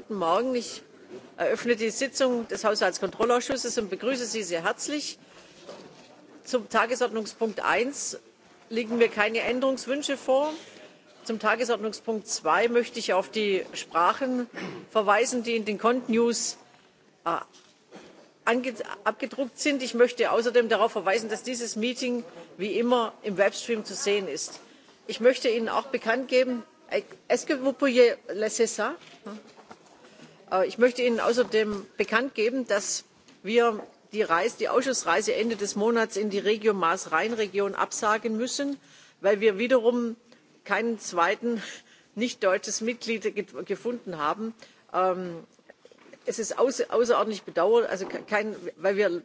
Guten Morgen. Ich eröffne die Sitzung des Haushaltskontrollausschusses und begrüße Sie sehr herzlich. Zum Tagesordnungspunkt 1 liegen mir keine Änderungswünsche vor. Zum Tagesordnungspunkt 2 möchte ich auf die Sprachen verweisen, die in den Cont-News abgedruckt sind. Ich möchte außerdem darauf verweisen, dass dieses Meeting wie immer im Webstream zu sehen ist. Ich möchte Ihnen auch bekannt geben, est-ce que vous pourriez laisser ça? ich möchte ihnen außerdem bekannt geben dass wir die ausschussreise ende des monats in die regio maas rhein region absagen müssen weil wir wiederum kein zweites nicht deutsches mitglied gefunden haben. es ist außerordentlich bedauerlich weil wir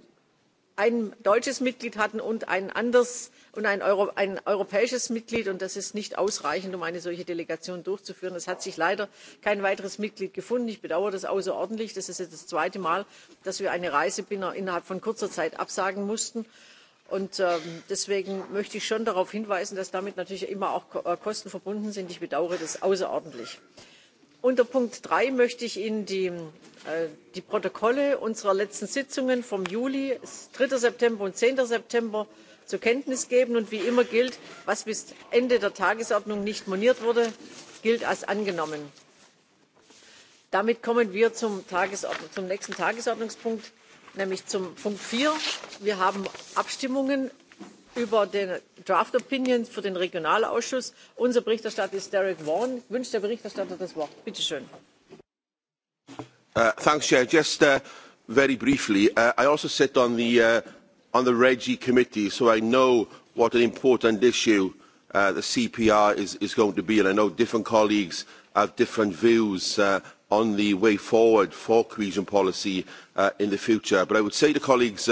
ein deutsches Mitglied hatten und ein anderes und ein, europäisches Mitglied. Und das ist nicht ausreichend, um eine solche Delegation durchzuführen. Es hat sich leider kein weiteres Mitglied gefunden. Ich bedauere das außerordentlich. Das ist jetzt das zweite Mal, dass wir eine Reise innerhalb von kurzer Zeit absagen mussten. Und deswegen möchte ich schon darauf hinweisen, dass damit natürlich immer auch Kosten verbunden sind. Ich bedauere das außerordentlich unter punkt drei möchte ich ihnen die protokolle unserer letzten sitzungen vom juli. drei september und. zehn september zur kenntnis geben und wie immer gilt was bis ende der tagesordnung nicht moniert wurde gilt als angenommen. damit kommen wir zum nächsten tagesordnungspunkt nämlich zum punkt. vier wir haben abstimmungen über den Draft Opinion für den Regionalausschuss. Unser Berichterstatter ist Derek Vaughan. Wünscht der Berichterstatter das Wort? Bitte schön. thanks, Chair. Just very briefly, I also sit on the, on the Regi committee, so I know what an important issue the CPR is, is going to be, and I know different colleagues have different views on the way forward for cohesion policy in the future. But I would say to colleagues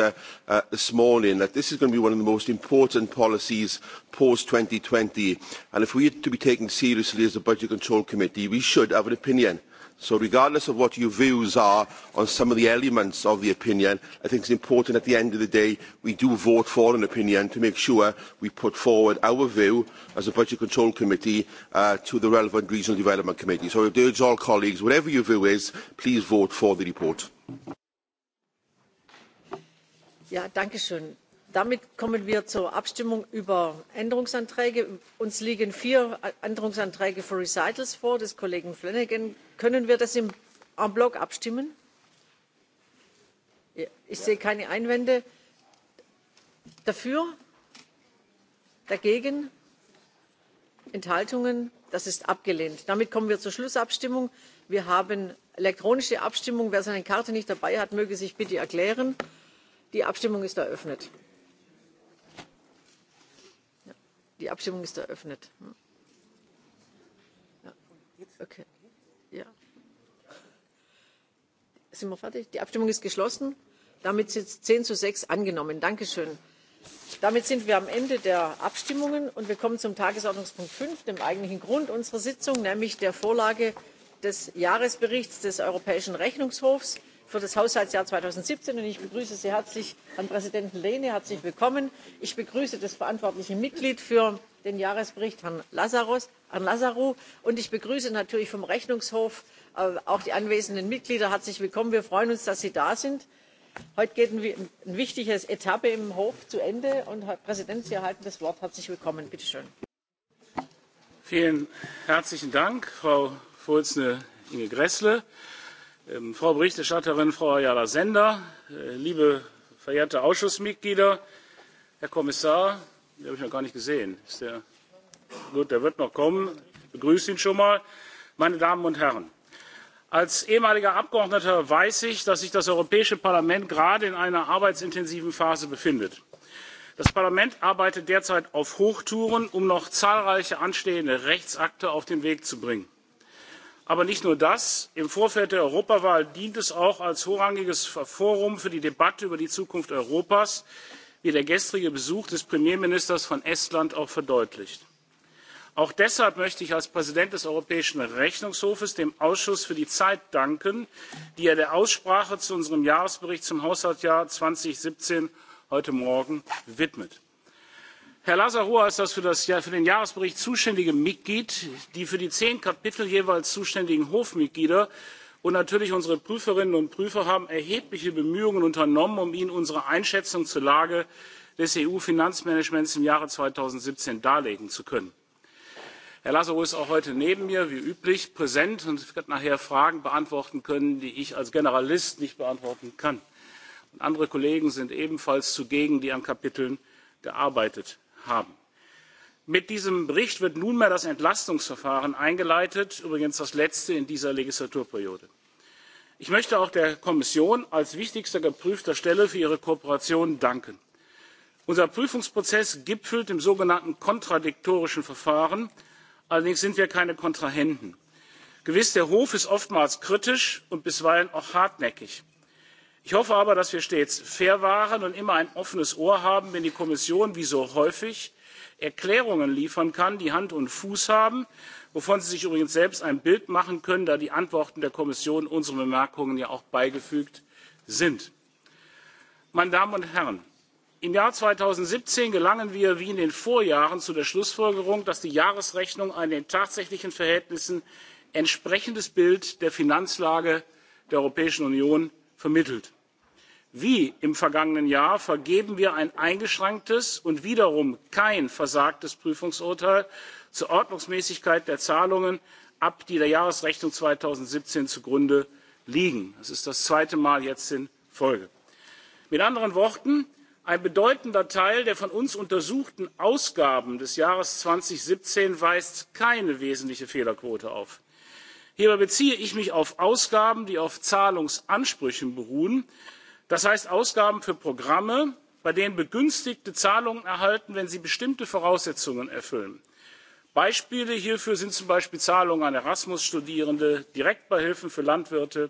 this morning that this is going to be one of the most important policies post twenty, and if we are to be taken seriously as a Budget Control Committee, we should have an opinion So regardless of what your views are on some of the elements of the opinion, I think it's important at the end of the day we do vote for an opinion to make sure we put forward our view as a Budget Control Committee uh, to the relevant Regional Development Committee. So I would urge all colleagues, whatever your view is, please vote for the report. Ja, danke schön damit kommen wir zur abstimmung über änderungsanträge. uns liegen vier änderungsanträge für recitals vor des kollegen flanagan. können wir das en bloc abstimmen? ich sehe keine einwände. dafür? dagegen? enthaltungen? das ist abgelehnt. damit kommen wir zur schlussabstimmung. wir haben elektronische abstimmung. wer seine karte nicht dabei hat möge sich bitte erklären. die abstimmung ist eröffnet. Die Abstimmung ist eröffnet. Okay. Ja. Sind wir fertig? Die Abstimmung ist geschlossen. Damit sind es 10 zu 6 angenommen. Dankeschön. Damit sind wir am Ende der Abstimmungen und wir kommen zum Tagesordnungspunkt 5, dem eigentlichen Grund unserer Sitzung, nämlich der Vorlage des Jahresberichts des Europäischen Rechnungshofs für das haushaltsjahr zweitausendsiebzehn und ich begrüße sie herzlich herrn präsidenten lehne herzlich willkommen. ich begrüße das verantwortliche mitglied für den jahresbericht herrn lazarou und ich begrüße natürlich vom rechnungshof auch die anwesenden mitglieder herzlich willkommen. wir freuen uns dass sie da sind. heute geht eine wichtige etappe im hof zu ende und herr präsident sie erhalten das wort. herzlich willkommen. bitte schön. vielen herzlichen dank frau vorsitzende inge gräßle Frau Berichterstatterin, Frau Ayala Sender, liebe verehrte Ausschussmitglieder, Herr Kommissar, den habe ich noch gar nicht gesehen. Ist der, gut, der wird noch kommen. Ich begrüße ihn schon mal. Meine Damen und Herren, als ehemaliger Abgeordneter weiß ich, dass sich das Europäische Parlament gerade in einer arbeitsintensiven Phase befindet. Das Parlament arbeitet derzeit auf Hochtouren, um noch zahlreiche anstehende Rechtsakte auf den Weg zu bringen aber nicht nur das im vorfeld der europawahl dient es auch als hochrangiges forum für die debatte über die zukunft europas wie der gestrige besuch des premierministers von estland auch verdeutlicht. auch deshalb möchte ich als präsident des europäischen rechnungshofes dem ausschuss für die zeit danken die er der aussprache zu unserem jahresbericht zum haushaltsjahr zweitausendsiebzehn heute morgen widmet herr lazarou ist das für den jahresbericht zuständige mitglied die für die zehn kapitel jeweils zuständigen hofmitglieder und natürlich unsere prüferinnen und prüfer haben erhebliche bemühungen unternommen um ihnen unsere einschätzung zur lage des eu finanzmanagements im jahre zweitausendsiebzehn darlegen zu können. herr lazarou ist auch heute neben mir wie üblich präsent und wird nachher fragen beantworten können die ich als generalist nicht beantworten kann. andere kollegen sind ebenfalls zugegen die an kapiteln gearbeitet haben. Mit diesem Bericht wird nunmehr das Entlastungsverfahren eingeleitet, übrigens das letzte in dieser Legislaturperiode. Ich möchte auch der Kommission als wichtigster geprüfter Stelle für ihre Kooperation danken. Unser Prüfungsprozess gipfelt im sogenannten kontradiktorischen Verfahren. Allerdings sind wir keine Kontrahenten. Gewiss, der Hof ist oftmals kritisch und bisweilen auch hartnäckig ich hoffe aber dass wir stets fair waren und immer ein offenes ohr haben wenn die kommission wie so häufig erklärungen liefern kann die hand und fuß haben wovon sie sich übrigens selbst ein bild machen können da die antworten der kommission unseren bemerkungen ja auch beigefügt sind. meine damen und herren! im jahr zweitausendsiebzehn gelangen wir wie in den vorjahren zu der schlussfolgerung dass die jahresrechnung ein den tatsächlichen verhältnissen entsprechendes bild der finanzlage der europäischen union vermittelt. wie im vergangenen jahr vergeben wir ein eingeschränktes und wiederum kein versagtes prüfungsurteil zur ordnungsmäßigkeit der zahlungen ab die der jahresrechnung zweitausendsiebzehn zugrunde liegen. das ist das zweite mal jetzt in folge. mit anderen worten ein bedeutender teil der von uns untersuchten ausgaben des jahres zweitausendsiebzehn weist keine wesentliche fehlerquote auf hierbei beziehe ich mich auf ausgaben die auf zahlungsansprüchen beruhen das heißt ausgaben für programme bei denen begünstigte zahlungen erhalten wenn sie bestimmte voraussetzungen erfüllen. beispiele hierfür sind zum beispiel zahlungen an erasmus studierende direktbeihilfen für landwirte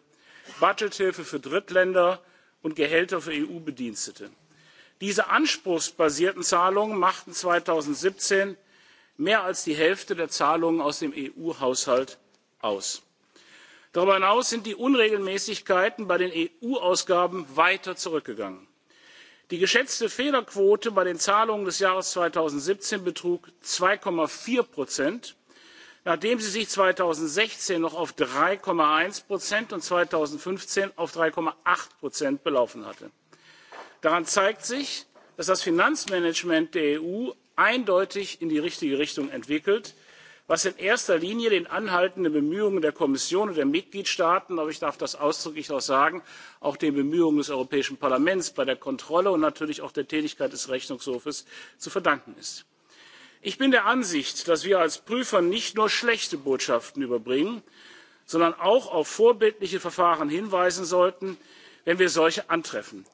budgethilfe für drittländer und gehälter für eu bedienstete. diese anspruchsbasierten zahlungen machten zweitausendsiebzehn mehr als die hälfte der zahlungen aus dem eu haushalt aus. darüber hinaus sind die unregelmäßigkeiten bei den eu ausgaben weiter zurückgegangen. die geschätzte fehlerquote bei den zahlungen des jahres zweitausendsiebzehn betrug zwei vier nachdem sie sich zweitausendsechzehn noch auf drei eins und zweitausendfünfzehn auf drei acht belaufen hatte. daran zeigt sich dass das finanzmanagement der eu eindeutig in die richtige richtung entwickelt was in erster linie den anhaltenden bemühungen der kommission und der mitgliedstaaten aber ich darf das ausdrücklich auch sagen auch den bemühungen des europäischen parlaments bei der kontrolle und natürlich auch der tätigkeit des rechnungshofs zu verdanken ist. ich bin der ansicht dass wir als prüfer nicht nur schlechte botschaften überbringen sondern auch auf vorbildliche verfahren hinweisen sollten wenn wir solche antreffen.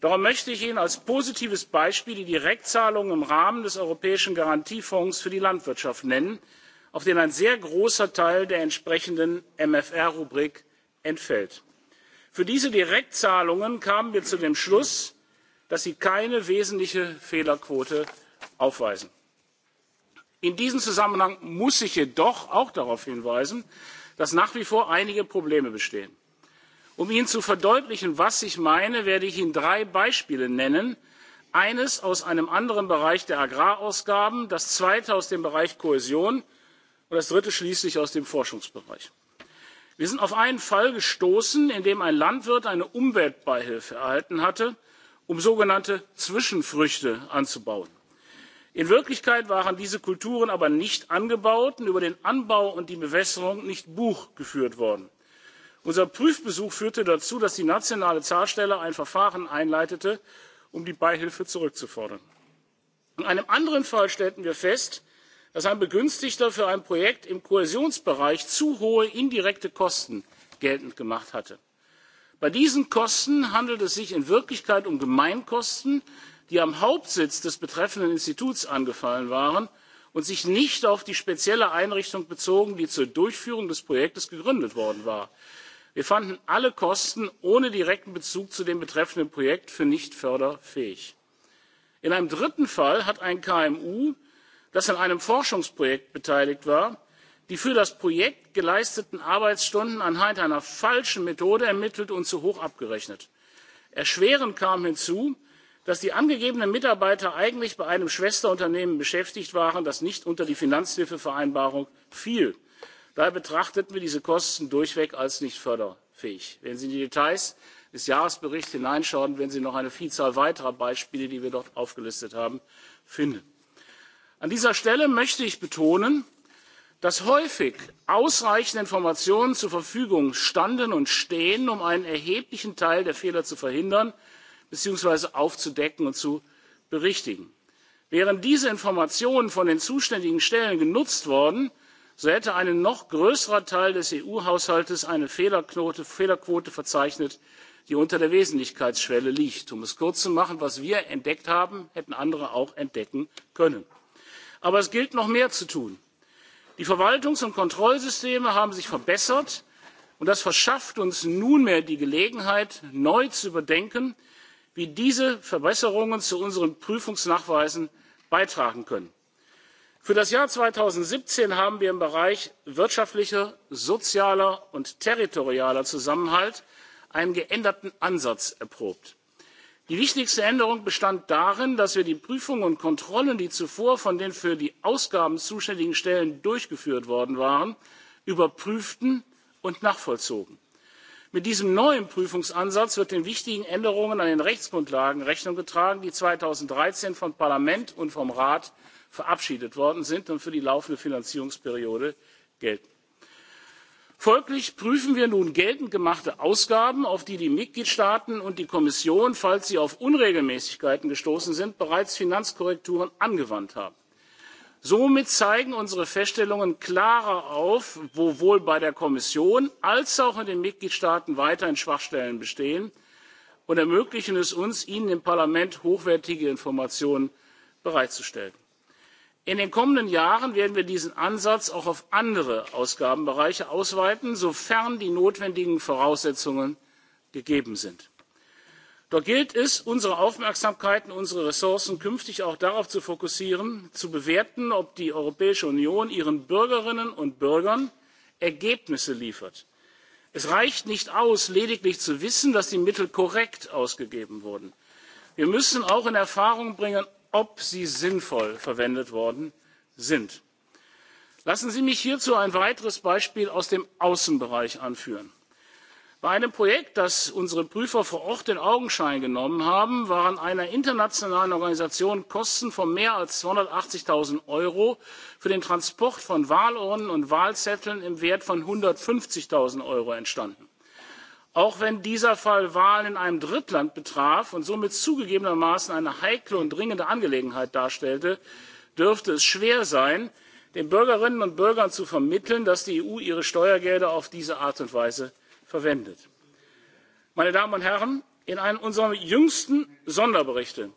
darum möchte ich ihnen als positives beispiel die direktzahlungen im rahmen des europäischen garantiefonds für die landwirtschaft nennen auf den ein sehr großer teil der entsprechenden mfr rubrik entfällt. für diese direktzahlungen kamen wir zu dem schluss dass sie keine wesentliche fehlerquote aufweisen. in diesem zusammenhang muss ich jedoch auch darauf hinweisen dass nach wie vor einige probleme bestehen. um ihnen zu verdeutlichen was ich meine werde ich ihnen drei beispiele nennen eines aus einem anderen bereich der agrarausgaben das zweite aus dem bereich kohäsion und das dritte schließlich aus dem forschungsbereich. wir sind auf einen fall gestoßen in dem ein landwirt eine umweltbeihilfe erhalten hatte um sogenannte zwischenfrüchte anzubauen. in wirklichkeit waren diese kulturen aber nicht angebaut und über den anbau und die bewässerung nicht buch geführt worden. unser prüfbesuch führte dazu dass die nationale zahlstelle ein verfahren einleitete um die beihilfe zurückzufordern. in einem anderen fall stellten wir fest dass ein begünstigter für ein projekt im kohäsionsbereich zu hohe indirekte kosten geltend gemacht hatte. bei diesen kosten handelt es sich in wirklichkeit um gemeinkosten die am hauptsitz des betreffenden instituts angefallen waren und sich nicht auf die spezielle einrichtung bezogen die zur durchführung des projektes gegründet worden war. wir fanden alle kosten ohne direkten bezug zu dem betreffenden projekt für nicht förderfähig. in einem dritten fall hat ein kmu das an einem forschungsprojekt beteiligt war die für das projekt geleisteten arbeitsstunden anhand einer falschen methode ermittelt und zu hoch abgerechnet. erschwerend kam hinzu dass die angegebenen mitarbeiter eigentlich bei einem schwesterunternehmen beschäftigt waren das nicht unter die finanzhilfevereinbarung fiel. daher betrachteten wir diese kosten durchweg als nicht förderfähig. wenn sie in die details des jahresberichts hineinschauen werden sie noch eine vielzahl weiterer beispiele die wir dort aufgelistet haben finden an dieser stelle möchte ich betonen dass häufig ausreichende informationen zur verfügung standen und stehen um einen erheblichen teil der fehler zu verhindern beziehungsweise aufzudecken und zu berichtigen. wären diese informationen von den zuständigen stellen genutzt worden so hätte ein noch größerer teil des eu haushalts eine fehlerquote verzeichnet die unter der wesentlichkeitsschwelle liegt. um es kurz zu machen was wir entdeckt haben hätten andere auch entdecken können aber es gilt noch mehr zu tun. die verwaltungs und kontrollsysteme haben sich verbessert und das verschafft uns nunmehr die gelegenheit neu zu überdenken wie diese verbesserungen zu unseren prüfungsnachweisen beitragen können. für das jahr zweitausendsiebzehn haben wir im bereich wirtschaftlicher sozialer und territorialer zusammenhalt einen geänderten ansatz erprobt die wichtigste änderung bestand darin dass wir die prüfungen und kontrollen die zuvor von den für die ausgaben zuständigen stellen durchgeführt worden waren überprüften und nachvollzogen. mit diesem neuen prüfungsansatz wird den wichtigen änderungen an den rechtsgrundlagen rechnung getragen die zweitausenddreizehn vom parlament und vom rat verabschiedet worden sind und für die laufende finanzierungsperiode gelten folglich prüfen wir nun geltend gemachte ausgaben auf die die mitgliedstaaten und die kommission falls sie auf unregelmäßigkeiten gestoßen sind bereits finanzkorrekturen angewandt haben. somit zeigen unsere feststellungen klarer auf wo sowohl bei der kommission als auch in den mitgliedstaaten weiterhin schwachstellen bestehen und ermöglichen es uns ihnen im parlament hochwertige informationen bereitzustellen in den kommenden jahren werden wir diesen ansatz auch auf andere ausgabenbereiche ausweiten sofern die notwendigen voraussetzungen gegeben sind. doch gilt es unsere aufmerksamkeit und unsere ressourcen künftig auch darauf zu fokussieren zu bewerten ob die europäische union ihren bürgerinnen und bürgern ergebnisse liefert. es reicht nicht aus lediglich zu wissen dass die mittel korrekt ausgegeben wurden. wir müssen auch in erfahrung ob sie sinnvoll verwendet worden sind. Lassen Sie mich hierzu ein weiteres Beispiel aus dem Außenbereich anführen. Bei einem Projekt, das unsere Prüfer vor Ort in Augenschein genommen haben, waren einer internationalen Organisation Kosten von mehr als 280.000 Euro für den Transport von Wahlurnen und Wahlzetteln im Wert von 150.000 Euro entstanden auch wenn dieser fall wahlen in einem drittland betraf und somit zugegebenermaßen eine heikle und dringende angelegenheit darstellte dürfte es schwer sein den bürgerinnen und bürgern zu vermitteln dass die eu ihre steuergelder auf diese art und weise verwendet. meine damen und herren in einem unserer jüngsten sonderberichte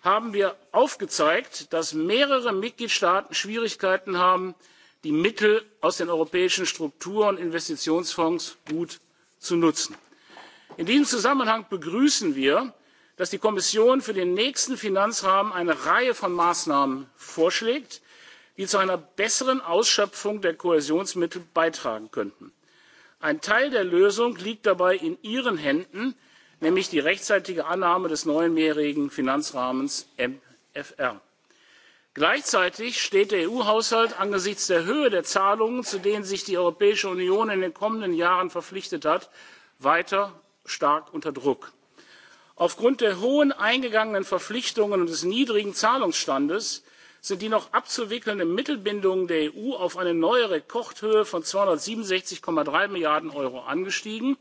haben wir aufgezeigt dass mehrere mitgliedstaaten schwierigkeiten haben die mittel aus den europäischen struktur und investitionsfonds gut zu nutzen. in diesem zusammenhang begrüßen wir dass die kommission für den nächsten finanzrahmen eine reihe von maßnahmen vorschlägt die zu einer besseren ausschöpfung der kohäsionsmittel beitragen könnten. ein teil der lösung liegt dabei in ihren händen nämlich die rechtzeitige annahme des neuen mehrjährigen finanzrahmens mfr gleichzeitig steht der eu haushalt angesichts der höhe der zahlungen zu denen sich die europäische union in den kommenden jahren verpflichtet hat weiter stark unter druck. aufgrund der hohen eingegangenen verpflichtungen und des niedrigen zahlungsstandes sind die noch abzuwickelnden mittelbindungen der eu auf eine neue rekordhöhe von zweihundertsiebenundsechzig drei milliarden euro angestiegen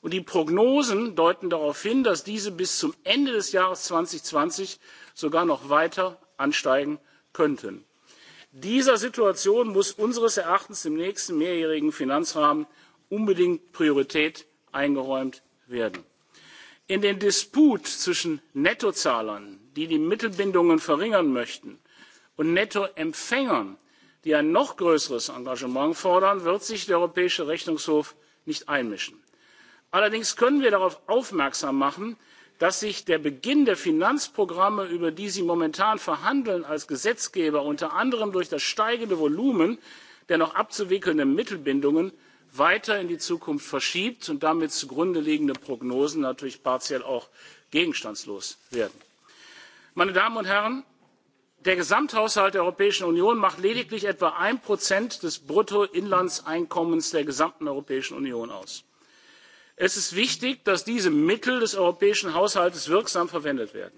und die prognosen deuten darauf hin dass diese bis zum ende des jahres zweitausendzwanzig sogar noch weiter ansteigen könnten. Dieser Situation muss unseres Erachtens im nächsten mehrjährigen Finanzrahmen unbedingt Priorität eingeräumt werden. In den Disput zwischen Nettozahlern, die die Mittelbindungen verringern möchten, und Nettoempfängern, die ein noch größeres Engagement fordern, wird sich der Europäische Rechnungshof nicht einmischen. Allerdings können wir darauf aufmerksam machen, dass sich der Beginn der Finanzprogramme, über die Sie momentan verhandeln als Gesetzgeber, unter anderem durch das steigende Volumen der noch abzuwickelnden Mittelbindungen weiter in die Zukunft verschiebt und damit zugrunde liegende Prognosen natürlich partiell auch gegenstandslos werden. Meine Damen und Herren, der Gesamthaushalt der Europäischen Union macht lediglich etwa ein Prozent des Bruttoinlandseinkommens der gesamten Europäischen Union aus es ist wichtig dass diese mittel des europäischen haushalts wirksam verwendet werden.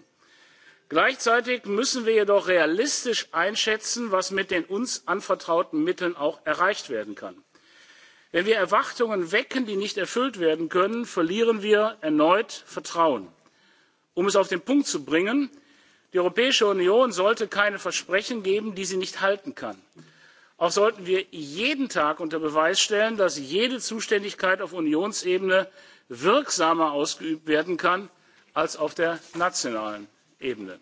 gleichzeitig müssen wir jedoch realistisch einschätzen was mit den uns anvertrauten mitteln auch erreicht werden kann. wenn wir erwartungen wecken die nicht erfüllt werden können verlieren wir erneut vertrauen. um es auf den punkt zu bringen die europäische union sollte keine versprechen geben die sie nicht halten kann auch sollten wir jeden tag unter beweis stellen dass jede zuständigkeit auf unionsebene wirksamer ausgeübt werden kann als auf der nationalen ebene.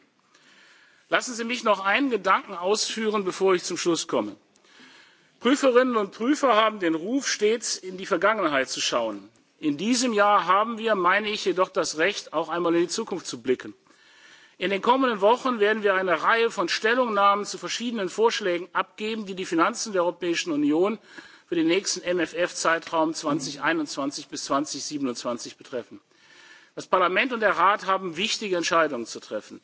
lassen sie mich noch einen gedanken ausführen bevor ich zum schluss komme prüferinnen und prüfer haben den ruf stets in die vergangenheit zu schauen. in diesem jahr haben wir meine ich jedoch das recht auch einmal in die zukunft zu blicken in den kommenden wochen werden wir eine reihe von stellungnahmen zu verschiedenen vorschlägen abgeben die die finanzen der europäischen union für den nächsten mfr zeitraum zweitausendeinundzwanzig zweitausendsiebenundzwanzig betreffen. das parlament und der rat haben wichtige entscheidungen zu treffen.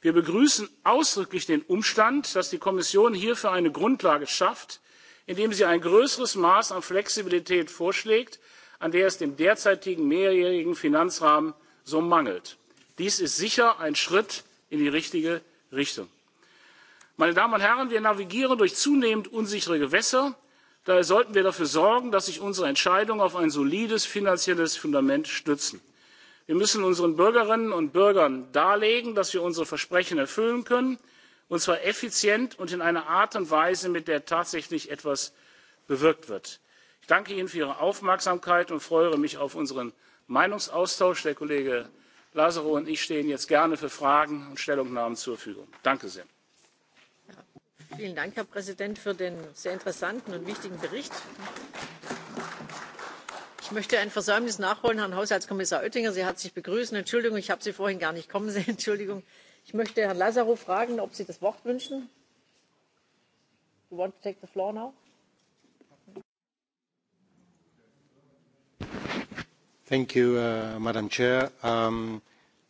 wir begrüßen ausdrücklich den umstand dass die kommission hierfür eine grundlage schafft indem sie ein größeres maß an flexibilität vorschlägt an der es dem derzeitigen mehrjährigen finanzrahmen so mangelt dies ist sicher ein schritt in die richtige richtung. meine damen und herren wir navigieren durch zunehmend unsichere gewässer daher sollten wir dafür sorgen dass sich unsere entscheidungen auf ein solides finanzielles fundament stützen. wir müssen unseren bürgerinnen und bürgern darlegen dass wir unsere versprechen erfüllen können und zwar effizient und in einer art und weise mit der tatsächlich etwas bewirkt wird. ich danke ihnen für ihre aufmerksamkeit und freue mich auf unseren meinungsaustausch. der kollege Lazaro und ich stehen jetzt gerne für Fragen und Stellungnahmen zur Verfügung. Danke sehr. Vielen Dank, Herr Präsident, für den sehr interessanten und wichtigen Bericht. Ich möchte ein Versäumnis nachholen, Herrn Haushaltskommissar Oettinger. Sie hat sich begrüßen. Entschuldigung, ich habe Sie vorhin gar nicht kommen sehen. Entschuldigung. Ich möchte Herrn Lazaro fragen, ob Sie das Wort wünschen. You want to take the floor now? Thank you, uh, Madam Chair. Um,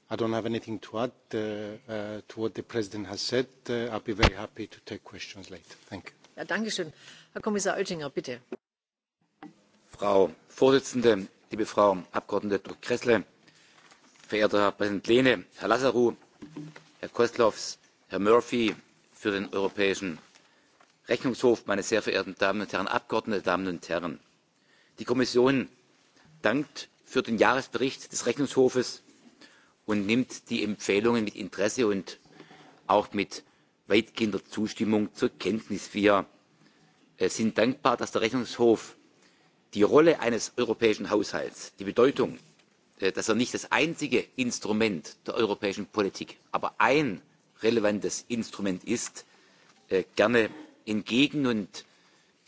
I don't have anything to add uh, uh, to what the President has said. Uh, I'll be very happy to take questions later. Thank you. Ja, danke Herr Kommissar Oettinger, bitte. Frau Vorsitzende, liebe Frau Abgeordnete Drück-Kressle, verehrter Herr Präsident Lehne, Herr Lazarou, Herr Koslovs, Herr Murphy für den Europäischen Rechnungshof, meine sehr verehrten Damen und Herren Abgeordnete, Damen und Herren. Die Kommission dankt für den Jahresbericht des Rechnungshofs und nimmt die Empfehlungen mit Interesse und auch mit weitgehender Zustimmung zur Kenntnis. Wir sind dankbar, dass der Rechnungshof die Rolle eines europäischen Haushalts, die Bedeutung, dass er nicht das einzige Instrument der europäischen Politik, aber ein relevantes Instrument ist, gerne entgegen. Und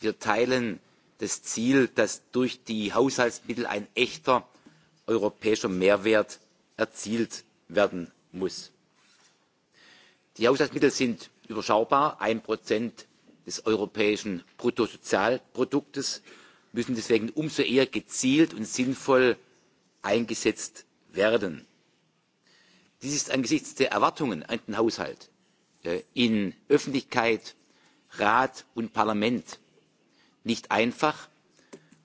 wir teilen das Ziel, dass durch die Haushaltsmittel ein echter europäischer Mehrwert erzielt werden muss. Die Haushaltsmittel sind überschaubar. Ein Prozent des europäischen Bruttosozialproduktes müssen deswegen umso eher gezielt und sinnvoll eingesetzt werden. Dies ist angesichts der Erwartungen an den Haushalt in Öffentlichkeit, Rat und Parlament nicht einfach.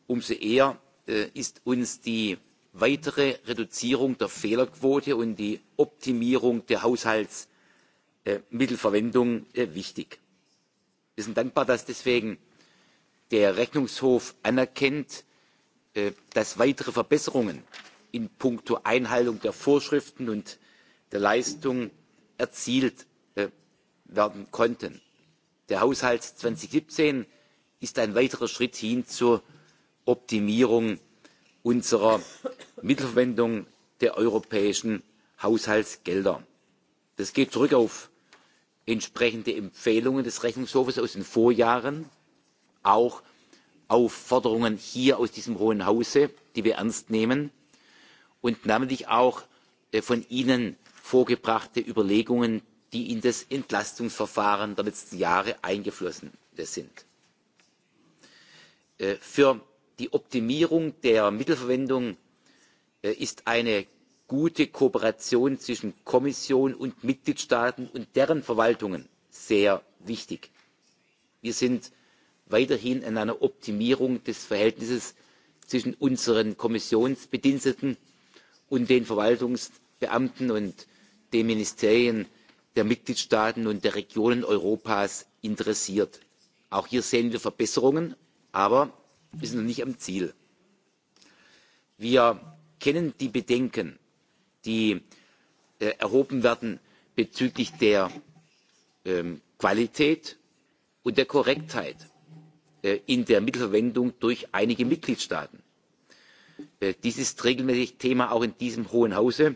Umso eher ist uns die weitere Reduzierung der Fehlerquote und die Optimierung der Haushaltsmittelverwendung wichtig. Wir sind dankbar, dass deswegen der Rechnungshof anerkennt, dass weitere Verbesserungen in puncto Einhaltung der Vorschriften und der Leistung erzielt werden konnten. Der Haushalt zweitausendsiebzehn ist ein weiterer schritt hin zur optimierung unserer mittelverwendung der europäischen haushaltsgelder. das geht zurück auf entsprechende empfehlungen des rechnungshofs aus den vorjahren auch auf forderungen hier aus diesem hohen hause die wir ernst nehmen und namentlich auch von ihnen vorgebrachte überlegungen die in das entlastungsverfahren der letzten jahre eingeflossen sind für die optimierung der mittelverwendung ist eine gute kooperation zwischen kommission und mitgliedstaaten und deren verwaltungen sehr wichtig. wir sind weiterhin an einer optimierung des verhältnisses zwischen unseren kommissionsbediensteten und den verwaltungsbeamten und den ministerien der mitgliedstaaten und der regionen europas interessiert. auch hier sehen wir verbesserungen aber wir sind noch nicht am ziel. wir kennen die bedenken die erhoben werden bezüglich der qualität und der korrektheit in der mittelverwendung durch einige mitgliedstaaten. dies ist regelmäßig thema auch in diesem hohen hause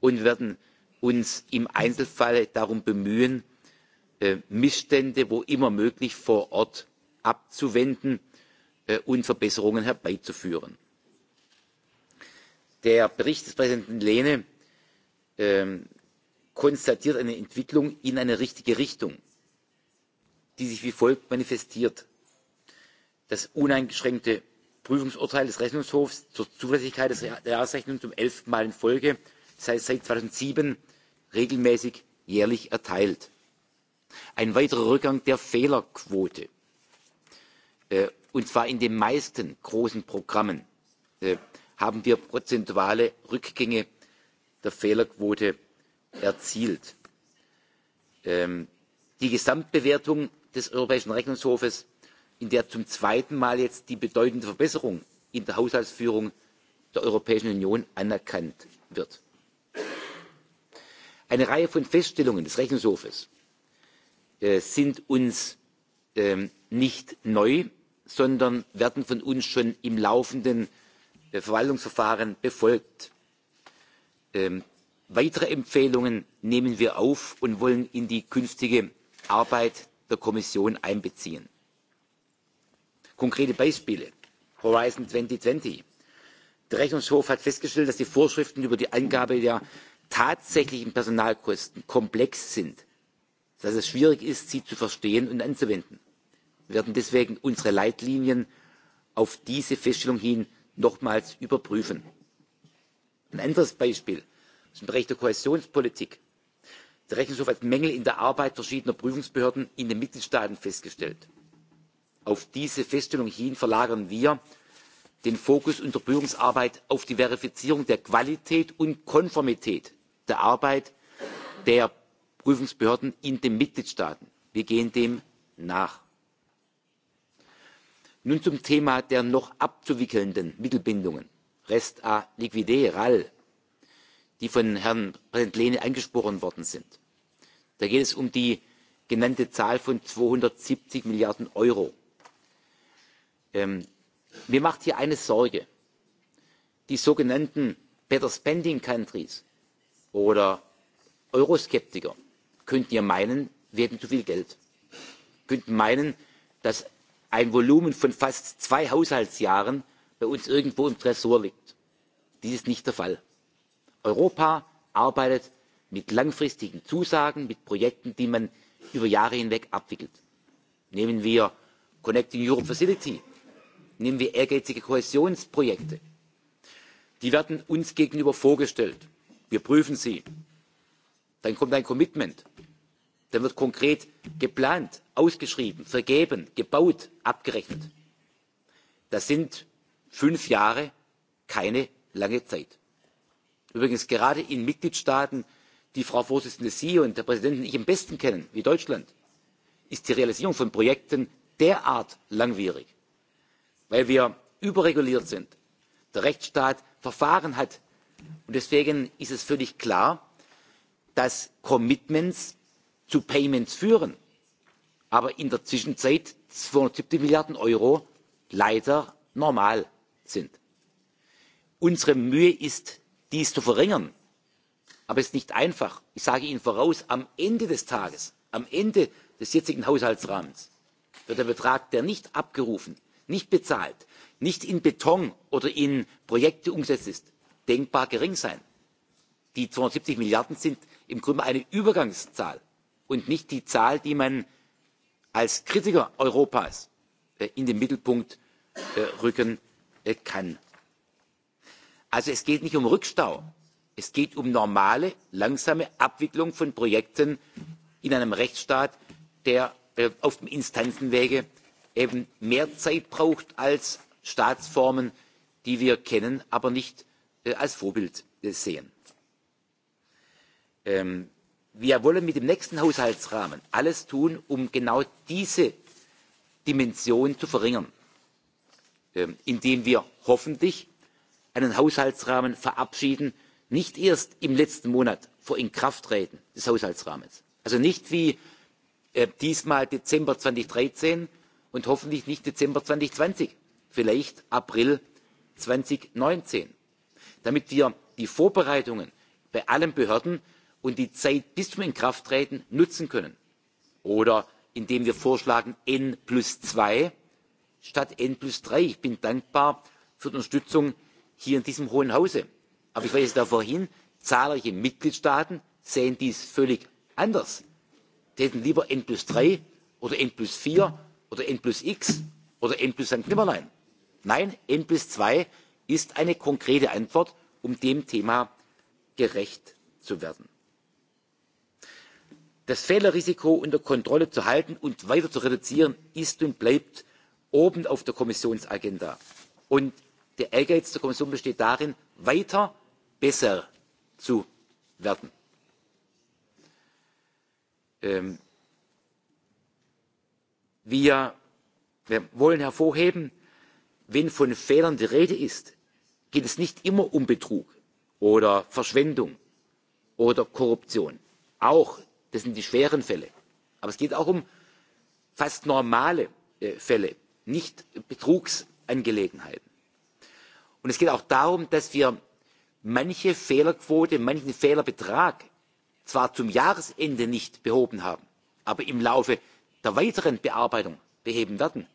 und wir werden uns im einzelfall darum bemühen missstände wo immer möglich vor ort abzuwenden und Verbesserungen herbeizuführen. Der Bericht des Präsidenten Lehne konstatiert eine Entwicklung in eine richtige Richtung, die sich wie folgt manifestiert. Das uneingeschränkte Prüfungsurteil des Rechnungshofs zur Zuverlässigkeit der Jahresrechnung zum elften Mal in Folge, das heißt seit zweitausendsieben regelmäßig jährlich erteilt. Ein weiterer Rückgang der Fehlerquote und zwar in den meisten großen Programmen haben wir prozentuale Rückgänge der Fehlerquote erzielt. Die Gesamtbewertung des Europäischen Rechnungshofes, in der zum zweiten Mal jetzt die bedeutende Verbesserung in der Haushaltsführung der Europäischen Union anerkannt wird. Eine Reihe von Feststellungen des Rechnungshofes sind uns nicht neu sondern werden von uns schon im laufenden Verwaltungsverfahren befolgt. weitere Empfehlungen nehmen wir auf und wollen in die künftige Arbeit der Kommission einbeziehen. Konkrete Beispiele. Horizon 2020. Der Rechnungshof hat festgestellt, dass die Vorschriften über die Angabe der tatsächlichen Personalkosten komplex sind, dass es schwierig ist, sie zu verstehen und anzuwenden. Wir werden deswegen unsere Leitlinien auf diese Feststellung hin nochmals überprüfen. Ein anderes Beispiel ist im Bereich der Kohäsionspolitik. Der Rechnungshof hat Mängel in der Arbeit verschiedener Prüfungsbehörden in den Mitgliedstaaten festgestellt. Auf diese Feststellung hin verlagern wir den Fokus unserer Prüfungsarbeit auf die Verifizierung der Qualität und Konformität der Arbeit der Prüfungsbehörden in den Mitgliedstaaten. Wir gehen dem nach. Nun zum Thema der noch abzuwickelnden Mittelbindungen, Rest A liquide RAL, die von Herrn Präsident Lehne angesprochen worden sind. Da geht es um die genannte Zahl von 270 Milliarden Euro. mir macht hier eine Sorge. Die sogenannten Better Spending Countries oder Euroskeptiker könnten ja meinen, wir hätten zu viel Geld. Könnten meinen, dass ein volumen von fast zwei haushaltsjahren bei uns irgendwo im tresor liegt. dies ist nicht der fall. europa arbeitet mit langfristigen zusagen mit projekten die man über jahre hinweg abwickelt. nehmen wir connecting europe facility nehmen wir ehrgeizige kohäsionsprojekte die werden uns gegenüber vorgestellt wir prüfen sie dann kommt ein commitment Dann wird konkret geplant, ausgeschrieben, vergeben, gebaut, abgerechnet. Das sind fünf Jahre keine lange Zeit. Übrigens gerade in Mitgliedstaaten, die Frau Vorsitzende Sie und der Präsident und ich am besten kennen, wie Deutschland, ist die Realisierung von Projekten derart langwierig, weil wir überreguliert sind, der Rechtsstaat Verfahren hat. Und deswegen ist es völlig klar, dass Commitments zu payments führen aber in der zwischenzeit zweihundertsiebzig milliarden euro leider normal sind. unsere mühe ist dies zu verringern aber es ist nicht einfach. ich sage ihnen voraus am ende des tages am ende des jetzigen haushaltsrahmens wird der betrag der nicht abgerufen nicht bezahlt nicht in beton oder in projekte umgesetzt ist denkbar gering sein. die zweihundertsiebzig milliarden sind im grunde eine übergangszahl und nicht die Zahl, die man als Kritiker Europas in den Mittelpunkt rücken kann. Also es geht nicht um Rückstau, es geht um normale, langsame Abwicklung von Projekten in einem Rechtsstaat, der auf dem Instanzenwege eben mehr Zeit braucht als Staatsformen, die wir kennen, aber nicht als Vorbild sehen wir wollen mit dem nächsten haushaltsrahmen alles tun um genau diese dimension zu verringern indem wir hoffentlich einen haushaltsrahmen verabschieden nicht erst im letzten monat vor inkrafttreten des haushaltsrahmens also nicht wie diesmal dezember zweitausenddreizehn und hoffentlich nicht dezember zweitausendzwanzig vielleicht april zweitausendneunzehn damit wir die vorbereitungen bei allen behörden und die Zeit bis zum Inkrafttreten nutzen können. Oder indem wir vorschlagen N plus zwei statt N plus drei. Ich bin dankbar für die Unterstützung hier in diesem Hohen Hause. Aber ich weise darauf hin, zahlreiche Mitgliedstaaten sehen dies völlig anders. Die hätten lieber N plus drei oder N plus vier oder N plus X oder N plus Nimmerlein. Nein, N plus zwei ist eine konkrete Antwort, um dem Thema gerecht zu werden das fehlerrisiko unter kontrolle zu halten und weiter zu reduzieren ist und bleibt oben auf der kommissionsagenda und der ehrgeiz der kommission besteht darin weiter besser zu werden. wir wollen hervorheben wenn von fehlern die rede ist geht es nicht immer um betrug oder verschwendung oder korruption auch das sind die schweren fälle. aber es geht auch um fast normale fälle nicht betrugsangelegenheiten. und es geht auch darum dass wir manche fehlerquote manchen fehlerbetrag zwar zum jahresende nicht behoben haben aber im laufe der weiteren bearbeitung beheben werden.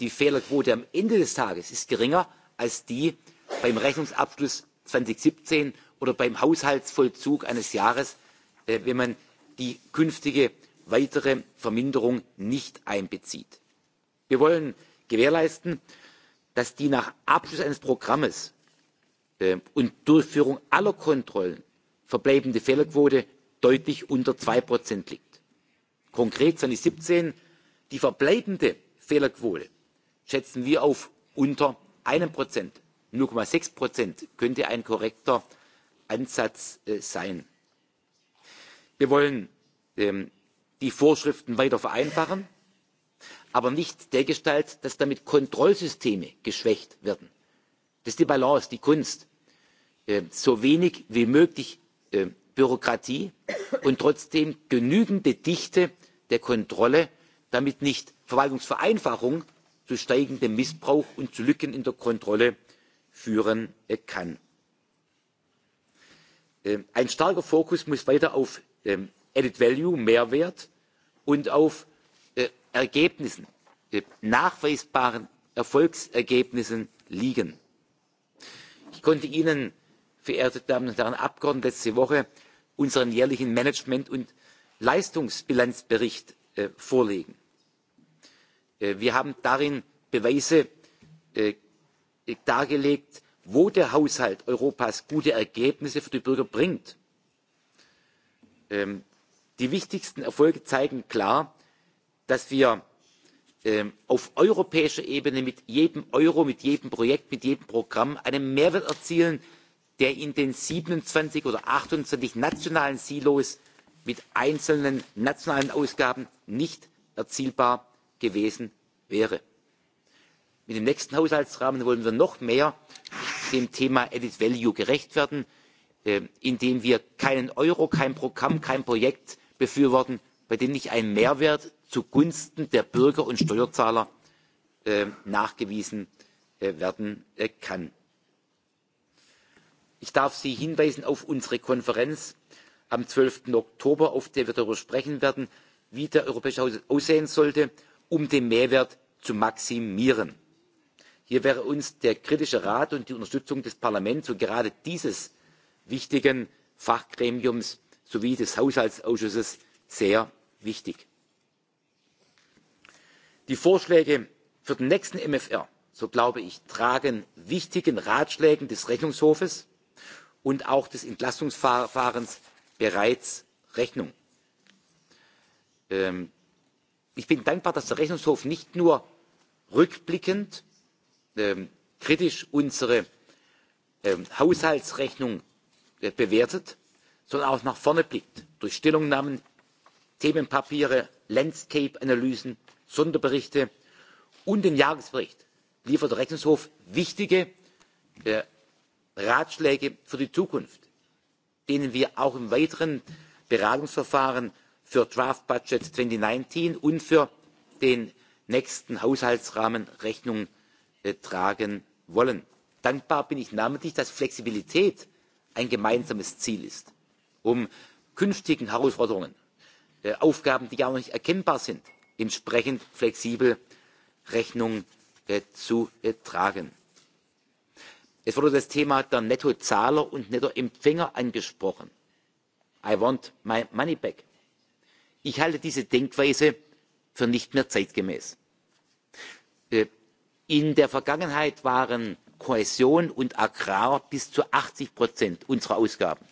die fehlerquote am ende des tages ist geringer als die beim rechnungsabschluss zweitausendsiebzehn oder beim haushaltsvollzug eines jahres wenn die künftige weitere verminderung nicht einbezieht. wir wollen gewährleisten dass die nach abschluss eines programms und durchführung aller kontrollen verbleibende fehlerquote deutlich unter zwei liegt. konkret zweitausendsiebzehn die verbleibende fehlerquote schätzen wir auf unter einem prozent null sechs könnte ein korrekter ansatz sein wir wollen die vorschriften weiter vereinfachen aber nicht dergestalt dass damit kontrollsysteme geschwächt werden. das ist die balance die kunst so wenig wie möglich bürokratie und trotzdem genügende dichte der kontrolle damit nicht verwaltungsvereinfachung zu steigendem missbrauch und zu lücken in der kontrolle führen kann. ein starker fokus muss weiter auf Added Value, Mehrwert und auf Ergebnissen, nachweisbaren Erfolgsergebnissen liegen. Ich konnte Ihnen, verehrte Damen und Herren Abgeordnete, letzte Woche unseren jährlichen Management- und Leistungsbilanzbericht vorlegen. Wir haben darin Beweise dargelegt, wo der Haushalt Europas gute Ergebnisse für die Bürger bringt die wichtigsten erfolge zeigen klar dass wir auf europäischer ebene mit jedem euro mit jedem projekt mit jedem programm einen mehrwert erzielen der in den siebenundzwanzig oder achtundzwanzig nationalen silos mit einzelnen nationalen ausgaben nicht erzielbar gewesen wäre. mit dem nächsten haushaltsrahmen wollen wir noch mehr dem thema added value gerecht werden indem wir keinen euro kein programm kein projekt befürworten bei dem nicht ein mehrwert zugunsten der bürger und steuerzahler nachgewiesen werden kann. ich darf sie hinweisen auf unsere konferenz am. zwölf oktober auf der wir darüber sprechen werden wie der europäische haushalt aussehen sollte um den mehrwert zu maximieren. hier wäre uns der kritische rat und die unterstützung des parlaments und gerade dieses wichtigen Fachgremiums sowie des Haushaltsausschusses sehr wichtig. Die Vorschläge für den nächsten MFR, so glaube ich, tragen wichtigen Ratschlägen des Rechnungshofes und auch des Entlastungsverfahrens bereits Rechnung. Ich bin dankbar, dass der Rechnungshof nicht nur rückblickend kritisch unsere Haushaltsrechnung bewertet, sondern auch nach vorne blickt durch Stellungnahmen, Themenpapiere, Landscape-Analysen, Sonderberichte und den Jahresbericht liefert der Rechnungshof wichtige Ratschläge für die Zukunft, denen wir auch im weiteren Beratungsverfahren für Draft Budget 2019 und für den nächsten Haushaltsrahmen Rechnung tragen wollen. Dankbar bin ich namentlich, dass Flexibilität ein gemeinsames Ziel ist, um künftigen Herausforderungen, Aufgaben, die gar nicht erkennbar sind, entsprechend flexibel Rechnung zu tragen. Es wurde das Thema der Nettozahler und Nettoempfänger angesprochen. I want my money back. Ich halte diese Denkweise für nicht mehr zeitgemäß. In der Vergangenheit waren kohäsion und agrar bis zu achtzig unserer ausgaben.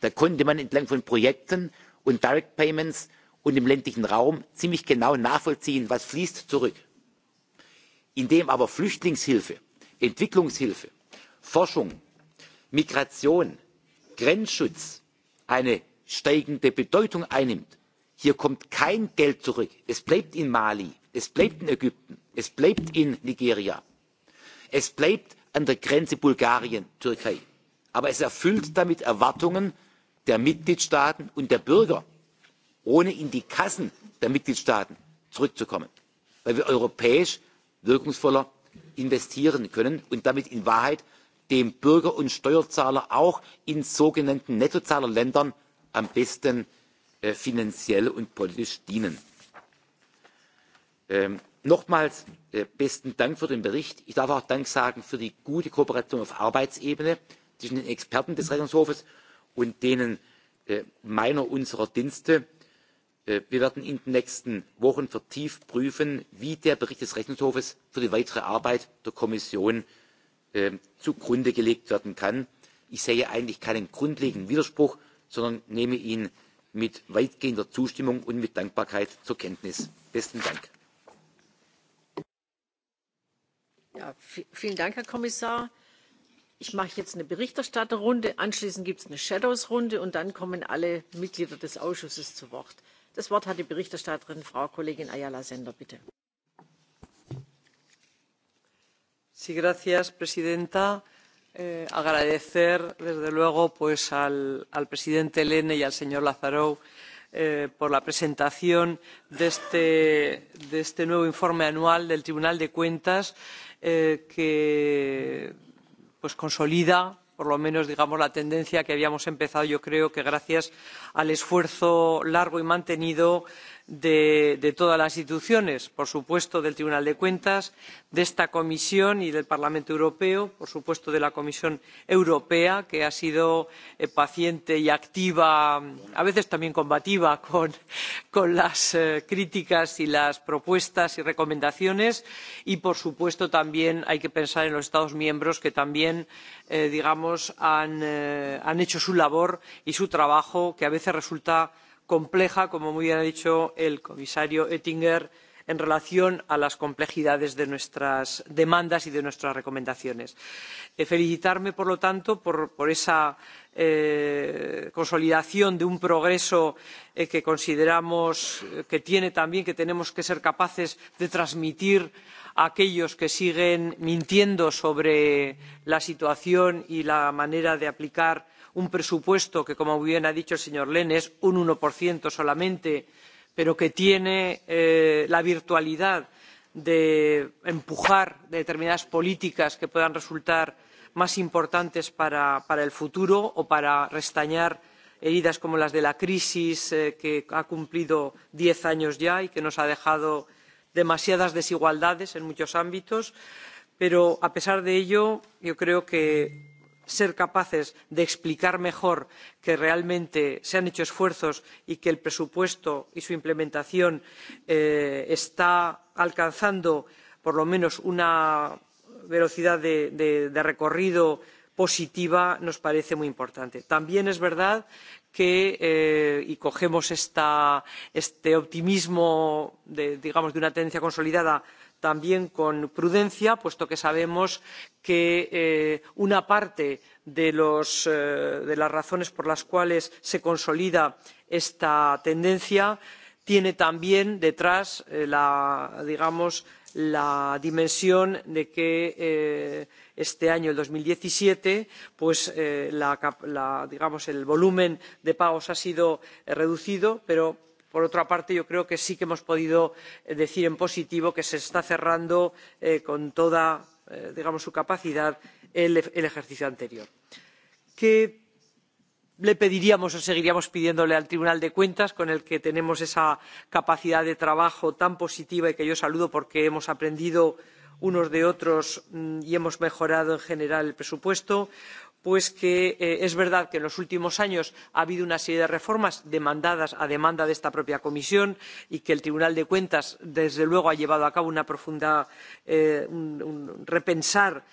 da konnte man entlang von projekten und direct payments und im ländlichen raum ziemlich genau nachvollziehen was fließt zurück. indem aber flüchtlingshilfe entwicklungshilfe forschung migration grenzschutz eine steigende bedeutung einnimmt hier kommt kein geld zurück es bleibt in mali es bleibt in ägypten es bleibt in nigeria es bleibt an der grenze bulgarien türkei aber es erfüllt damit erwartungen der mitgliedstaaten und der bürger ohne in die kassen der mitgliedstaaten zurückzukommen weil wir europäisch wirkungsvoller investieren können und damit in wahrheit dem bürger und steuerzahler auch in sogenannten nettozahlerländern am besten finanziell und politisch dienen. nochmals besten dank für den bericht. ich darf auch dank sagen für die gute kooperation auf arbeitsebene zwischen den experten des rechnungshofs und denen meiner unserer dienste. wir werden in den nächsten wochen vertieft prüfen wie der bericht des rechnungshofs für die weitere arbeit der kommission zugrunde gelegt werden kann. ich sehe eigentlich keinen grundlegenden widerspruch sondern nehme ihn mit weitgehender zustimmung und mit dankbarkeit zur kenntnis. besten dank. vielen Dank, Herr Kommissar. Ich mache jetzt eine Berichterstatterrunde, anschließend gibt es eine Shadows-Runde und dann kommen alle Mitglieder des Ausschusses zu Wort. Das Wort hat die Berichterstatterin, Frau Kollegin Ayala Sender, bitte. señora presidenta agradecer desde luego al presidente lehne y al señor lazarou por la presentación de este, nuevo informe anual del Tribunal de Cuentas que consolida por lo menos digamos la tendencia que habíamos empezado yo creo que gracias al esfuerzo largo y mantenido de de todas las instituciones por supuesto del tribunal de cuentas de esta comisión y del parlamento europeo por supuesto de la comisión europea que ha sido paciente y activa a veces también combativa con las críticas y las propuestas y recomendaciones y por supuesto también hay que pensar en los estados miembros que también digamos han hecho su labor y su trabajo que a veces resulta compleja como muy bien ha dicho el comisario oettinger en relación con las complejidades de nuestras demandas y de nuestras recomendaciones. felicitarme por lo tanto por esa consolidación de un progreso que consideramos que tiene también que tenemos que ser capaces de transmitir a aquellos que siguen mintiendo sobre la situación y la manera de aplicar un presupuesto que, como bien ha dicho el señor Lehne, es un uno solamente, pero que tiene la virtualidad de empujar determinadas políticas que puedan resultar más importantes para, el futuro o para restañar heridas como las de la crisis que ha cumplido diez años ya y que nos ha dejado demasiadas desigualdades en muchos ámbitos. Pero, a pesar de ello, yo creo que ser capaces de explicar mejor que realmente se han hecho esfuerzos y que el presupuesto y su implementación están alcanzando por lo menos una velocidad de recorrido positiva nos parece muy importante. también es verdad que y cogemos este optimismo digamos de una tendencia consolidada también con prudencia puesto que sabemos que una parte de las razones por las cuales se consolida esta tendencia tiene también detrás digamos la dimensión de que este año dos mil diecisiete pues el volumen de pagos ha sido reducido pero por otra parte yo creo que sí que hemos podido decir en positivo que se está cerrando con toda digamos su capacidad el ejercicio anterior. qué le pediríamos o seguiríamos pidiéndole al tribunal de cuentas con el que tenemos esa capacidad de trabajo tan positiva y que yo saludo porque hemos aprendido unos de otros y hemos mejorado en general el presupuesto? pues que es verdad que en los últimos años ha habido una serie de reformas demandadas a demanda de esta propia comisión y que el tribunal de cuentas desde luego ha llevado a cabo un profundo repensar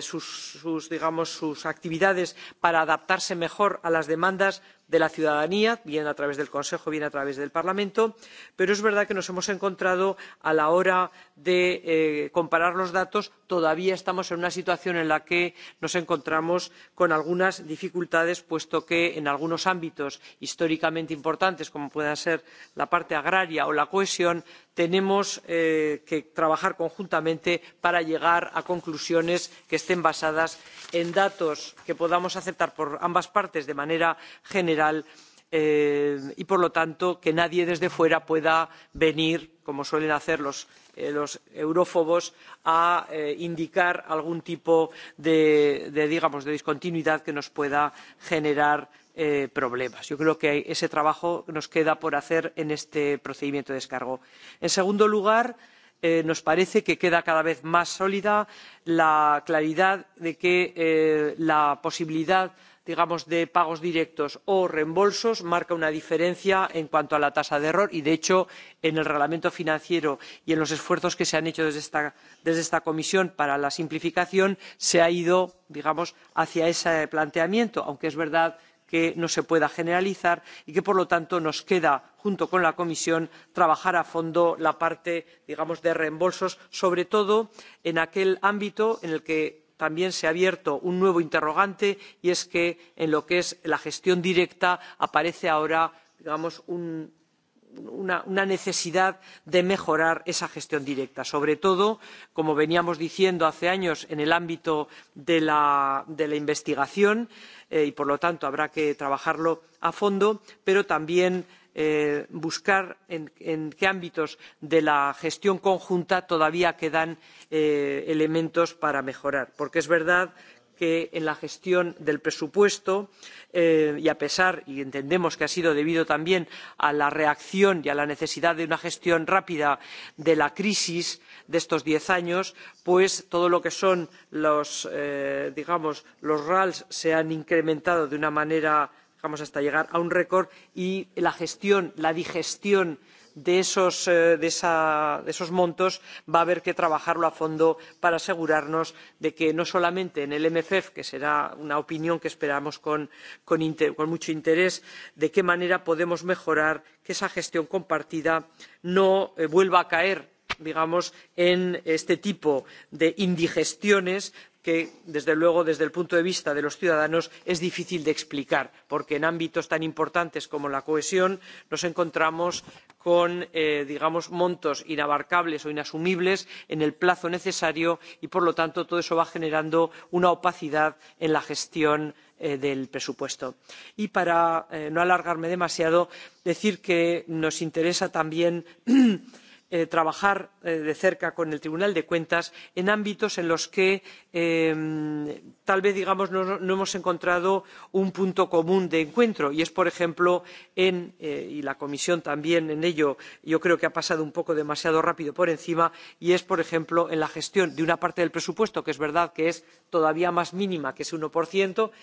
sus actividades para adaptarse mejor a las demandas de la ciudadanía bien a través del consejo bien a través del parlamento pero es verdad que nos hemos encontrado a la hora de comparar los datos todavía estamos en una situación en la que nos encontramos con algunas dificultades puesto que en algunos ámbitos históricamente importantes como puedan ser la parte agraria o la cohesión tenemos que trabajar conjuntamente para llegar a conclusiones que estén basadas en datos que podamos aceptar por ambas partes de manera general y por lo tanto que nadie desde fuera pueda venir como suelen hacer los, eurófobos a indicar algún tipo de, discontinuidad que nos pueda generar problemas. Yo creo que ese trabajo nos queda por hacer en este procedimiento de descargo. En segundo lugar, nos parece que queda cada vez más sólida la claridad de que la posibilidad digamos de pagos directos o reembolsos marca una diferencia en cuanto a la tasa de error y de hecho en el reglamento financiero y en los esfuerzos que se han hecho desde esta, comisión para la simplificación se ha ido digamos hacia ese planteamiento aunque es verdad que no se pueda generalizar y que por lo tanto nos queda junto con la comisión trabajar a fondo la parte digamos de reembolsos sobre todo en aquel ámbito en el que también se ha abierto un nuevo interrogante y es que en lo que es la gestión directa aparece ahora digamos un una, necesidad de mejorar esa gestión directa, sobre todo, como veníamos diciendo hace años, en el ámbito de la, investigación y, por lo tanto, habrá que trabajarlo a fondo, pero también buscar en, qué ámbitos de la gestión conjunta todavía quedan elementos para mejorar, porque es verdad que que en la gestión del presupuesto y a pesar y entendemos que ha sido debido también a la reacción y a la necesidad de una gestión rápida de la crisis de estos diez años pues todo lo que son los digamos los ral se han incrementado de una manera digamos hasta llegar a un récord y la gestión la digestión de de esos montos va a haber que trabajarlo a fondo para asegurarnos de que no solamente en el mfp que será una opinión que esperamos con mucho interés de qué manera podemos mejorar que esa gestión compartida no vuelva a caer digamos en este tipo de indigestiones que desde luego desde el punto de vista de los ciudadanos es difícil de explicar porque en ámbitos tan importantes como la cohesión nos encontramos con digamos montos inabarcables o inasumibles en el plazo necesario y por lo tanto todo eso va generando una opacidad en la gestión del presupuesto. y para no alargarme demasiado quiero decir que nos interesa también trabajar de cerca con el tribunal de cuentas en ámbitos en los que tal vez digamos no hemos encontrado un punto común de encuentro y es por ejemplo en y la comisión también en ello yo creo que ha pasado un poco demasiado rápido por encima y es por ejemplo en la gestión de una parte del presupuesto que es verdad que es todavía más mínima que ese uno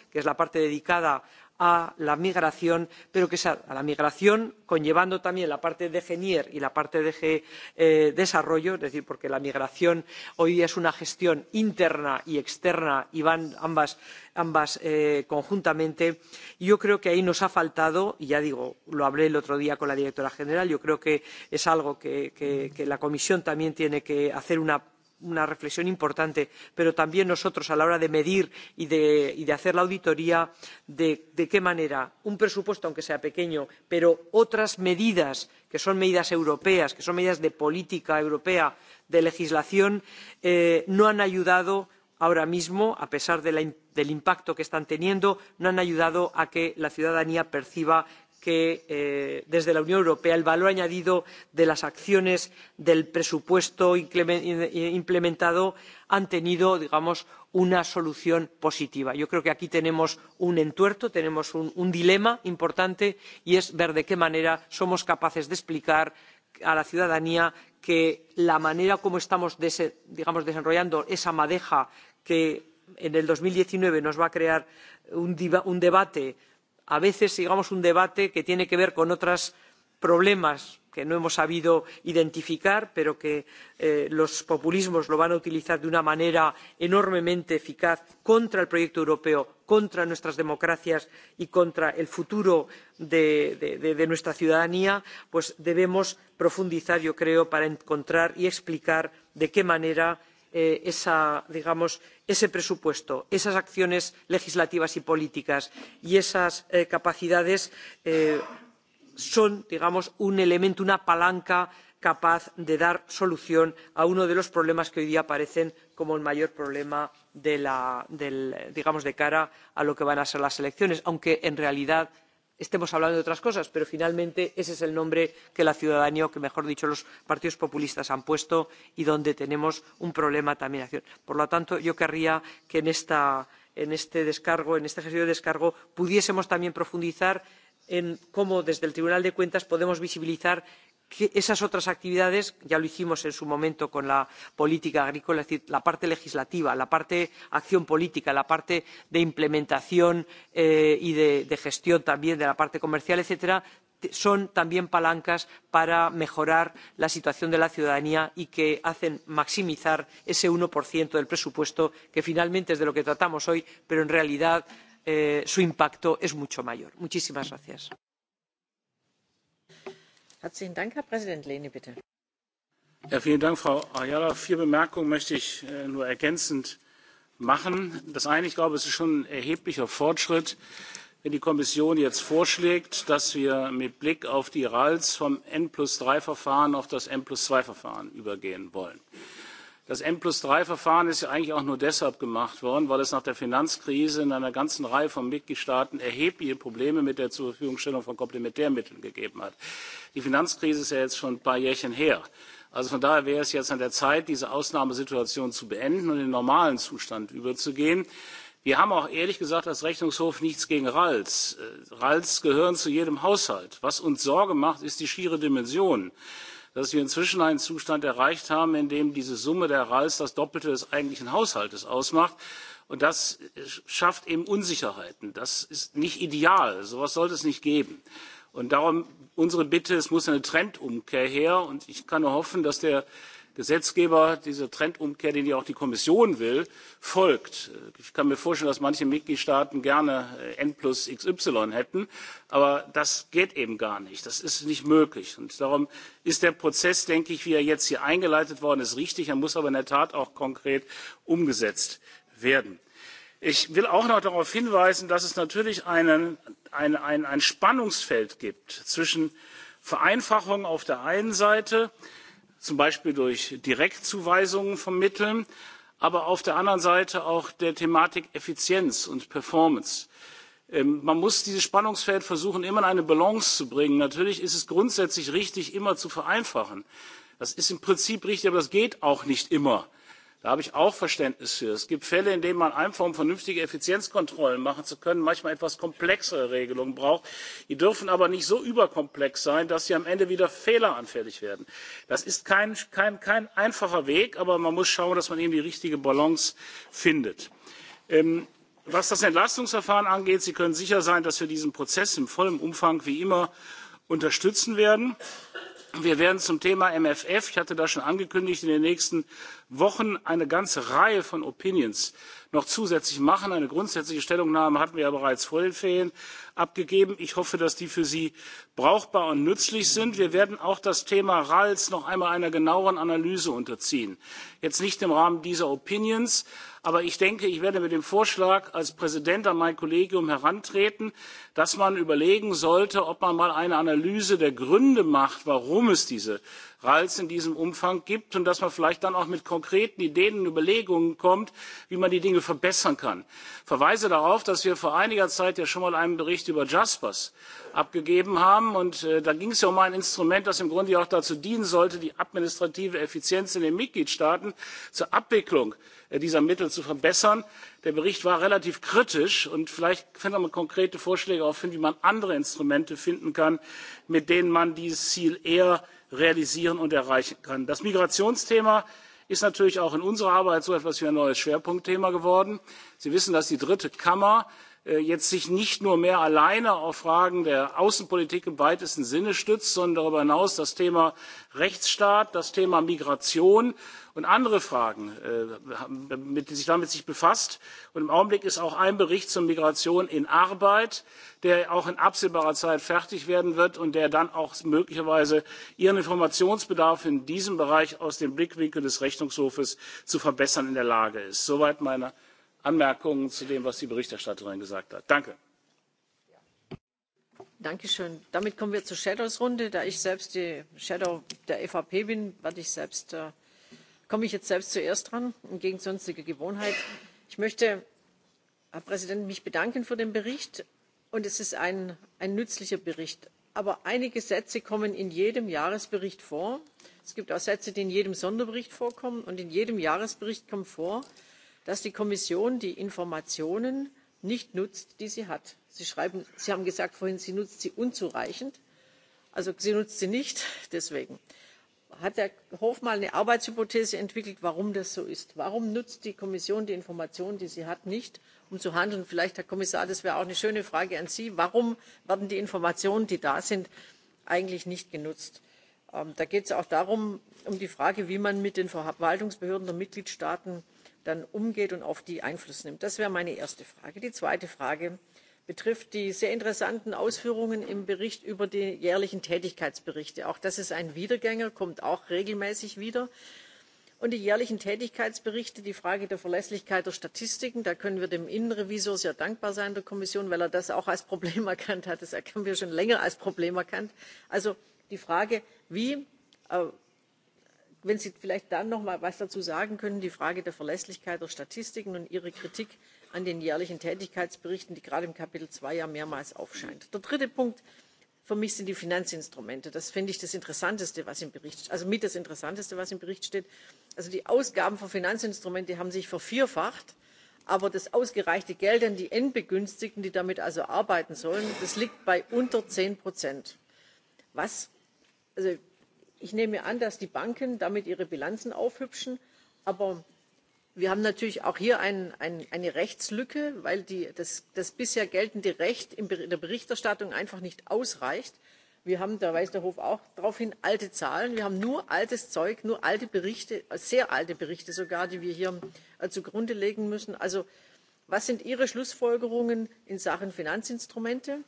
que es la parte dedicada a la migración, pero que sea a la migración conllevando también la parte de GENIER y la parte de desarrollo, es decir, porque la migración hoy día es una gestión interna y externa y van ambas, conjuntamente. yo creo que ahí nos ha faltado, y ya digo, lo hablé el otro día con la directora general, yo creo que es algo que la Comisión también tiene que hacer una una reflexión importante, pero también nosotros a la hora de medir y de, y de hacer la auditoría, de, de qué manera un presupuesto, aunque sea pequeño, pero otras medidas que son medidas europeas, que son medidas de política europea, de legislación, eh, no han ayudado ahora mismo, a pesar de la del impacto que están teniendo no han ayudado a que la ciudadanía perciba que desde la Unión Europea el valor añadido de las acciones del presupuesto implementado han tenido digamos una solución positiva. yo creo que aquí tenemos un entuerto tenemos un dilema importante y es ver de qué manera somos capaces de explicar a la ciudadanía que la manera como estamos desenrollando esa madeja que en dos mil diecinueve nos va a crear un debate a veces digamos un debate que tiene que ver con otros problemas que no hemos sabido identificar pero que los populismos van a utilizar de una manera enormemente eficaz contra el proyecto europeo contra nuestras democracias y contra el futuro de nuestra ciudadanía pues debemos profundizar yo creo para encontrar y explicar de qué manera ese presupuesto esas acciones legislativas y políticas y esas capacidades son digamos un elemento una palanca capaz de dar solución a uno de los problemas que hoy día aparecen como el mayor problema digamos de cara a lo que van a ser las elecciones aunque en realidad estemos hablando de otras cosas pero finalmente ese es el nombre que la ciudadanía o que mejor dicho los partidos populistas han puesto y donde tenemos un problema también de acción. por lo tanto yo querría que en este descargo en este ejercicio de descargo pudiésemos también profundizar en cómo desde el tribunal de cuentas podemos visibilizar esas otras actividades ya lo hicimos en su momento con la política agrícola es decir la parte legislativa la parte de acción política la parte de implementación y de gestión también de la parte comercial etcétera son también palancas para mejorar la situación de la ciudadanía y que hacen maximizar ese uno del presupuesto que finalmente es de lo que tratamos hoy pero en realidad su impacto es mucho mayor. muchísimas gracias. Herzlichen Dank, Herr Präsident Lehne, bitte. vielen Dank, Frau Ayala. Vier Bemerkungen möchte ich nur ergänzend machen. Das eine, ich glaube, es ist schon ein erheblicher Fortschritt, wenn die Kommission jetzt vorschlägt, dass wir mit Blick auf die RALs vom N plus Verfahren auf das N plus Verfahren übergehen wollen. Das N plus 3 Verfahren ist ja eigentlich auch nur deshalb gemacht worden, weil es nach der Finanzkrise in einer ganzen Reihe von Mitgliedstaaten erhebliche Probleme mit der Zurverfügungstellung von Komplementärmitteln gegeben hat. Die Finanzkrise ist ja jetzt schon ein paar Jährchen her. Also von daher wäre es jetzt an der Zeit, diese Ausnahmesituation zu beenden und in den normalen Zustand überzugehen. Wir haben auch ehrlich gesagt als Rechnungshof nichts gegen RALs. RALs gehören zu jedem Haushalt. Was uns Sorge macht, ist die schiere Dimension dass wir inzwischen einen Zustand erreicht haben, in dem diese Summe der RALs das Doppelte des eigentlichen Haushaltes ausmacht. Und das schafft eben Unsicherheiten. Das ist nicht ideal. So etwas sollte es nicht geben. Und darum unsere Bitte, es muss eine Trendumkehr her. Und ich kann nur hoffen, dass der Gesetzgeber dieser Trendumkehr, den ja auch die Kommission will, folgt. Ich kann mir vorstellen, dass manche Mitgliedstaaten gerne N plus XY hätten, aber das geht eben gar nicht. Das ist nicht möglich. Und darum ist der Prozess, denke ich, wie er jetzt hier eingeleitet worden ist, richtig. Er muss aber in der Tat auch konkret umgesetzt werden. Ich will auch noch darauf hinweisen, dass es natürlich ein, Spannungsfeld gibt zwischen Vereinfachung auf der einen Seite, zum Beispiel durch Direktzuweisungen von Mitteln, aber auf der anderen Seite auch der Thematik Effizienz und Performance. Man muss dieses Spannungsfeld versuchen, immer in eine Balance zu bringen. Natürlich ist es grundsätzlich richtig, immer zu vereinfachen. Das ist im Prinzip richtig, aber das geht auch nicht immer. Da habe ich auch Verständnis für. Es gibt Fälle, in denen man einfach, um vernünftige Effizienzkontrollen machen zu können, manchmal etwas komplexere Regelungen braucht. Die dürfen aber nicht so überkomplex sein, dass sie am Ende wieder fehleranfällig werden. Das ist kein, einfacher Weg, aber man muss schauen, dass man eben die richtige Balance findet. was das Entlastungsverfahren angeht, Sie können sicher sein, dass wir diesen Prozess in vollem Umfang wie immer unterstützen werden wir werden zum thema mfr ich hatte das schon angekündigt in den nächsten wochen eine ganze reihe von opinions noch zusätzlich machen eine grundsätzliche stellungnahme hatten wir ja bereits vor den ferien abgegeben. Ich hoffe, dass die für Sie brauchbar und nützlich sind. Wir werden auch das Thema RALS noch einmal einer genaueren Analyse unterziehen. Jetzt nicht im Rahmen dieser Opinions, aber ich denke, ich werde mit dem Vorschlag als Präsident an mein Kollegium herantreten, dass man überlegen sollte, ob man mal eine Analyse der Gründe macht, warum es diese rals in diesem umfang gibt und dass man vielleicht dann auch mit konkreten ideen und überlegungen kommt wie man die dinge verbessern kann. ich verweise darauf dass wir vor einiger zeit ja schon mal einen bericht über jaspers abgegeben haben und da ging es ja um ein instrument das im grunde auch dazu dienen sollte die administrative effizienz in den mitgliedstaaten zur abwicklung dieser mittel zu verbessern. der bericht war relativ kritisch und vielleicht findet man konkrete vorschläge auch wie man andere instrumente finden kann mit denen man dieses ziel eher realisieren und erreichen kann. das migrationsthema ist natürlich auch in unserer arbeit so etwas wie ein neues schwerpunktthema geworden. sie wissen dass die dritte kammer jetzt sich nicht nur mehr alleine auf Fragen der Außenpolitik im weitesten Sinne stützt, sondern darüber hinaus das Thema Rechtsstaat, das Thema Migration und andere Fragen, mit, die sich damit sich befasst. Und im Augenblick ist auch ein Bericht zur Migration in Arbeit, der auch in absehbarer Zeit fertig werden wird und der dann auch möglicherweise Ihren Informationsbedarf in diesem Bereich aus dem Blickwinkel des Rechnungshofes zu verbessern in der Lage ist. Soweit meine Anmerkungen zu dem, was die Berichterstatterin gesagt hat. Danke. Damit kommen wir zur shadows Da ich selbst die Shadow der EVP bin, werde ich selbst, komme ich jetzt selbst zuerst dran, entgegen sonstiger Gewohnheit. Ich möchte, Herr Präsident, mich bedanken für den Bericht. Und es ist ein, ein nützlicher Bericht. Aber einige Sätze kommen in jedem Jahresbericht vor. Es gibt auch Sätze, die in jedem Sonderbericht vorkommen. Und in jedem Jahresbericht kommen vor, dass die kommission die informationen nicht nutzt die sie hat. sie haben vorhin gesagt sie nutzt sie unzureichend also sie nutzt sie nicht deswegen. hat herr mal eine arbeitshypothese entwickelt warum das so ist? warum nutzt die kommission die informationen die sie hat nicht um zu handeln? vielleicht herr kommissar das wäre auch eine schöne frage an sie warum werden die informationen die da sind eigentlich nicht genutzt? da geht es auch um die frage wie man mit den verwaltungsbehörden der mitgliedstaaten dann umgeht und auf die Einfluss nimmt. Das wäre meine erste Frage. Die zweite Frage betrifft die sehr interessanten Ausführungen im Bericht über die jährlichen Tätigkeitsberichte. Auch das ist ein Wiedergänger, kommt auch regelmäßig wieder. Und die jährlichen Tätigkeitsberichte, die Frage der Verlässlichkeit der Statistiken, da können wir dem Innenrevisor sehr dankbar sein, der Kommission, weil er das auch als Problem erkannt hat. Das haben wir schon länger als Problem erkannt. Also die Frage, wie wenn Sie vielleicht dann noch mal etwas dazu sagen können, die Frage der Verlässlichkeit der Statistiken und Ihre Kritik an den jährlichen Tätigkeitsberichten, die gerade im Kapitel 2 ja mehrmals aufscheint. Der dritte Punkt für mich sind die Finanzinstrumente. Das finde ich das Interessanteste, was im Bericht, also mit das Interessanteste, was im Bericht steht. Also die Ausgaben für Finanzinstrumente haben sich vervierfacht, aber das ausgereichte Geld an die Endbegünstigten, die damit also arbeiten sollen, das liegt bei unter zehn Prozent. Was also ich nehme an, dass die Banken damit ihre Bilanzen aufhübschen. Aber wir haben natürlich auch hier eine Rechtslücke, weil das, bisher geltende Recht in der Berichterstattung einfach nicht ausreicht. Wir haben, da weist der Hof auch darauf hin, alte Zahlen. Wir haben nur altes Zeug, nur alte Berichte, sehr alte Berichte sogar, die wir hier zugrunde legen müssen. Also was sind Ihre Schlussfolgerungen in Sachen Finanzinstrumente?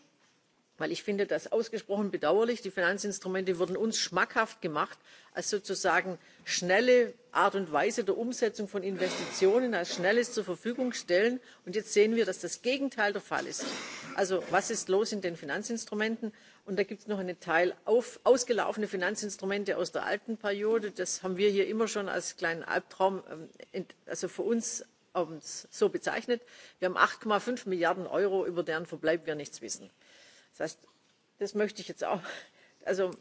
weil ich finde das ausgesprochen bedauerlich. die finanzinstrumente wurden uns schmackhaft gemacht als sozusagen schnelle art und weise der umsetzung von investitionen als schnelles zur Verfügung stellen, und jetzt sehen wir dass das gegenteil der fall ist. also was ist los in den finanzinstrumenten? und da gibt es noch einen teil ausgelaufene finanzinstrumente aus der alten periode. das haben wir hier immer schon als kleinen albtraum also für uns so bezeichnet. wir haben acht fünf milliarden euro über deren verbleib wir nichts wissen. Das heißt, das möchte ich jetzt auch. Also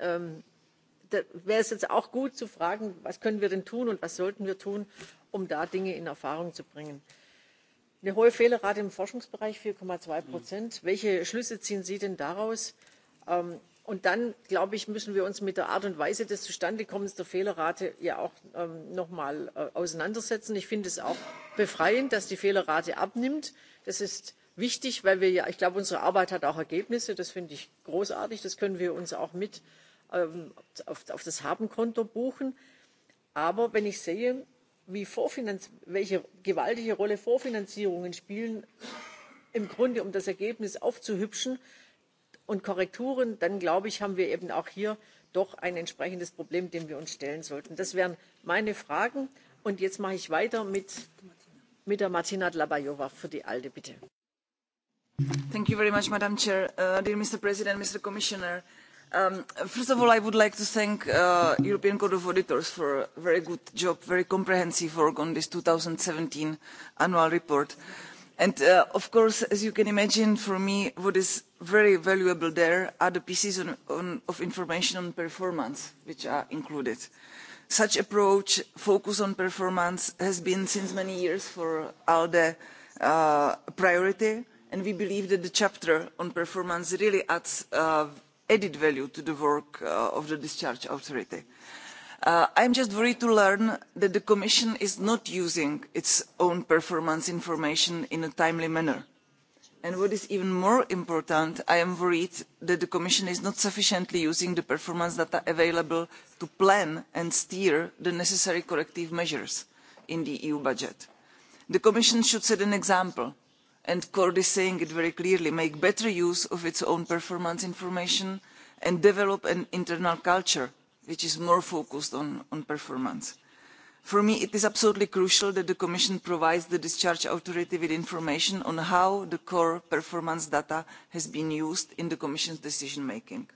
ähm, da wäre es jetzt auch gut zu fragen, was können wir denn tun und was sollten wir tun, um da Dinge in Erfahrung zu bringen. Eine hohe Fehlerrate im Forschungsbereich, 4,2 Prozent. Welche Schlüsse ziehen Sie denn daraus? Ähm, und dann, glaube ich, müssen wir uns mit der Art und Weise des Zustandekommens der Fehlerrate ja auch ähm, nochmal äh, auseinandersetzen. Ich finde es auch befreiend, dass die Fehlerrate abnimmt. Das ist wichtig, weil wir ja, ich glaube, unsere Arbeit hat auch Ergebnisse. Das finde ich großartig. Das können wir uns auch mit auf, das Habenkonto buchen. Aber wenn ich sehe, welche gewaltige Rolle Vorfinanzierungen spielen, im Grunde um das Ergebnis aufzuhübschen und Korrekturen, dann glaube ich, haben wir eben auch hier doch ein entsprechendes Problem, dem wir uns stellen sollten. Das wären meine Fragen. Und jetzt mache ich weiter mit, mit der Martina Dlabajowa für die ALDE, bitte. Thank you very much, Madam Chair. Mr. President, Mr. Commissioner, first of all, I would like to thank the European Court of Auditors for a very good job, very comprehensive work on this seventeen annual report. And of course, as you can imagine, for me, what is very valuable there are the pieces of information on performance, which are included. Such approach, focus on performance, has been since many years for ALDE a priority and we believe that the chapter on performance really adds added value to the work of the discharge authority. I am just worried to learn that the Commission is not using its own performance information in a timely manner. And what is even more important, I am worried that the Commission is not sufficiently using the performance data available to plan and steer the necessary corrective measures in the EU budget. The Commission should set an example and Court is saying it very clearly, make better use of its own performance information and develop an internal culture which is more focused on, on performance. For me, it is absolutely crucial that the Commission provides the discharge authority with information on how the core performance data has been used in the Commission's decision-making.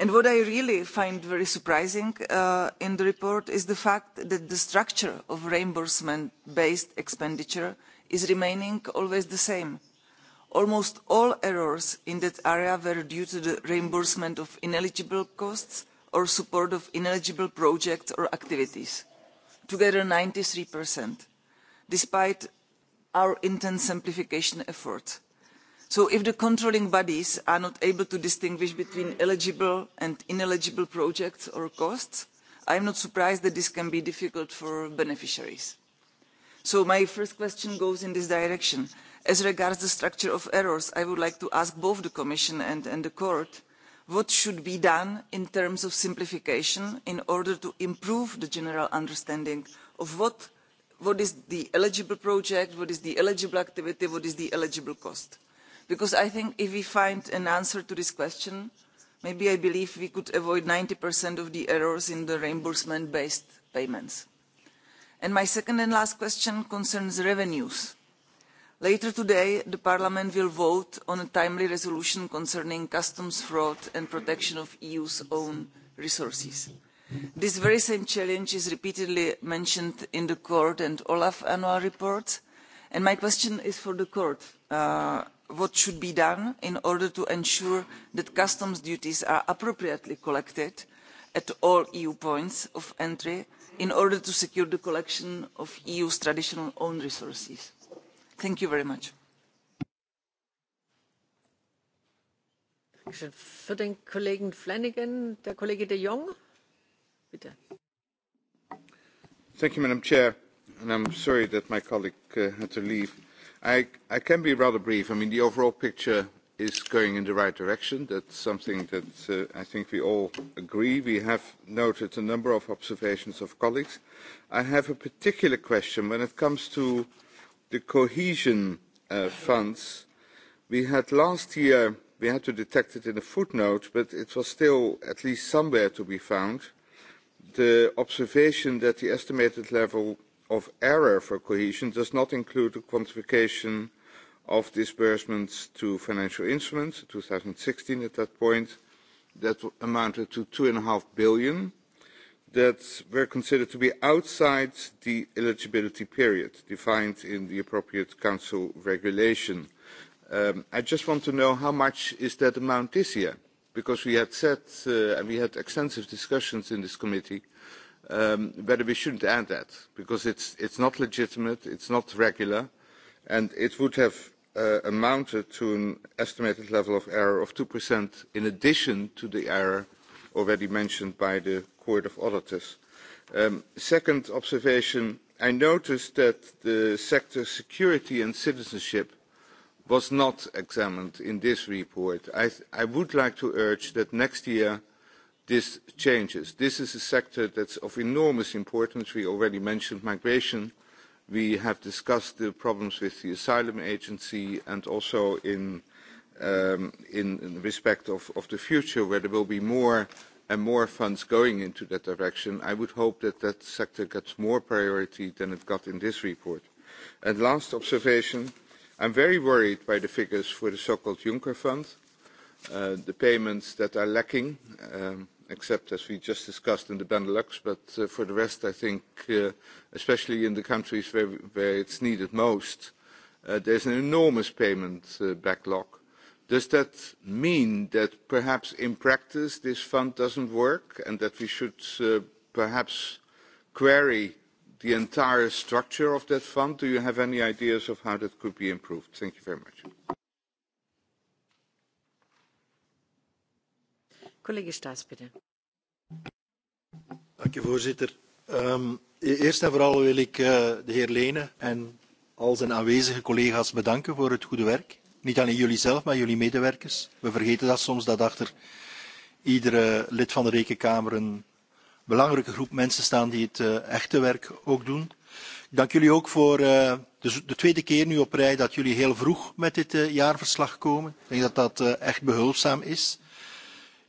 And what I really find very surprising in the report is the fact that the structure of reimbursement-based expenditure – is remaining always the same. Almost all errors in that area were due to the reimbursement of ineligible costs or support of ineligible projects or activities, together ninety 93%, despite our intense simplification efforts. So if the controlling bodies are not able to distinguish between eligible and ineligible projects or costs, I am not surprised that this can be difficult for beneficiaries. So my first question goes in this direction. As regards the structure of errors, I would like to ask both the Commission and, and the Court what should be done in terms of simplification in order to improve the general understanding of what, what is the eligible project, what is the eligible activity, what is the eligible cost. Because I think if we find an answer to this question, maybe I believe we could avoid 90% of the errors in the reimbursement-based payments. And my second and last question concerns revenues. Later today, the Parliament will vote on a timely resolution concerning customs fraud and protection of the EU's own resources. This very same challenge is repeatedly mentioned in the Court and Olaf annual reports. And my question is for the Court. what should be done in order to ensure that customs duties are appropriately collected at all EU points of entry in order to secure the collection of the eu's traditional own resources. thank you very much. Thank you, Madam Chair, and I'm sorry that my colleague uh, had to leave. I, I can be rather brief. I mean, the overall picture is going in the right direction. That's something that uh, I think we all agree. We have noted a number of observations of colleagues. I have a particular question when it comes to the cohesion uh, funds. We had last year, we had to detect it in a footnote, but it was still at least somewhere to be found, the observation that the estimated level of error for cohesion does not include the quantification of disbursements to financial instruments, 2016 at that point, that amounted to 2.5 billion that were considered to be outside the eligibility period defined in the appropriate council regulation. I just want to know how much is that amount this year? Because we had said, and we had extensive discussions in this committee, whether we shouldn't add that, because it's not legitimate, it's not regular, and it would have amounted to an estimated level of error of 2% in addition to the error already mentioned by the Court of Auditors. Second observation, I noticed that the sector security and citizenship was not examined in this report. I would like to urge that next year this changes. This is a sector that's of enormous importance. We already mentioned migration, We have discussed the problems with the asylum agency and also in, um, in, in respect of, of the future where there will be more and more funds going into that direction. I would hope that that sector gets more priority than it got in this report. And last observation, I'm very worried by the figures for the so-called Juncker Fund, uh, the payments that are lacking. Um, except as we just discussed in the Benelux. But uh, for the rest, I think, uh, especially in the countries where, where it's needed most, uh, there's an enormous payment uh, backlog. Does that mean that perhaps in practice this fund doesn't work and that we should uh, perhaps query the entire structure of that fund? Do you have any ideas of how that could be improved? Thank you very much. Collega Staes, bitte. Dank voorzitter. Um, eerst en vooral wil ik uh, de heer Lene en al zijn aanwezige collega's bedanken voor het goede werk. Niet alleen jullie zelf, maar jullie medewerkers. We vergeten dat soms, dat achter iedere lid van de Rekenkamer een belangrijke groep mensen staan die het uh, echte werk ook doen. Ik dank jullie ook voor uh, de, de tweede keer nu op rij dat jullie heel vroeg met dit uh, jaarverslag komen. Ik denk dat dat uh, echt behulpzaam is.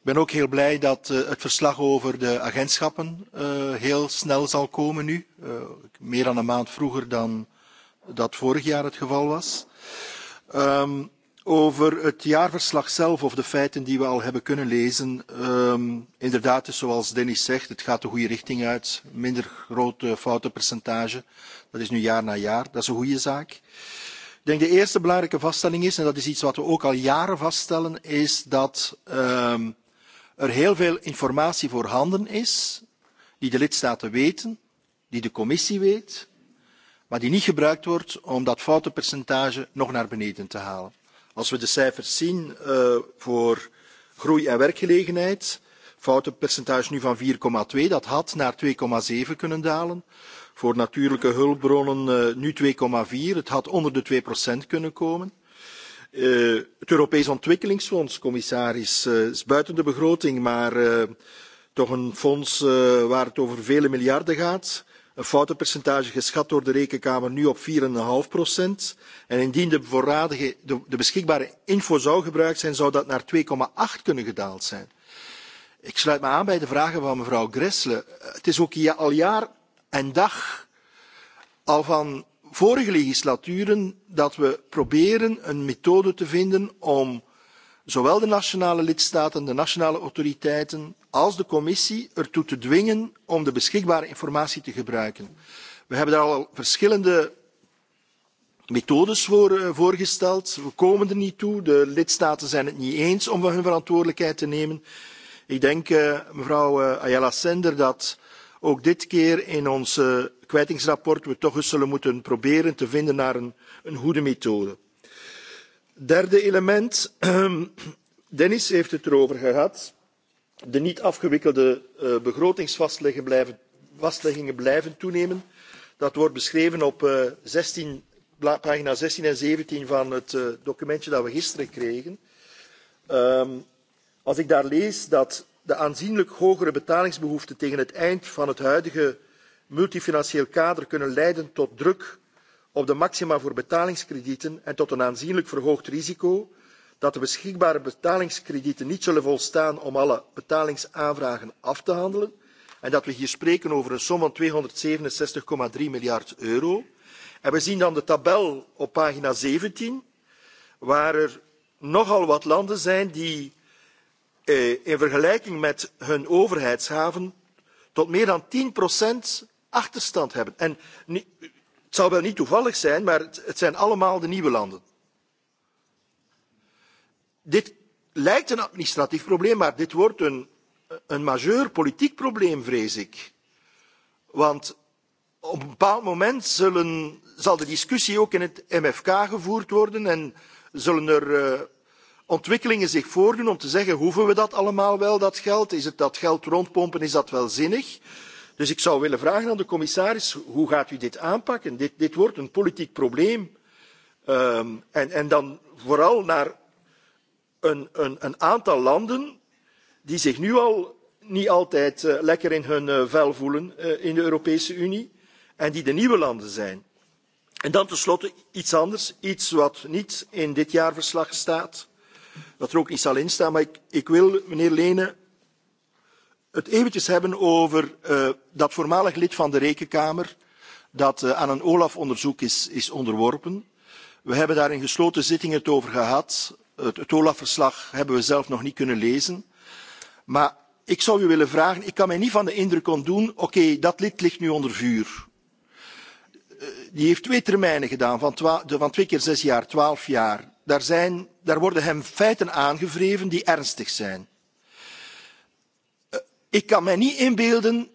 Ik ben ook heel blij dat het verslag over de agentschappen heel snel zal komen nu. meer dan een maand vroeger dan dat vorig jaar het geval was. over het jaarverslag zelf of de feiten die we al hebben kunnen lezen. inderdaad, dus zoals Dennis zegt, het gaat de goede richting uit. Minder groot foutenpercentage. Dat is nu jaar na jaar. Dat is een goede zaak. Ik denk de eerste belangrijke vaststelling is, en dat is iets wat we ook al jaren vaststellen, is dat um, er heel veel informatie voorhanden is, die de lidstaten weten, die de commissie weet, maar die niet gebruikt wordt om dat foutenpercentage nog naar beneden te halen. Als we de cijfers zien voor groei en werkgelegenheid, foutenpercentage nu van 4,2, dat had naar 2,7 kunnen dalen. Voor natuurlijke hulpbronnen nu 2,4, het had onder de 2% kunnen komen het Europees Ontwikkelingsfonds, commissaris, is buiten de begroting, maar toch een fonds waar het over vele miljarden gaat. Een foutenpercentage geschat door de Rekenkamer nu op vier 4,5 procent. En indien de, voorradige, de, beschikbare info zou gebruikt zijn, zou dat naar twee acht kunnen gedaald zijn. Ik sluit me aan bij de vragen van mevrouw Gressle. Het is ook al jaar en dag al van vorige legislaturen dat we proberen een methode te vinden om zowel de nationale lidstaten, de nationale autoriteiten als de commissie ertoe te dwingen om de beschikbare informatie te gebruiken. We hebben daar al verschillende methodes voor voorgesteld. We komen er niet toe. De lidstaten zijn het niet eens om hun verantwoordelijkheid te nemen. Ik denk, mevrouw Ayala Sender, dat ook dit keer in onze kwijtingsrapport we toch eens zullen moeten proberen te vinden naar een, goede methode. Derde element. Dennis heeft het erover gehad. De niet afgewikkelde begrotingsvastleggingen blijven toenemen. Dat wordt beschreven op pagina zestien en zeventien van het documentje dat we gisteren kregen. als ik daar lees dat de aanzienlijk hogere betalingsbehoeften tegen het eind van het huidige multifinancieel kader kunnen leiden tot druk op de maxima voor betalingskredieten en tot een aanzienlijk verhoogd risico dat de beschikbare betalingskredieten niet zullen volstaan om alle betalingsaanvragen af te handelen en dat we hier spreken over een som van 267,3 miljard euro. En we zien dan de tabel op pagina 17, waar er nogal wat landen zijn die in vergelijking met hun overheidshaven tot meer dan 10% achterstand hebben. En het zou wel niet toevallig zijn, maar het, zijn allemaal de nieuwe landen. Dit lijkt een administratief probleem, maar dit wordt een, een majeur politiek probleem, vrees ik. Want op een bepaald moment zullen, zal de discussie ook in het MFK gevoerd worden en zullen er uh, ontwikkelingen zich voordoen om te zeggen hoeven we dat allemaal wel, dat geld? Is het dat geld rondpompen, is dat wel zinnig? Uh, Dus ik zou willen vragen aan de commissaris, hoe gaat u dit aanpakken? Dit, dit wordt een politiek probleem. Um, en, en dan vooral naar een, een, een aantal landen die zich nu al niet altijd uh, lekker in hun uh, vel voelen uh, in de Europese Unie en die de nieuwe landen zijn. En dan tenslotte iets anders, iets wat niet in dit jaarverslag staat, wat er ook niet zal instaan, maar ik, ik wil, meneer Lenen het eventjes hebben over dat voormalig lid van de Rekenkamer dat aan een OLAF-onderzoek is, onderworpen. We hebben daar in gesloten zitting het over gehad. Het, OLAF-verslag hebben we zelf nog niet kunnen lezen. Maar ik zou u willen vragen, ik kan mij niet van de indruk ontdoen, oké, dat lid ligt nu onder vuur. Die heeft twee termijnen gedaan, van, twee keer zes jaar, twaalf jaar. Daar, worden hem feiten aangevreven die ernstig zijn ik kan mij niet inbeelden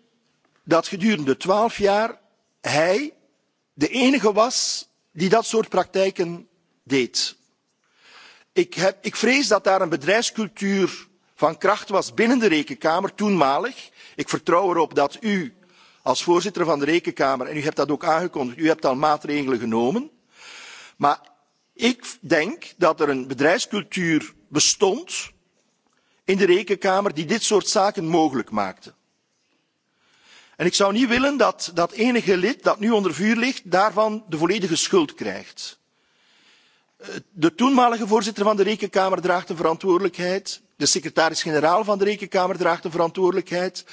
dat gedurende twaalf jaar hij de enige was die dat soort praktijken deed. ik vrees dat daar een bedrijfscultuur van kracht was binnen de rekenkamer toenmalig. ik vertrouw erop dat u als voorzitter van de rekenkamer en u hebt dat ook aangekondigd u hebt al maatregelen genomen maar ik denk dat er een bedrijfscultuur bestond in de rekenkamer die dit soort zaken mogelijk maakte. En ik zou niet willen dat dat enige lid dat nu onder vuur ligt daarvan de volledige schuld krijgt. De toenmalige voorzitter van de Rekenkamer draagt een verantwoordelijkheid. De secretaris-generaal van de Rekenkamer draagt een verantwoordelijkheid.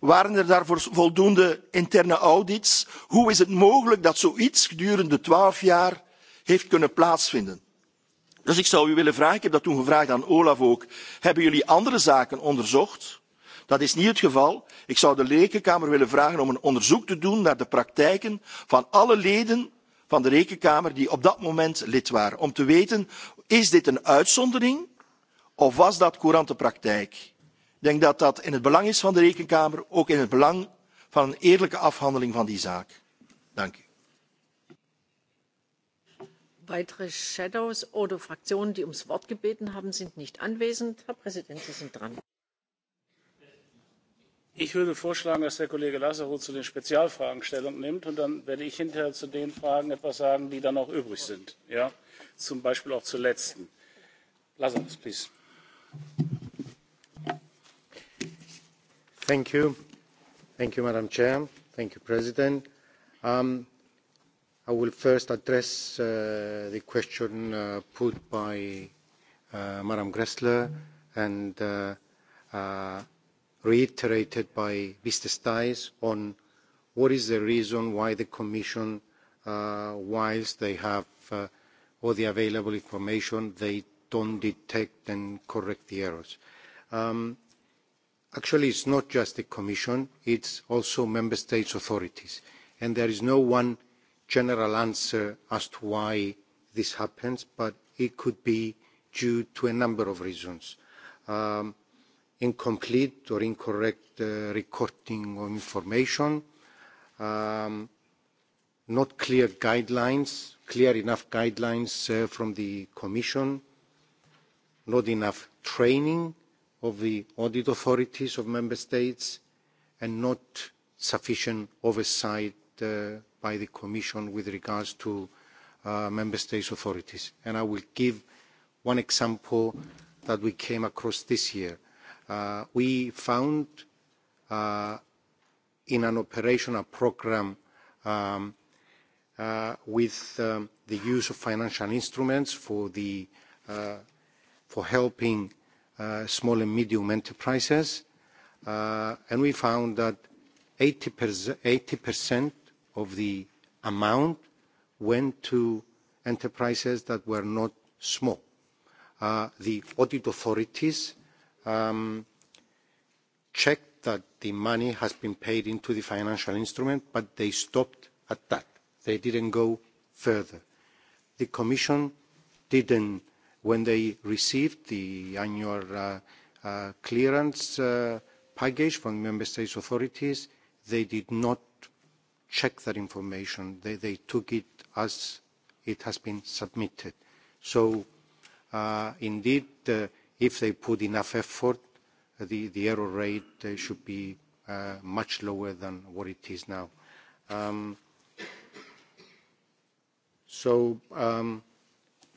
Waren er daarvoor voldoende interne audits? Hoe is het mogelijk dat zoiets gedurende twaalf jaar heeft kunnen plaatsvinden? Dus ik zou u willen vragen, ik heb dat toen gevraagd aan Olaf ook, hebben jullie andere zaken onderzocht? Dat is niet het geval. Ik zou de Rekenkamer willen vragen om een onderzoek te doen naar de praktijken van alle leden van de Rekenkamer die op dat moment lid waren. Om te weten, is dit een uitzondering of was dat courante praktijk? Ik denk dat dat in het belang is van de Rekenkamer, ook in het belang van een eerlijke afhandeling van die zaak. Dank u. Weitere Shadows oder Fraktionen, die ums Wort gebeten haben, sind nicht anwesend. Herr Präsident, Sie sind dran. Ich würde vorschlagen, dass der Kollege Lassero zu den Spezialfragen Stellung nimmt und dann werde ich hinterher zu den Fragen etwas sagen, die dann auch übrig sind. Ja? Zum Beispiel auch zur letzten. Lassero, please. Thank you. Thank you, Madam Chair. Thank you, President. Um, I will first address uh, the question uh, put by uh, Madam Gressler and uh, uh, reiterated by Mr. Stais on what is the reason why the Commission, uh, whilst they have uh, all the available information, they don't detect and correct the errors. Um, actually, it's not just the Commission, it's also Member States authorities. And there is no one general answer as to why this happens, but it could be due to a number of reasons. incomplete or incorrect recording of information, not clear guidelines, clear enough guidelines from the Commission, not enough training of the audit authorities of member states, and not sufficient oversight by the Commission with regards to member states' authorities. And I will give one example that we came across this year. we found in an operational programme with the use of financial instruments for, the, for helping small and medium enterprises, and we found that 80% of the amount went to enterprises that were not small. The audit authorities checked that the money has been paid into the financial instrument, but they stopped at that. They didn't go further. The Commission didn't, when they received the annual clearance package from member states' authorities, they did not check that information. They, they took it as it has been submitted. So uh, indeed, uh, if they put enough effort, the, the error rate uh, should be uh, much lower than what it is now. Um, so um,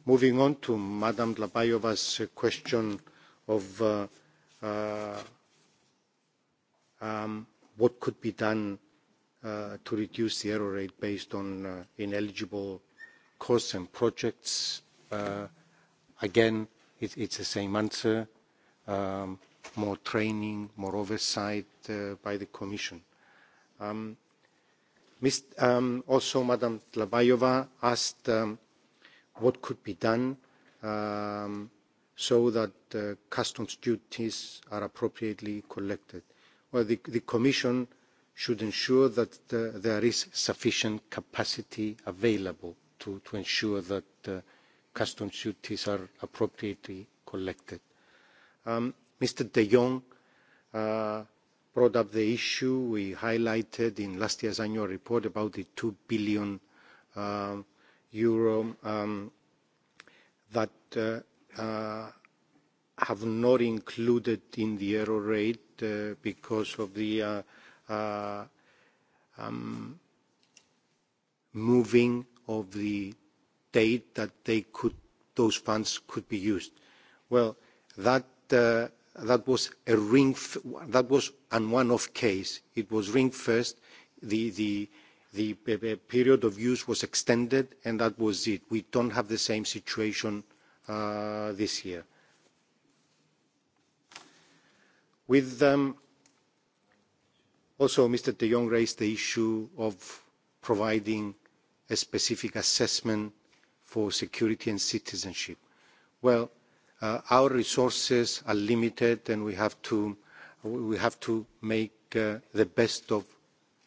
moving on to Madam Dlabayova's question of uh, uh, um, what could be done uh, to reduce the error rate based on uh, ineligible costs and projects. Uh, again, it, it's the same answer. Um, more training, more oversight uh, by the Commission. Um, Ms. Um, also, Madam Tlabayova asked um, what could be done um, so that uh, customs duties are appropriately collected. Well, the, the Commission uh, should ensure that uh, there is sufficient capacity available to, to ensure that uh, customs duties are appropriately collected. Um, Mr. De Jong uh, brought up the issue we highlighted in last year's annual report about the 2 billion uh, euro um, that uh, uh, have not included in the error rate uh, because of the uh, uh, um, moving of the date that they could, those funds could be used. Well, that, uh, that was a ring, f that was an one-off case. It was ring first. The, the, the period of use was extended, and that was it. We don't have the same situation uh, this year. With um, Also, Mr. de Jong raised the issue of providing a specific assessment for security and citizenship. Well, uh, our resources are limited and we have to, we have to make uh, the best of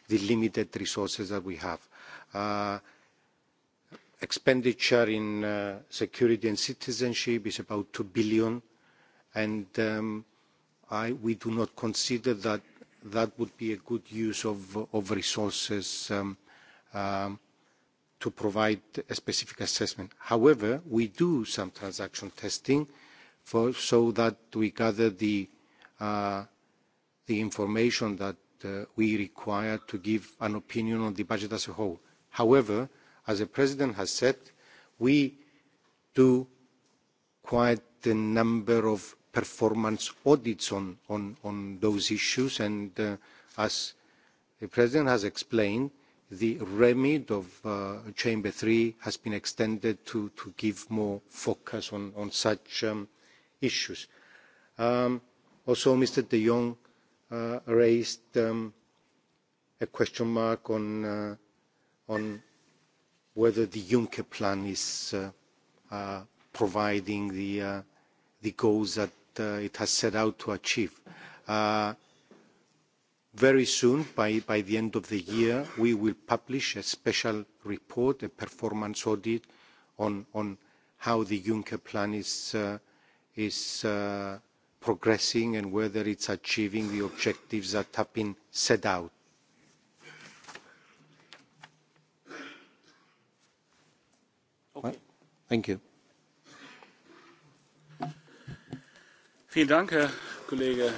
the limited resources that we have. Uh, expenditure in uh, security and citizenship is about 2 billion and um, I, we do not consider that that would be a good use of of resources to provide a specific assessment. However, we do some transaction testing so that we gather the information that we require to give an opinion on the budget as a whole. However, as the President has said, we do quite a number of performance audits on, on, on those issues. And uh, as the President has explained, the remit of uh, Chamber 3 has been extended to, to give more focus on, on such um, issues. Um, also, Mr. de Jong uh, raised um, a question mark on, uh, on whether the Juncker plan is uh, uh, providing the, uh, the goals that it has set out to achieve. Very soon, by the end of the year, we will publish a special report, a performance audit on how the Juncker plan is progressing and whether it's achieving the objectives that have been set out. Thank you. Vielen Dank, Herr Kollege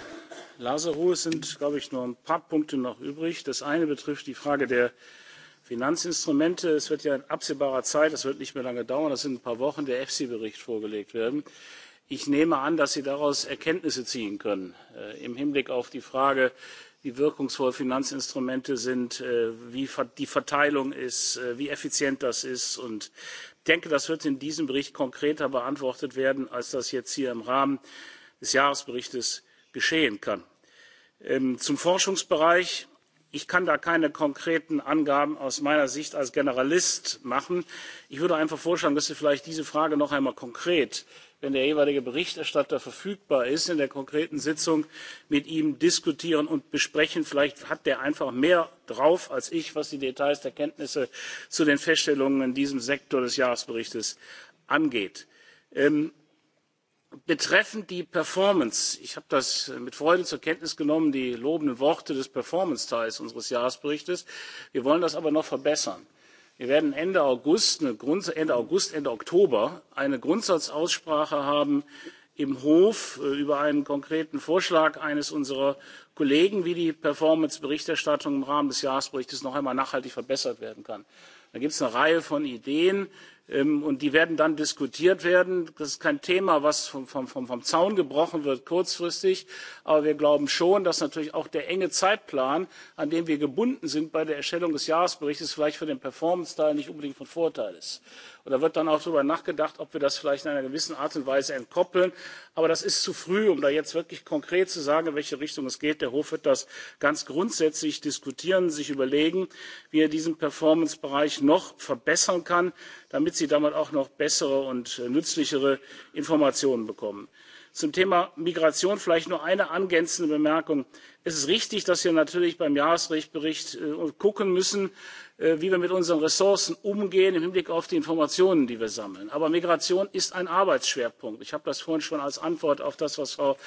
Lazarow. Es sind, glaube ich, nur ein paar Punkte noch übrig. Das eine betrifft die Frage der Finanzinstrumente. Es wird ja in absehbarer Zeit, das wird nicht mehr lange dauern, das sind ein paar Wochen, der EFSI-Bericht vorgelegt werden. Ich nehme an, dass Sie daraus Erkenntnisse ziehen können im Hinblick auf die Frage, wie wirkungsvoll Finanzinstrumente sind, wie die Verteilung ist, wie effizient das ist. Und ich denke, das wird in diesem Bericht konkreter beantwortet werden, als das jetzt hier im Rahmen des Jahresberichts geschehen kann. Zum Forschungsbereich. Ich kann da keine konkreten Angaben aus meiner Sicht als Generalist machen. Ich würde einfach vorschlagen, dass wir vielleicht diese Frage noch einmal konkret, wenn der jeweilige Berichterstatter verfügbar ist, in der konkreten Sitzung mit ihm diskutieren und besprechen. Vielleicht hat der einfach mehr drauf als ich, was die Details der Kenntnisse zu den Feststellungen in diesem Sektor des Jahresberichts angeht betreffend die Performance. Ich habe das mit Freude zur Kenntnis genommen, die lobenden Worte des Performance-Teils unseres Jahresberichtes. Wir wollen das aber noch verbessern. Wir werden Ende August, Ende August, Ende Oktober eine Grundsatzaussprache haben im Hof über einen konkreten Vorschlag eines unserer Kollegen, wie die Performance-Berichterstattung im Rahmen des Jahresberichts noch einmal nachhaltig verbessert werden kann. Da gibt es eine Reihe von Ideen, und die werden dann diskutiert werden. Das ist kein Thema, was vom, Zaun gebrochen wird kurzfristig. Aber wir glauben schon, dass natürlich auch der enge Zeitplan, an dem wir gebunden sind bei der Erstellung des Jahresberichts, vielleicht für den Performance-Teil nicht unbedingt von Vorteil ist. Und da wird dann auch darüber nachgedacht, ob wir das vielleicht in einer gewissen Art und Weise entkoppeln. Aber das ist zu früh, um da jetzt wirklich konkret zu sagen, in welche Richtung es geht. Der Hof wird das ganz grundsätzlich diskutieren, sich überlegen, wie er diesen Performance-Bereich noch verbessern kann, damit Sie damit auch noch bessere und nützlichere Informationen bekommen. Zum Thema Migration vielleicht nur eine angänzende Bemerkung. Es ist richtig, dass wir natürlich beim Jahresbericht gucken müssen, wie wir mit unseren Ressourcen umgehen im Hinblick auf die Informationen, die wir sammeln. Aber Migration ist ein Arbeitsschwerpunkt. Ich habe das vorhin schon als Antwort auf das, was Frau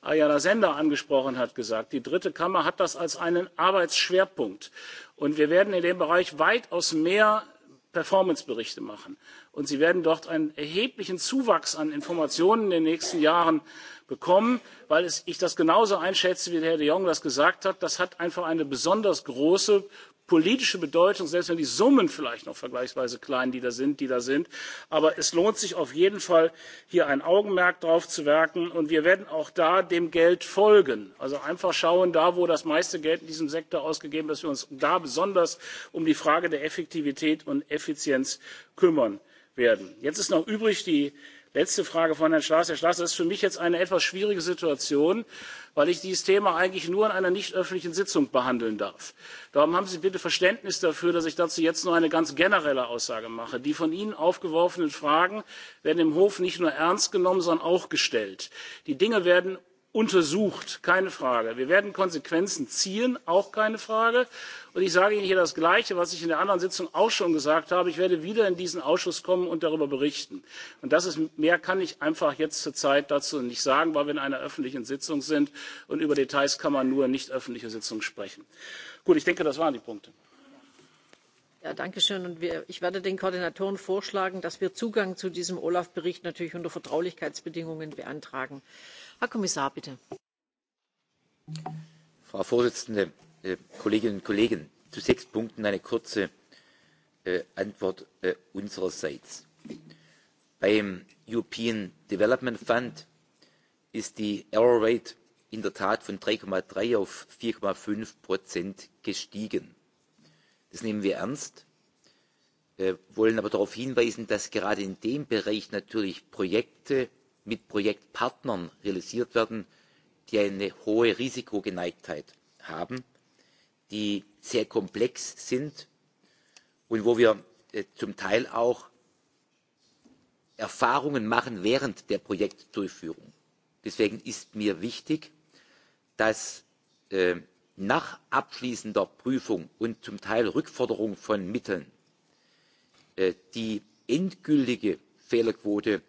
Ayala Sender angesprochen hat, gesagt. Die dritte Kammer hat das als einen Arbeitsschwerpunkt. Und wir werden in dem Bereich weitaus mehr Performanceberichte machen. Und Sie werden dort einen erheblichen Zuwachs an Informationen in den nächsten Jahren bekommen, weil ich das genauso einschätze, wie Herr de Jong das gesagt hat. Das hat einfach eine besonders große politische Bedeutung, selbst wenn die Summen vielleicht noch vergleichsweise klein, die da sind, die da sind. Aber es lohnt sich auf jeden Fall, hier ein Augenmerk drauf zu werken. Und wir werden auch da dem Geld folgen. Also einfach schauen, da wo das meiste Geld in diesem Sektor ausgegeben ist, dass wir uns da besonders um die Frage der Effektivität und Effizienz kümmern werden. Jetzt ist noch übrig die letzte frage von herrn staes herr staes das ist für mich jetzt eine etwas schwierige situation weil ich dieses thema eigentlich nur in einer nicht öffentlichen sitzung behandeln darf. darum haben sie bitte verständnis dafür dass ich dazu jetzt nur eine ganz generelle aussage mache. die von ihnen aufgeworfenen fragen werden im hof nicht nur ernst genommen sondern auch gestellt. die dinge werden untersucht keine frage. wir werden konsequenzen ziehen auch keine frage. Und ich sage Ihnen hier das Gleiche, was ich in der anderen Sitzung auch schon gesagt habe. Ich werde wieder in diesen Ausschuss kommen und darüber berichten. Und das ist, mehr kann ich einfach jetzt zurzeit dazu nicht sagen, weil wir in einer öffentlichen Sitzung sind und über Details kann man nur in nicht öffentlicher Sitzung sprechen. Gut, ich denke, das waren die Punkte. Ja, danke schön. Und ich werde den Koordinatoren vorschlagen, dass wir Zugang zu diesem Olaf-Bericht natürlich unter Vertraulichkeitsbedingungen beantragen. Herr Kommissar, bitte. Frau Vorsitzende, Kolleginnen und Kollegen, zu sechs Punkten eine kurze Antwort unsererseits. Beim European Development Fund ist die Error Rate in der Tat von 3,3 auf 4,5 Prozent gestiegen. Das nehmen wir ernst, wollen aber darauf hinweisen, dass gerade in dem Bereich natürlich Projekte mit Projektpartnern realisiert werden, die eine hohe Risikogeneigtheit haben die sehr komplex sind und wo wir zum Teil auch Erfahrungen machen während der Projektdurchführung. Deswegen ist mir wichtig, dass nach abschließender Prüfung und zum Teil Rückforderung von Mitteln die endgültige Fehlerquote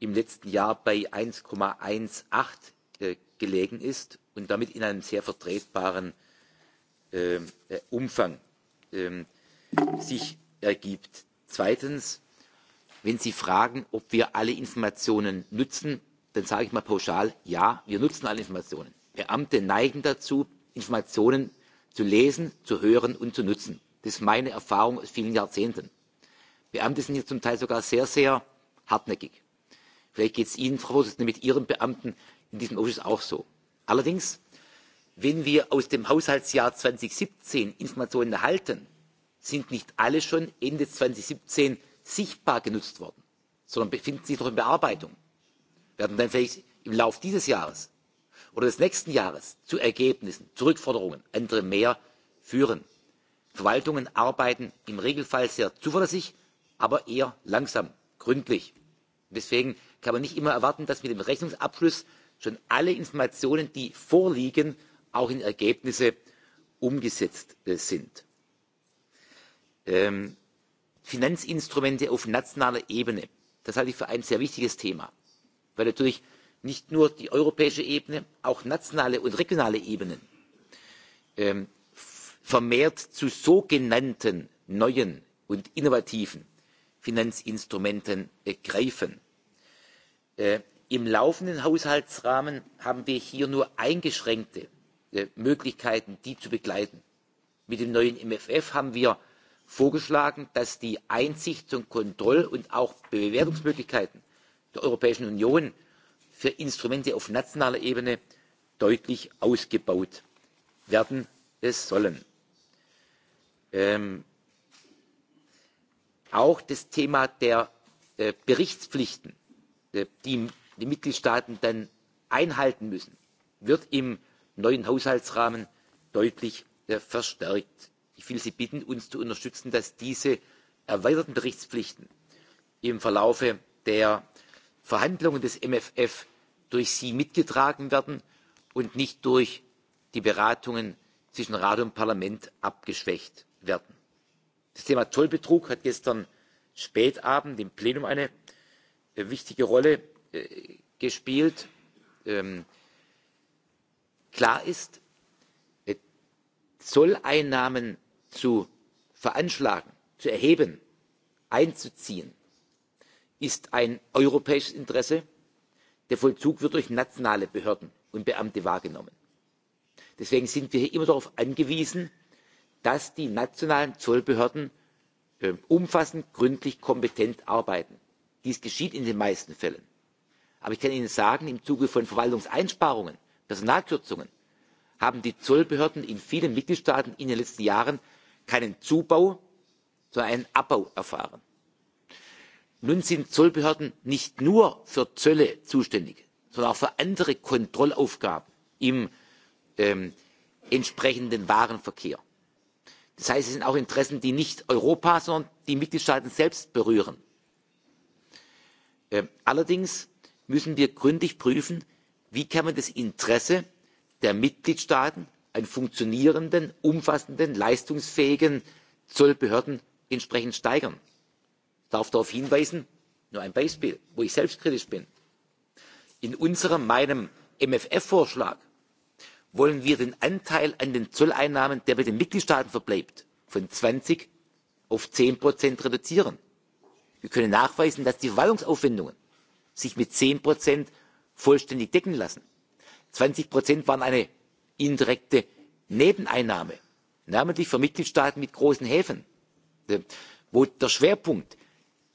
im letzten Jahr bei 1,18 gelegen ist und damit in einem sehr vertretbaren Umfang sich ergibt. Zweitens, wenn Sie fragen, ob wir alle Informationen nutzen, dann sage ich mal pauschal, ja, wir nutzen alle Informationen. Beamte neigen dazu, Informationen zu lesen, zu hören und zu nutzen. Das ist meine Erfahrung aus vielen Jahrzehnten. Beamte sind hier zum Teil sogar sehr, sehr hartnäckig. Vielleicht geht es Ihnen, Frau Vorsitzende, mit Ihren Beamten in diesem Ausschuss auch so. Allerdings wenn wir aus dem haushaltsjahr zweitausendsiebzehn informationen erhalten sind nicht alle schon ende zweitausendsiebzehn sichtbar genutzt worden sondern befinden sich noch in bearbeitung werden dann vielleicht im laufe dieses jahres oder des nächsten jahres zu ergebnissen zu rückforderungen andere mehr führen. verwaltungen arbeiten im regelfall sehr zuverlässig aber eher langsam gründlich. deswegen kann man nicht immer erwarten dass mit dem rechnungsabschluss schon alle informationen die vorliegen auch in Ergebnisse umgesetzt sind. Finanzinstrumente auf nationaler Ebene, das halte ich für ein sehr wichtiges Thema, weil natürlich nicht nur die europäische Ebene, auch nationale und regionale Ebenen vermehrt zu sogenannten neuen und innovativen Finanzinstrumenten greifen. Im laufenden Haushaltsrahmen haben wir hier nur eingeschränkte Möglichkeiten, die zu begleiten. Mit dem neuen MFF haben wir vorgeschlagen, dass die Einsichts- und Kontroll- und auch Bewertungsmöglichkeiten der Europäischen Union für Instrumente auf nationaler Ebene deutlich ausgebaut werden sollen. auch das Thema der Berichtspflichten, die die Mitgliedstaaten dann einhalten müssen, wird im neuen haushaltsrahmen deutlich verstärkt. ich will sie bitten uns zu unterstützen dass diese erweiterten berichtspflichten im verlauf der verhandlungen des mfr durch sie mitgetragen werden und nicht durch die beratungen zwischen rat und parlament abgeschwächt werden. das thema zollbetrug hat gestern spät im plenum eine wichtige rolle gespielt. Klar ist, Zolleinnahmen zu veranschlagen, zu erheben, einzuziehen, ist ein europäisches Interesse. Der Vollzug wird durch nationale Behörden und Beamte wahrgenommen. Deswegen sind wir hier immer darauf angewiesen, dass die nationalen Zollbehörden umfassend, gründlich, kompetent arbeiten. Dies geschieht in den meisten Fällen. Aber ich kann Ihnen sagen, im Zuge von Verwaltungseinsparungen personalkürzungen haben die zollbehörden in vielen mitgliedstaaten in den letzten jahren keinen zubau sondern einen abbau erfahren. nun sind zollbehörden nicht nur für zölle zuständig sondern auch für andere kontrollaufgaben im entsprechenden warenverkehr. das heißt es sind auch interessen die nicht europa sondern die mitgliedstaaten selbst berühren. allerdings müssen wir gründlich prüfen wie kann man das interesse der mitgliedstaaten an funktionierenden umfassenden leistungsfähigen zollbehörden entsprechend steigern? ich darf darauf hinweisen nur ein beispiel wo ich selbstkritisch bin in unserem meinem mfr vorschlag wollen wir den anteil an den zolleinnahmen der bei den mitgliedstaaten verbleibt von zwanzig auf zehn Prozent reduzieren. wir können nachweisen dass die verwaltungsaufwendungen sich mit zehn vollständig decken lassen. zwanzig waren eine indirekte nebeneinnahme namentlich für mitgliedstaaten mit großen häfen wo der schwerpunkt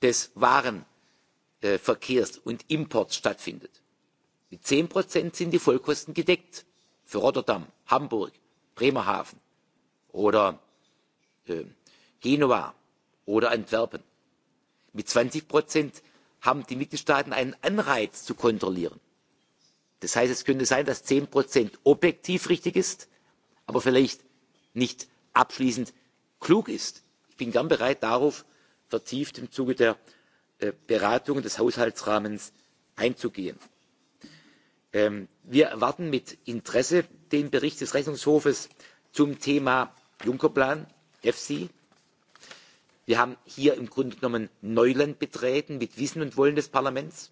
des warenverkehrs und imports stattfindet. mit zehn sind die vollkosten gedeckt für rotterdam hamburg bremerhaven oder genua oder antwerpen. mit zwanzig haben die mitgliedstaaten einen anreiz zu kontrollieren Das heißt, es könnte sein, dass zehn objektiv richtig ist, aber vielleicht nicht abschließend klug ist. Ich bin gern bereit, darauf vertieft im Zuge der Beratungen des Haushaltsrahmens einzugehen. Wir erwarten mit Interesse den Bericht des Rechnungshofes zum Thema Junckerplan, EFSI. Wir haben hier im Grunde genommen Neuland betreten mit Wissen und Wollen des Parlaments.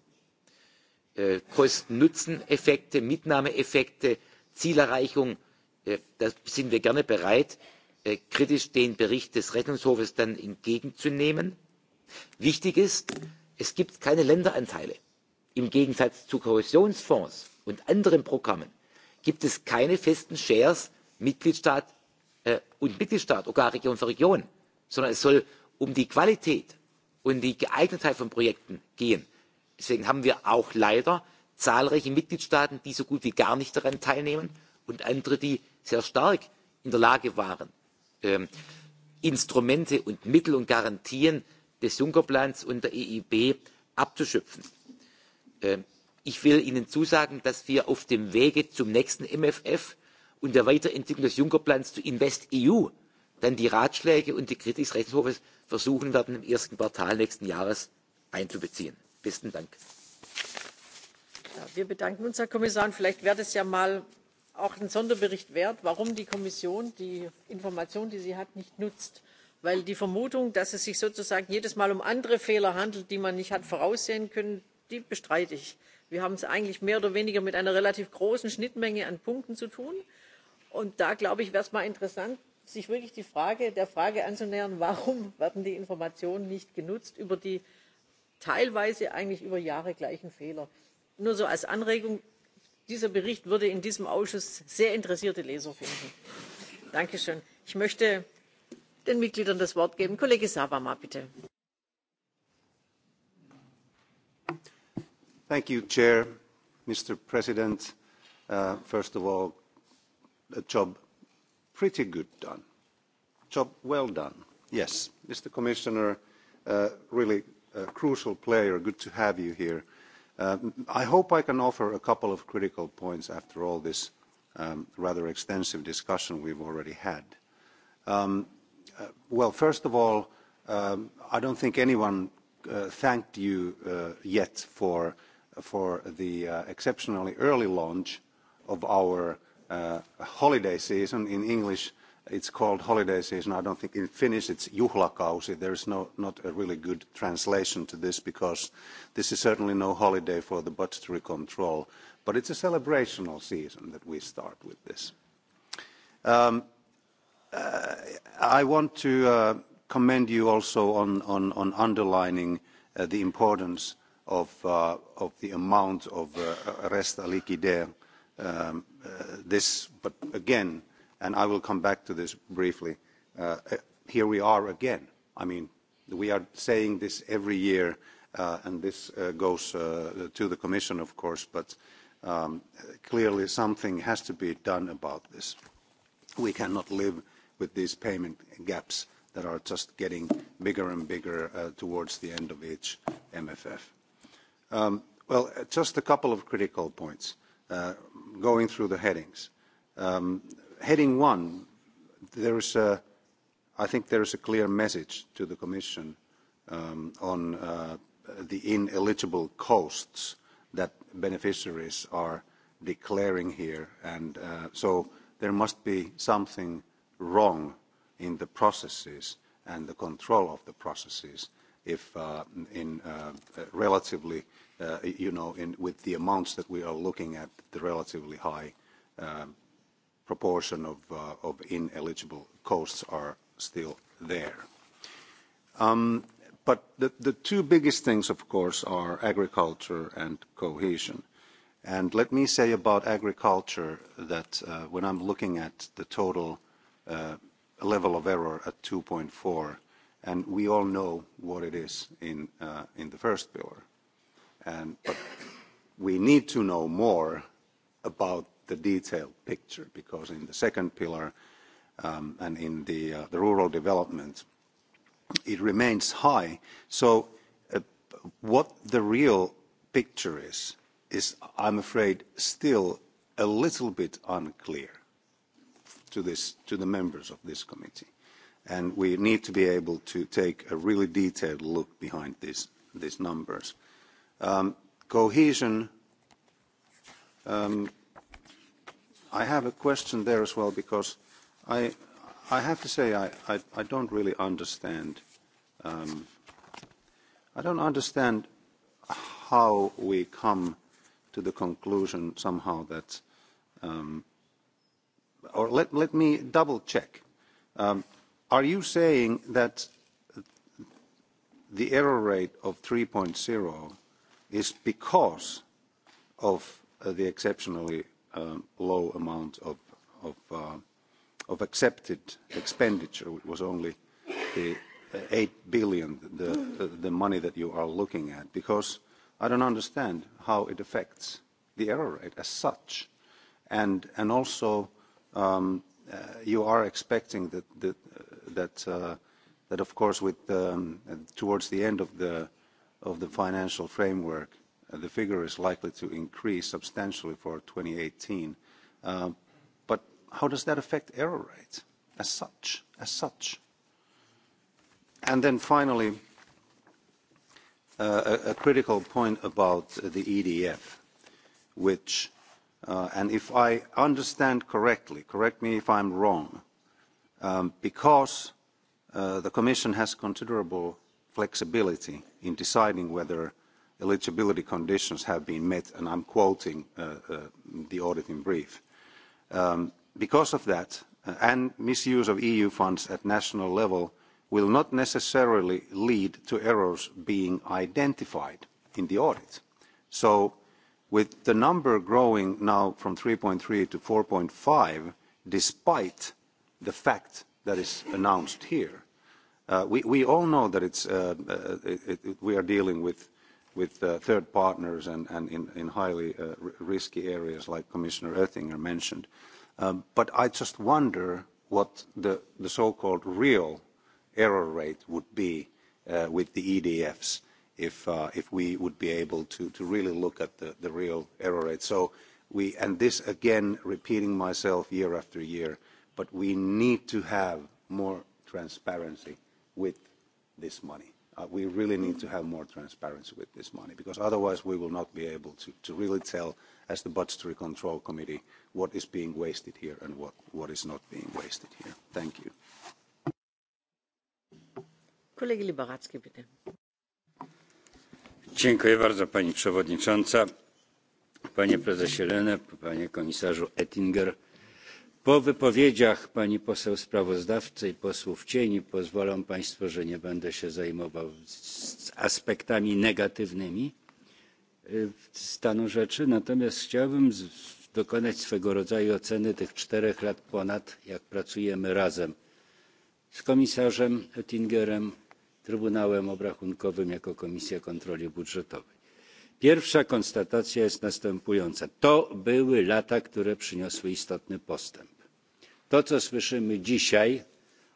Kosten-Nutzen-Effekte, Mitnahmeeffekte, Zielerreichung, da sind wir gerne bereit, kritisch den Bericht des Rechnungshofs dann entgegenzunehmen. Wichtig ist, es gibt keine Länderanteile. Im Gegensatz zu Kohäsionsfonds und anderen Programmen gibt es keine festen Shares Mitgliedstaat und Mitgliedstaat, sogar Region für Region, sondern es soll um die Qualität und die Geeignetheit von Projekten gehen. Deswegen haben wir auch leider zahlreiche Mitgliedstaaten, die so gut wie gar nicht daran teilnehmen und andere, die sehr stark in der Lage waren, Instrumente und Mittel und Garantien des Juncker-Plans und der EIB abzuschöpfen. Ich will Ihnen zusagen, dass wir auf dem Wege zum nächsten MFF und der Weiterentwicklung des Juncker-Plans zu InvestEU dann die Ratschläge und die Kritik des Rechnungshofes versuchen werden, im ersten Quartal nächsten Jahres einzubeziehen. Besten Dank. Ja, wir bedanken uns, Herr Kommissar. Und vielleicht wäre das ja mal auch ein Sonderbericht wert, warum die Kommission die Information, die sie hat, nicht nutzt. Weil die Vermutung, dass es sich sozusagen jedes Mal um andere Fehler handelt, die man nicht hat voraussehen können, die bestreite ich. Wir haben es eigentlich mehr oder weniger mit einer relativ großen Schnittmenge an Punkten zu tun. Und da, glaube ich, wäre es mal interessant, sich wirklich der Frage anzunähern, warum werden die Informationen nicht genutzt über die teilweise eigentlich über Jahre gleichen Fehler. Nur so als Anregung, dieser Bericht würde in diesem Ausschuss sehr interessierte Leser finden. Dankeschön. Ich möchte den Mitgliedern das Wort geben. Kollege Sabama, bitte. Thank you, Chair, Mr. President. Uh, first of all, a job pretty good done. Job well done. Yes, Mr. Commissioner, uh, really a crucial player. Good to have you here. I hope I can offer a couple of critical points after all this rather extensive discussion we've already had. Well, first of all, I don't think anyone thanked you yet for the exceptionally early launch of our holiday season, in English, it's called holiday season. I don't think in Finnish it's juhlakausi. There is no, not a really good translation to this because this is certainly no holiday for the budgetary control, but it's a celebrational season that we start with this. Um, uh, I want to uh, commend you also on, on, on underlining uh, the importance of, uh, of the amount of uh, resta liquide. Um, uh, this, but again, and I will come back to this briefly. here we are again. I mean, we are saying this every year, and this uh, goes uh, to the Commission, of course, but um, clearly something has to be done about this. We cannot live with these payment gaps that are just getting bigger and bigger uh, towards the end of each MFF. Um, well, just a couple of critical points uh, going through the headings. Um, heading one, there is a, I think there is a clear message to the Commission um, on uh, the ineligible costs that beneficiaries are declaring here. And uh, so there must be something wrong in the processes and the control of the processes if uh, in uh, relatively, uh, you know, in, with the amounts that we are looking at, the relatively high uh proportion of, uh, of ineligible costs are still there. but the, the two biggest things, of course, are agriculture and cohesion. And let me say about agriculture that when I'm looking at the total level of error at 2.4, and we all know what it is in, the first pillar. but we need to know more about the detailed picture because in the second pillar um, and in the, uh, the rural development, it remains high. So uh, what the real picture is, is, I'm afraid, still a little bit unclear to, this, to the members of this committee. And we need to be able to take a really detailed look behind these, these numbers. Um, cohesion, um, I have a question there as well because I I have to say I I, I don't really understand. Um, I don't understand how we come to the conclusion somehow that, um, or let let me double check. Um, are you saying that the error rate of 3.0 is because of the exceptionally um, low amount of, of, uh, of accepted expenditure. It was only the 8 billion, the, the, the money that you are looking at, because I don't understand how it affects the error rate as such. And, and also, um, uh, you are expecting that, that, that, uh, that of course, with um, towards the end of the, of the financial framework, The figure is likely to increase substantially for 2018. But how does that affect error rate as such? As such? And then finally, a critical point about the EDF, which, and if I understand correctly, correct me if I'm wrong, because the Commission has considerable flexibility in deciding whether eligibility conditions have been met, and I'm quoting the audit in brief. because of that, and misuse of EU funds at national level will not necessarily lead to errors being identified in the audit. So with the number growing now from 3.3 to 4.5, despite the fact that is announced here, uh, we, we all know that it's, uh, uh, it, it, we are dealing with with uh, third partners and, and in, in highly uh, risky areas like Commissioner Oettinger mentioned. Um, but I just wonder what the, the so-called real error rate would be uh, with the EDFs if, uh, if we would be able to, to really look at the, the real error rate. So we, and this again, repeating myself year after year, but we need to have more transparency with this money we really need to have more transparency with this money because otherwise we will not be able to, to really tell as the Budgetary Control Committee what is being wasted here and what, what is not being wasted here. Thank you. Kollege Liberacki, bitte. Dziękuję bardzo Pani Przewodnicząca, Panie Prezesie Lene, Panie Komisarzu Ettinger Po wypowiedziach pani poseł sprawozdawcy i posłów cieni pozwolą państwo, że nie będę się zajmował aspektami negatywnymi stanu rzeczy, natomiast chciałbym dokonać swego rodzaju oceny tych czterech lat ponad, jak pracujemy razem z komisarzem Oettingerem, Trybunałem Obrachunkowym jako Komisja Kontroli Budżetowej pierwsza konstatacja jest następująca to były lata które przyniosły istotny postęp. to co słyszymy dzisiaj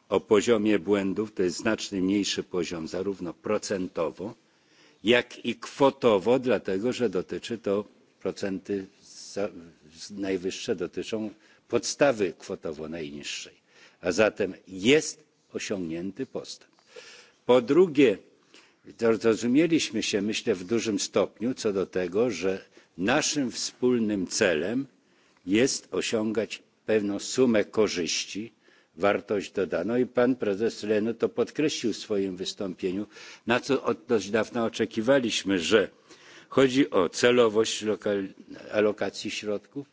o poziomie błędów to jest znacznie mniejszy poziom zarówno procentowo jak i kwotowo dlatego że dotyczy to procenty najwyższe dotyczą podstawy kwotowo najniższej a zatem jest osiągnięty postęp. po drugie Zrozumieliśmy się, myślę, w dużym stopniu co do tego, że naszym wspólnym celem jest osiągać pewną sumę korzyści, wartość dodaną i pan prezes Lehne to podkreślił w swoim wystąpieniu, na co od dość dawna oczekiwaliśmy, że chodzi o celowość alokacji środków,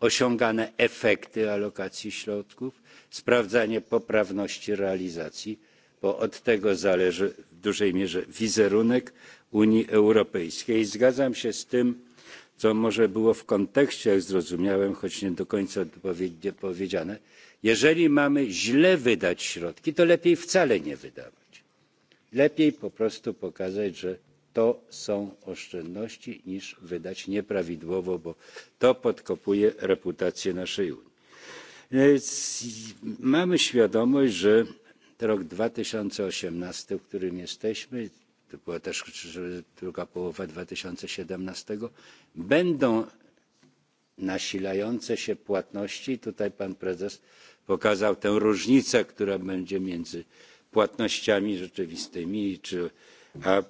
osiągane efekty alokacji środków, sprawdzanie poprawności realizacji bo od tego zależy w dużej mierze wizerunek unii europejskiej. zgadzam się z tym co może było w kontekście jak zrozumiałem choć nie do końca odpowiednio powiedziane jeżeli mamy źle wydać środki to lepiej wcale nie wydawać lepiej po prostu pokazać że to są oszczędności niż wydać nieprawidłowo bo to podkopuje reputację naszej unii. mamy świadomość że To rok 2018, w którym jesteśmy, to była też druga połowa 2017, będą nasilające się płatności. Tutaj pan prezes pokazał tę różnicę, która będzie między płatnościami rzeczywistymi czy a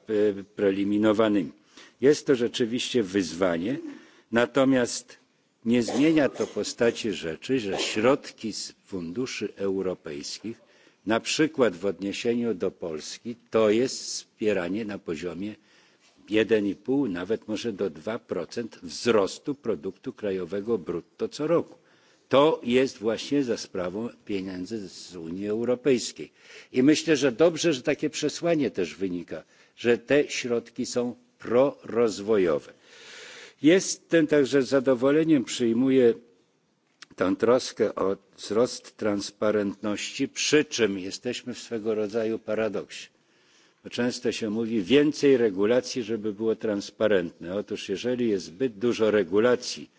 preliminowanymi. Jest to rzeczywiście wyzwanie, natomiast nie zmienia to postaci rzeczy, że środki z funduszy europejskich na przykład w odniesieniu do polski to jest wspieranie na poziomie jeden pięć nawet może do dwa wzrostu produktu krajowego brutto co roku. to jest właśnie za sprawą pieniędzy z unii europejskiej i myślę że dobrze że takie przesłanie też wynika że te środki są prorozwojowe. jestem także z zadowoleniem przyjmuję tę troskę o wzrost transparentności, przy czym jesteśmy w swego rodzaju paradoksie. Bo często się mówi więcej regulacji, żeby było transparentne. Otóż jeżeli jest zbyt dużo regulacji,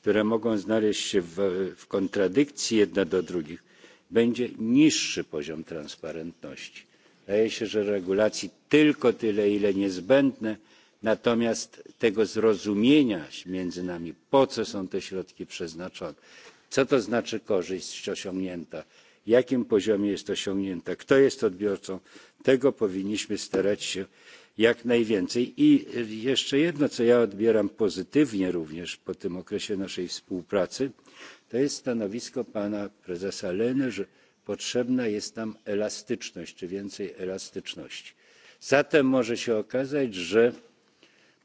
które mogą znaleźć się w, kontradykcji jedna do drugich, będzie niższy poziom transparentności. Wydaje się, że regulacji tylko tyle, ile niezbędne, natomiast tego zrozumienia między nami, po co są te środki przeznaczone, co to znaczy korzyść osiągnięta na jakim poziomie jest osiągnięta kto jest odbiorcą tego powinniśmy starać się jak najwięcej. i jeszcze jedno co ja odbieram pozytywnie również po tym okresie naszej współpracy to jest stanowisko pana prezesa lehne że potrzebna jest nam elastyczność czy więcej elastyczności. zatem może się okazać że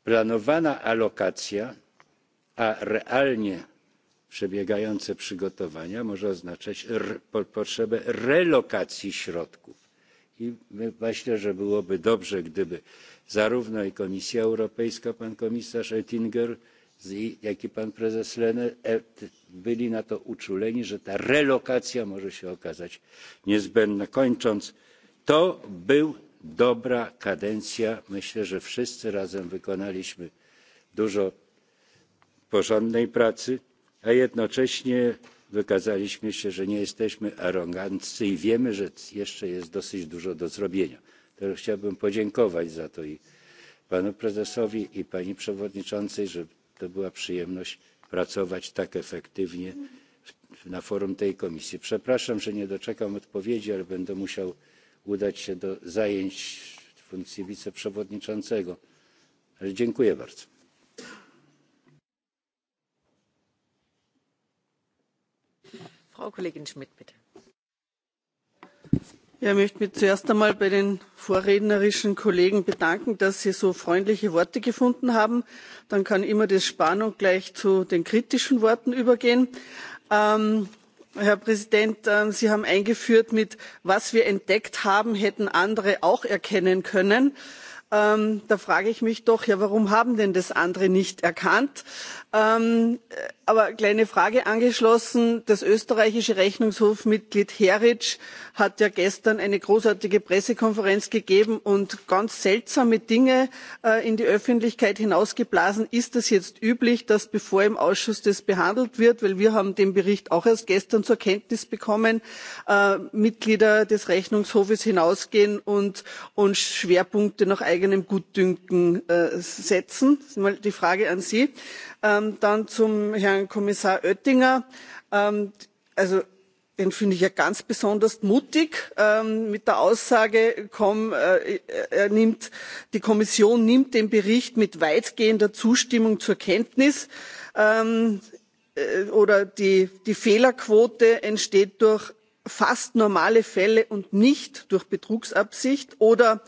planowana alokacja a realnie przebiegające przygotowania może oznaczać potrzebę relokacji środków. I myślę, że byłoby dobrze, gdyby zarówno i Komisja Europejska, pan komisarz Oettinger, jak i pan prezes Lehne byli na to uczuleni, że ta relokacja może się okazać niezbędna. Kończąc, to był dobra kadencja. Myślę, że wszyscy razem wykonaliśmy dużo porządnej pracy a jednocześnie wykazaliśmy się że nie jesteśmy aroganccy i wiemy że jeszcze jest dosyć dużo do zrobienia. chciałbym podziękować za to i panu prezesowi i pani przewodniczącej że to była przyjemność pracować tak efektywnie na forum tej komisji. przepraszam że nie doczekam odpowiedzi ale będę musiał udać się do zajęć funkcji wiceprzewodniczącego ale dziękuję bardzo. Frau Kollegin Schmidt, bitte. Ja, ich möchte mich zuerst einmal bei den vorrednerischen Kollegen bedanken, dass sie so freundliche Worte gefunden haben. Dann kann immer das Spannung gleich zu den kritischen Worten übergehen. Herr Präsident, Sie haben eingeführt mit, was wir entdeckt haben, hätten andere auch erkennen können da frage ich mich doch ja warum haben denn das andere nicht erkannt? aber kleine frage angeschlossen das österreichische rechnungshofmitglied Heric hat ja gestern eine großartige pressekonferenz gegeben und ganz seltsame dinge in die öffentlichkeit hinausgeblasen. ist es jetzt üblich dass bevor im ausschuss das behandelt wird denn wir haben den bericht auch erst gestern zur kenntnis bekommen mitglieder des rechnungshofes hinausgehen und schwerpunkte nach eigenem gutdünken setzen? das ist mal die frage an sie dann zum Herrn Kommissar Oettinger. also den finde ich ja ganz besonders mutig mit der Aussage, die Kommission nimmt den Bericht mit weitgehender Zustimmung zur Kenntnis oder die Fehlerquote entsteht durch fast normale Fälle und nicht durch Betrugsabsicht oder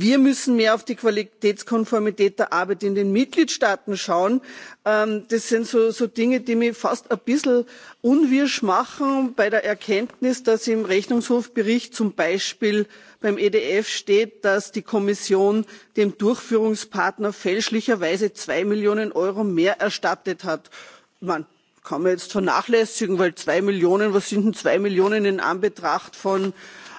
wir müssen mehr auf die qualitätskonformität der arbeit in den mitgliedstaaten schauen. das sind so dinge die mich fast ein bisschen unwirsch machen bei der erkenntnis dass im rechnungshofbericht zum beispiel beim edf steht dass die kommission dem durchführungspartner fälschlicherweise zwei millionen euro mehr erstattet hat. Man kann jetzt vernachlässigen weil zwei millionen was sind denn zwei millionen in anbetracht von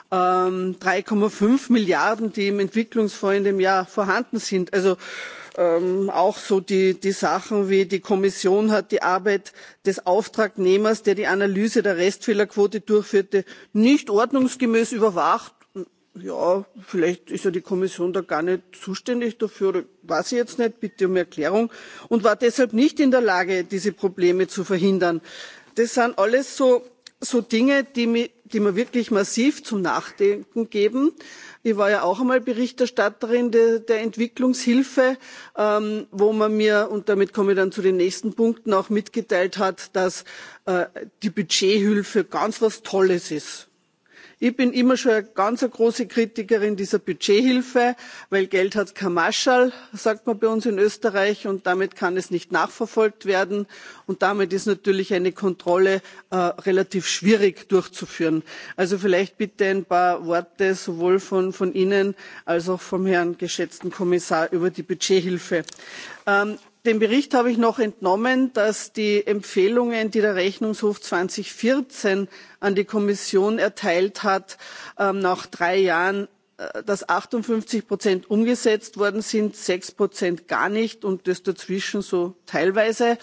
drei fünf Milliarden, die im Entwicklungsfonds in dem Jahr vorhanden sind. Also auch so die, die Sachen wie die Kommission hat die Arbeit des Auftragnehmers, der die Analyse der Restfehlerquote durchführte, nicht ordnungsgemäß überwacht. Ja, vielleicht ist ja die Kommission da gar nicht zuständig dafür, oder weiß ich jetzt nicht, bitte um Erklärung, und war deshalb nicht in der Lage, diese Probleme zu verhindern. Das sind alles so, Dinge, die, die mir wirklich massiv zum Nachdenken geben. Ich war ja auch einmal Berichterstatterin der Entwicklungshilfe, wo man mir, und damit komme ich dann zu den nächsten Punkten, auch mitgeteilt hat, dass die Budgethilfe ganz was Tolles ist Ich bin immer schon eine ganz große Kritikerin dieser Budgethilfe, weil Geld hat kein Marschall, sagt man bei uns in Österreich, und damit kann es nicht nachverfolgt werden. Und damit ist natürlich eine Kontrolle relativ schwierig durchzuführen. Also vielleicht bitte ein paar Worte sowohl von, Ihnen als auch vom Herrn geschätzten Kommissar über die Budgethilfe dem bericht habe ich noch entnommen dass die empfehlungen die der rechnungshof zweitausendvierzehn an die kommission erteilt hat nach drei jahren achtundfünfzig umgesetzt worden sind sechs gar nicht und das dazwischen so teilweise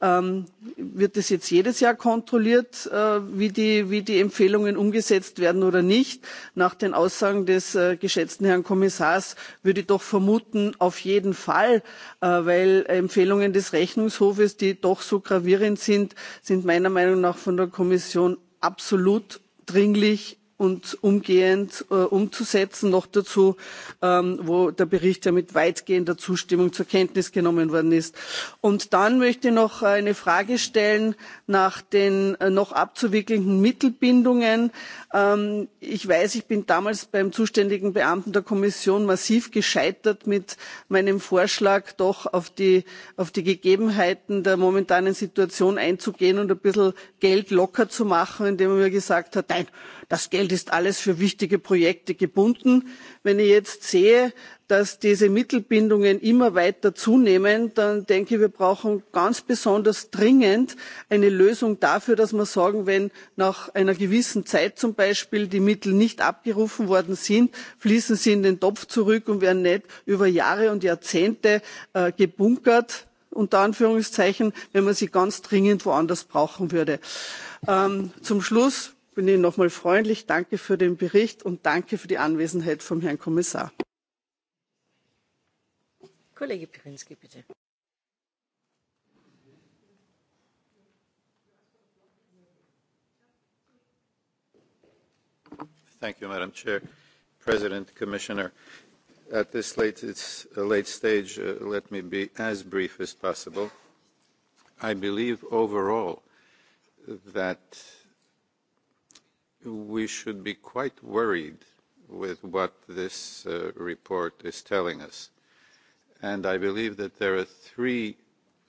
wird das jetzt jedes Jahr kontrolliert, wie, die, Empfehlungen umgesetzt werden oder nicht? Nach den Aussagen des geschätzten Herrn Kommissars würde ich doch vermuten, auf jeden Fall, weil Empfehlungen des Rechnungshofes, die doch so gravierend sind, sind meiner Meinung nach von der Kommission absolut dringlich und umgehend umzusetzen. Noch dazu, wo der Bericht ja mit weitgehender Zustimmung zur Kenntnis genommen worden ist. Und dann möchte ich noch eine Frage stellen nach den noch abzuwickelnden Mittelbindungen. ich weiß, ich bin damals beim zuständigen Beamten der Kommission massiv gescheitert mit meinem Vorschlag, doch auf die, Gegebenheiten der momentanen Situation einzugehen und ein bisschen Geld locker zu machen, indem man mir gesagt hat, nein, Das Geld ist alles für wichtige Projekte gebunden. Wenn ich jetzt sehe, dass diese Mittelbindungen immer weiter zunehmen, dann denke ich, wir brauchen ganz besonders dringend eine Lösung dafür, dass wir sagen, wenn nach einer gewissen Zeit zum Beispiel die Mittel nicht abgerufen worden sind, fließen sie in den Topf zurück und werden nicht über Jahre und Jahrzehnte gebunkert, unter Anführungszeichen, wenn man sie ganz dringend woanders brauchen würde. zum Schluss bin Ihnen nochmal freundlich. Danke für den Bericht und danke für die Anwesenheit vom Herrn Kommissar. Kollege Pirinski, bitte. Thank you, Madam Chair, President, Commissioner. At this late, late stage, uh, let me be as brief as possible. I believe overall that we should be quite worried with what this uh, report is telling us. And I believe that there are three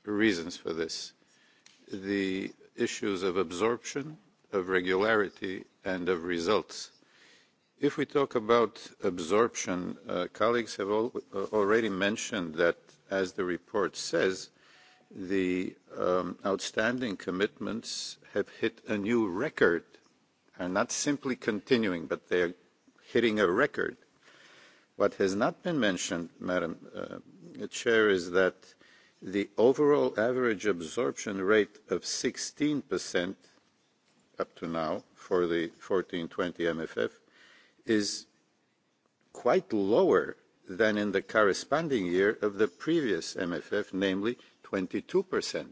reasons for this. The issues of absorption, of regularity, and of results. If we talk about absorption, uh, colleagues have al already mentioned that, as the report says, the um, outstanding commitments have hit a new record are not simply continuing, but they are hitting a record. What has not been mentioned, Madam uh, Chair, is that the overall average absorption rate of 16% up to now for the 14-20 MFF is quite lower than in the corresponding year of the previous MFF, namely 22%.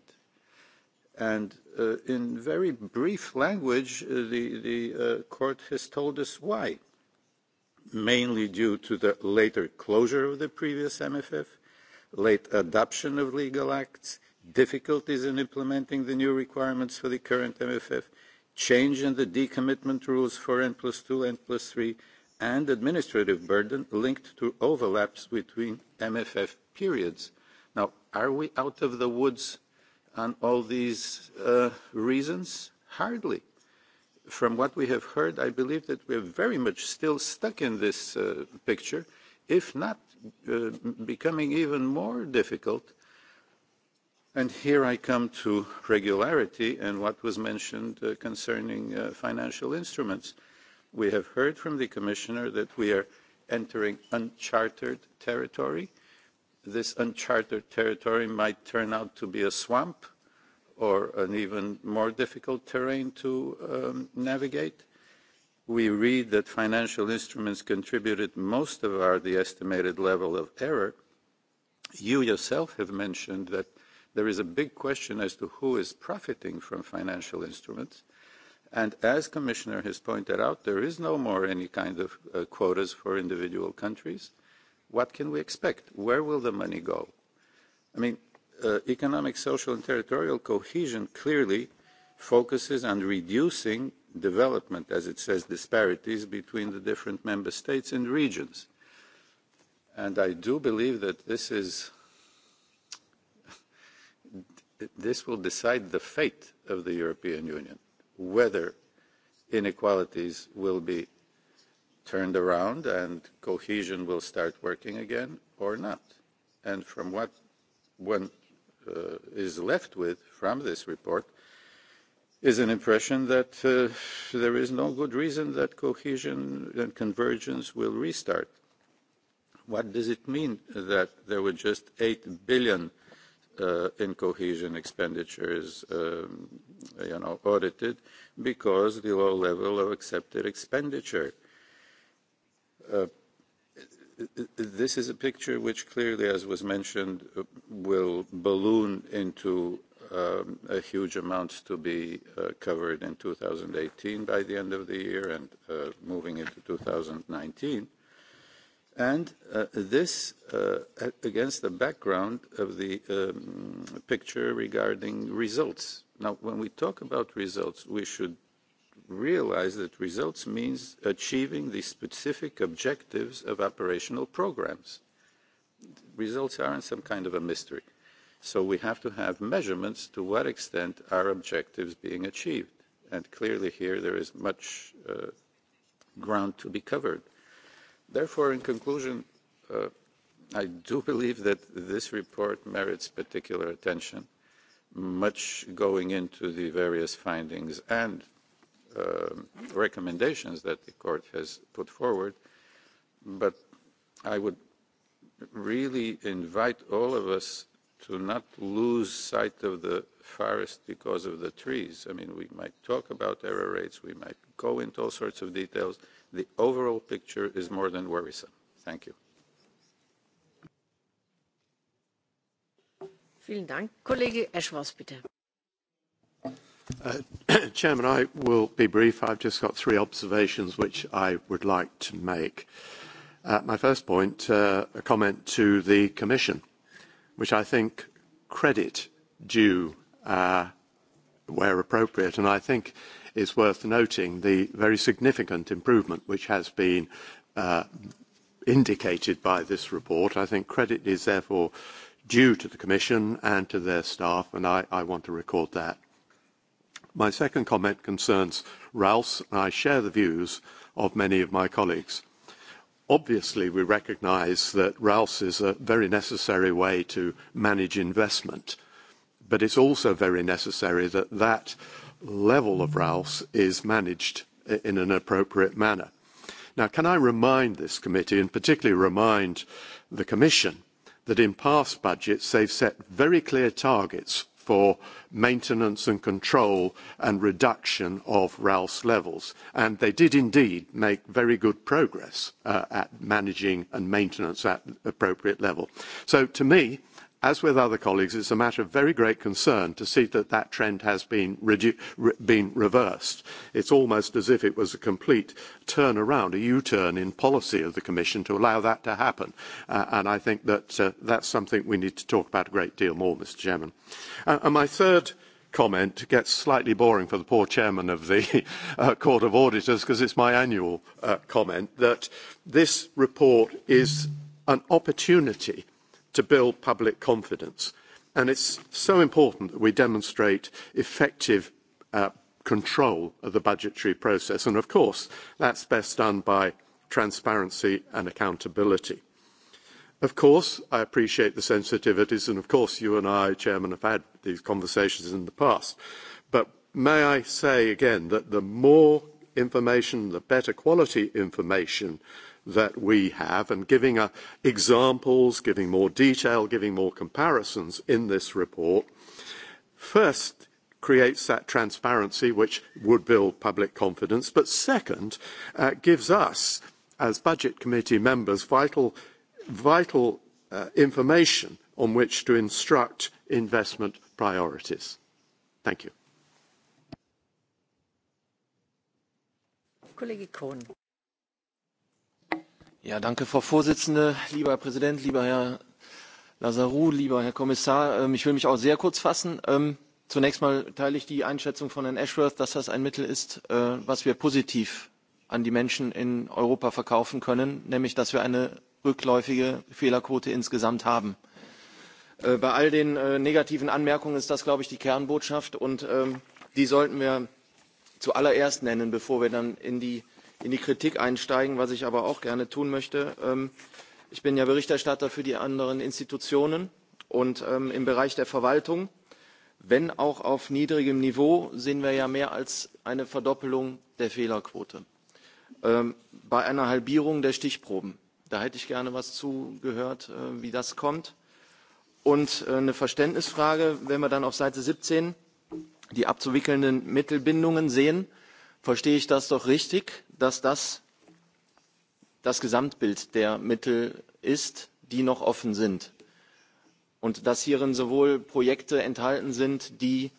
And uh, in very brief language, uh, the, the uh, court has told us why. Mainly due to the later closure of the previous MFF, late adoption of legal acts, difficulties in implementing the new requirements for the current MFF, change in the decommitment rules for N plus 2, N plus 3, and administrative burden linked to overlaps between MFF periods. Now, are we out of the woods on all these uh, reasons? Hardly. From what we have heard, I believe that we are very much still stuck in this uh, picture, if not uh, becoming even more difficult. And here I come to regularity and what was mentioned uh, concerning uh, financial instruments. We have heard from the Commissioner that we are entering uncharted territory. Uh, this uncharted territory might turn out to be a swamp or an even more difficult terrain to um, navigate. We read that financial instruments contributed most of our the estimated level of error. You yourself have mentioned that there is a big question as to who is profiting from financial instruments. And as Commissioner has pointed out, there is no more any kind of uh, quotas for individual countries. Uh, What can we expect? Where will the money go? I mean, uh, economic, social, and territorial cohesion clearly focuses on reducing development, as it says, disparities between the different member states and regions. And I do believe that this is this will decide the fate of the European Union, whether inequalities will be turned around and cohesion will start working again or not. And from what one uh, is left with from this report is an impression that uh, there is no good reason that cohesion and convergence will restart. What does it mean that there were just 8 billion uh, in cohesion expenditures, um, you know, audited because the low level of accepted expenditure? This is a picture which clearly, as was mentioned, will balloon into um, a huge amount to be uh, covered in 2018 by the end of the year and uh, moving into 2019. And uh, this uh, against the background of the um, picture regarding results. Now, when we talk about results, we should realize that results means achieving the specific objectives of operational programs. Results aren't some kind of a mystery. So we have to have measurements to what extent are objectives being achieved. And clearly here there is much uh, ground to be covered. Therefore, in conclusion, uh, I do believe that this report merits particular attention, much going into the various findings and recommendations that the court has put forward. But I would really invite all of us to not lose sight of the forest because of the trees. I mean, we might talk about error rates, we might go into all sorts of details. The overall picture is more than worrisome. Thank you. Vielen Dank. Kollege Eschwas, bitte. Chairman, I will be brief. I've just got three observations which I would like to make. My first point, a comment to the Commission, which I think credit due where appropriate, and I think it's worth noting the very significant improvement which has been indicated by this report. I think credit is therefore due to the Commission and to their staff, and I want to record that. My second comment concerns Rouse, and I share the views of many of my colleagues. Obviously, we recognize that Rouse is a very necessary way to manage investment, but it's also very necessary that that level of Rouse is managed in an appropriate manner. Now, can I remind this committee, and particularly remind the Commission, that in past budgets, they've set very clear targets for maintenance and control and reduction of RALS levels. And they did indeed make very good progress uh, at managing and maintenance at appropriate level. So to me, As with other colleagues, it's a matter of very great concern to see that that trend has been, redu- re- been reversed. It's almost as if it was a complete turnaround, a U-turn in policy of the Commission to allow that to happen. Uh, and I think that uh, that's something we need to talk about a great deal more, Mr. Chairman. Uh, and my third comment gets slightly boring for the poor chairman of the uh, Court of Auditors because it's my annual uh, comment that this report is an opportunity to build public confidence. And it's so important that we demonstrate effective uh, control of the budgetary process. And of course, that's best done by transparency and accountability. Of course, I appreciate the sensitivities, and of course, you and I, Chairman, have had these conversations in the past. But may I say again that the more information, the better quality information that we have and giving uh, examples, giving more detail, giving more comparisons in this report. First, creates that transparency which would build public confidence, but second, uh, gives us as budget committee members vital, vital uh, information on which to instruct investment priorities. Thank you. Colleague Cohen. Ja, danke, Frau Vorsitzende, lieber Herr Präsident, lieber Herr Lazarou, lieber Herr Kommissar. Ich will mich auch sehr kurz fassen. Zunächst mal teile ich die Einschätzung von Herrn Ashworth, dass das ein Mittel ist, was wir positiv an die Menschen in Europa verkaufen können, nämlich dass wir eine rückläufige Fehlerquote insgesamt haben. Bei all den negativen Anmerkungen ist das, glaube ich, die Kernbotschaft und die sollten wir zuallererst nennen, bevor wir dann in die in die Kritik einsteigen, was ich aber auch gerne tun möchte. Ich bin ja Berichterstatter für die anderen Institutionen und im Bereich der Verwaltung, wenn auch auf niedrigem Niveau, sehen wir ja mehr als eine Verdoppelung der Fehlerquote. Bei einer Halbierung der Stichproben. Da hätte ich gerne was zugehört, wie das kommt. Und eine Verständnisfrage, wenn wir dann auf Seite 17 die abzuwickelnden Mittelbindungen sehen, verstehe ich das doch richtig, dass das das Gesamtbild der Mittel ist, die noch offen sind. Und dass hierin sowohl Projekte enthalten sind, die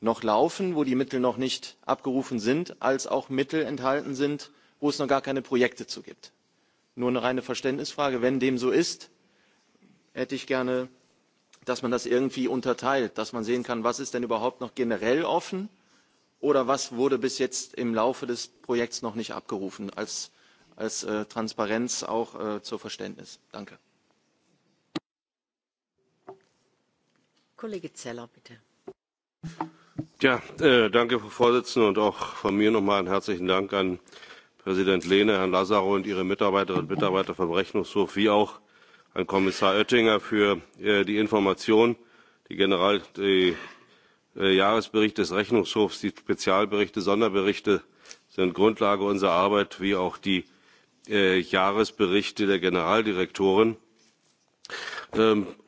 noch laufen, wo die Mittel noch nicht abgerufen sind, als auch Mittel enthalten sind, wo es noch gar keine Projekte zu gibt. Nur eine reine Verständnisfrage. Wenn dem so ist, hätte ich gerne, dass man das irgendwie unterteilt, dass man sehen kann, was ist denn überhaupt noch generell offen oder was wurde bis jetzt im Laufe des Projekts noch nicht abgerufen als, als Transparenz auch äh, Verständnis? Danke. Kollege Zeller, bitte. danke, Frau präsidentin und auch von mir noch nochmal einen herzlichen Dank an Präsident Lehne, Herrn lazarou und Ihre Mitarbeiterinnen und Mitarbeiter vom Rechnungshof, wie auch an Kommissar Oettinger für die Information. Die, General, die Jahresbericht des Rechnungshofs, die Spezialberichte, Sonderberichte sind Grundlage unserer Arbeit, wie auch die Jahresberichte der Generaldirektoren.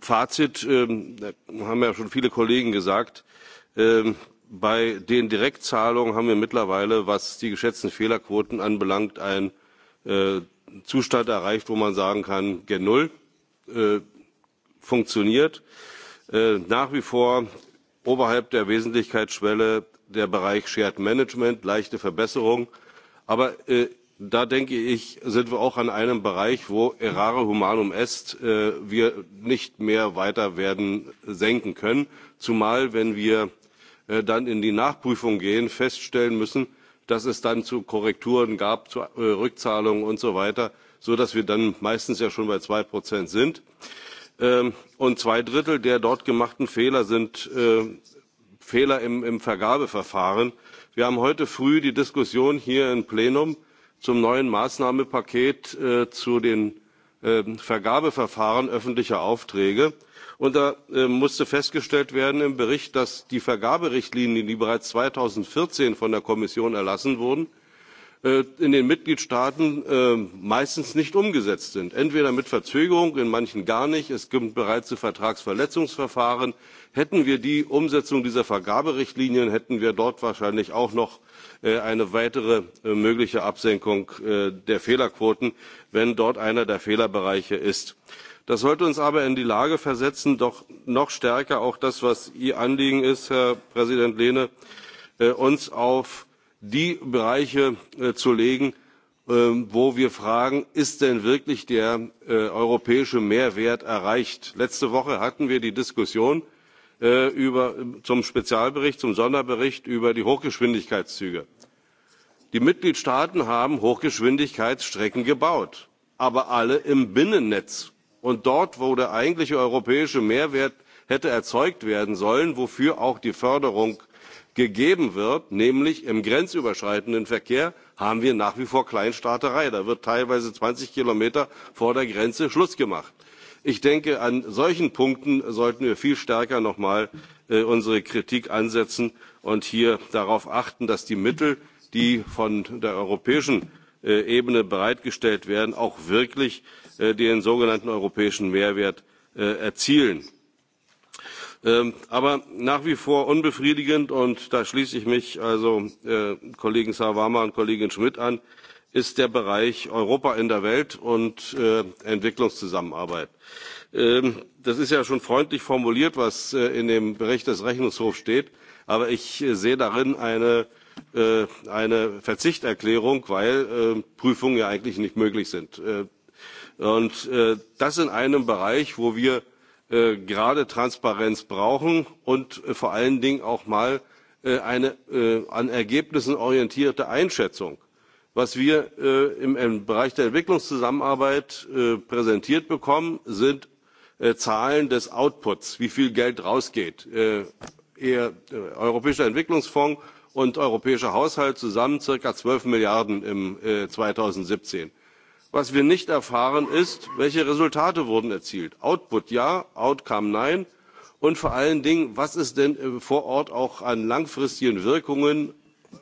Fazit, haben ja schon viele Kollegen gesagt, bei den Direktzahlungen haben wir mittlerweile, was die geschätzten Fehlerquoten anbelangt, einen Zustand erreicht, wo man sagen kann, Gen Null funktioniert. Nach wie vor oberhalb der Wesentlichkeitsschwelle der Bereich Shared Management, leichte Verbesserung. Aber da denke ich, sind wir auch an einem Bereich, wo errare humanum est wir nicht mehr weiter werden senken können. Zumal, wenn wir dann in die Nachprüfung gehen, feststellen müssen, dass es dann zu Korrekturen gab, zu Rückzahlungen und so weiter, sodass wir dann meistens ja schon bei zwei Prozent sind und zwei Drittel der dort gemachten Fehler sind Fehler im, Vergabeverfahren. Wir haben heute früh die Diskussion hier im Plenum zum neuen Maßnahmenpaket zu den Vergabeverfahren öffentlicher Aufträge. Und da musste festgestellt werden im Bericht, dass die Vergaberichtlinien, die bereits 2014 von der Kommission erlassen wurden, in den Mitgliedstaaten meistens nicht umgesetzt sind. Entweder mit Verzögerung, in manchen gar nicht. Es gibt bereits Vertragsverletzungsverfahren. Hätten wir die Umsetzung dieser Vergaberichtlinien, hätten wir dort wahrscheinlich auch noch eine weitere mögliche Absenkung der Fehlerquoten, wenn dort einer der Fehlerbereiche ist. Das sollte uns aber in die Lage versetzen, doch noch stärker auch das, was Ihr Anliegen ist, Herr Präsident Lehne, uns auf die Bereiche zu legen, wo wir fragen, ist denn wirklich der europäische Mehrwert erreicht? Letzte Woche hatten wir die Diskussion zum Spezialbericht, zum Sonderbericht über die Hochgeschwindigkeitszüge. Die Mitgliedstaaten haben Hochgeschwindigkeitsstrecken gebaut, aber alle im Binnennetz. Und dort, wo der eigentliche europäische Mehrwert hätte erzeugt werden sollen, wofür auch die Förderung gegeben wird, nämlich im grenzüberschreitenden Verkehr, haben wir nach wie vor Kleinstaaterei. Da wird teilweise zwanzig Kilometer vor der Grenze Schluss gemacht. Ich denke, an solchen Punkten sollten wir viel stärker noch mal unsere Kritik ansetzen und hier darauf achten, dass die Mittel, die von der europäischen Ebene bereitgestellt werden, auch wirklich den sogenannten europäischen Mehrwert erzielen aber nach wie vor unbefriedigend und da schließe ich mich also Kollegen Sarvamaa und Kollegin Schmidt an, ist der Bereich Europa in der Welt und Entwicklungszusammenarbeit. Das ist ja schon freundlich formuliert, was in dem Bericht des Rechnungshofs steht, aber ich sehe darin eine eine Verzichterklärung, weil Prüfungen ja eigentlich nicht möglich sind. Und das in einem Bereich, wo wir gerade Transparenz brauchen und vor allen Dingen auch mal eine an Ergebnissen orientierte Einschätzung. Was wir im, Bereich der Entwicklungszusammenarbeit präsentiert bekommen, sind Zahlen des Outputs, wie viel Geld rausgeht. Europäischer Entwicklungsfonds und europäischer Haushalt zusammen circa zwölf Milliarden im 2017 was wir nicht erfahren ist welche resultate wurden erzielt? output ja outcome nein und vor allen dingen was ist denn vor ort auch an langfristigen wirkungen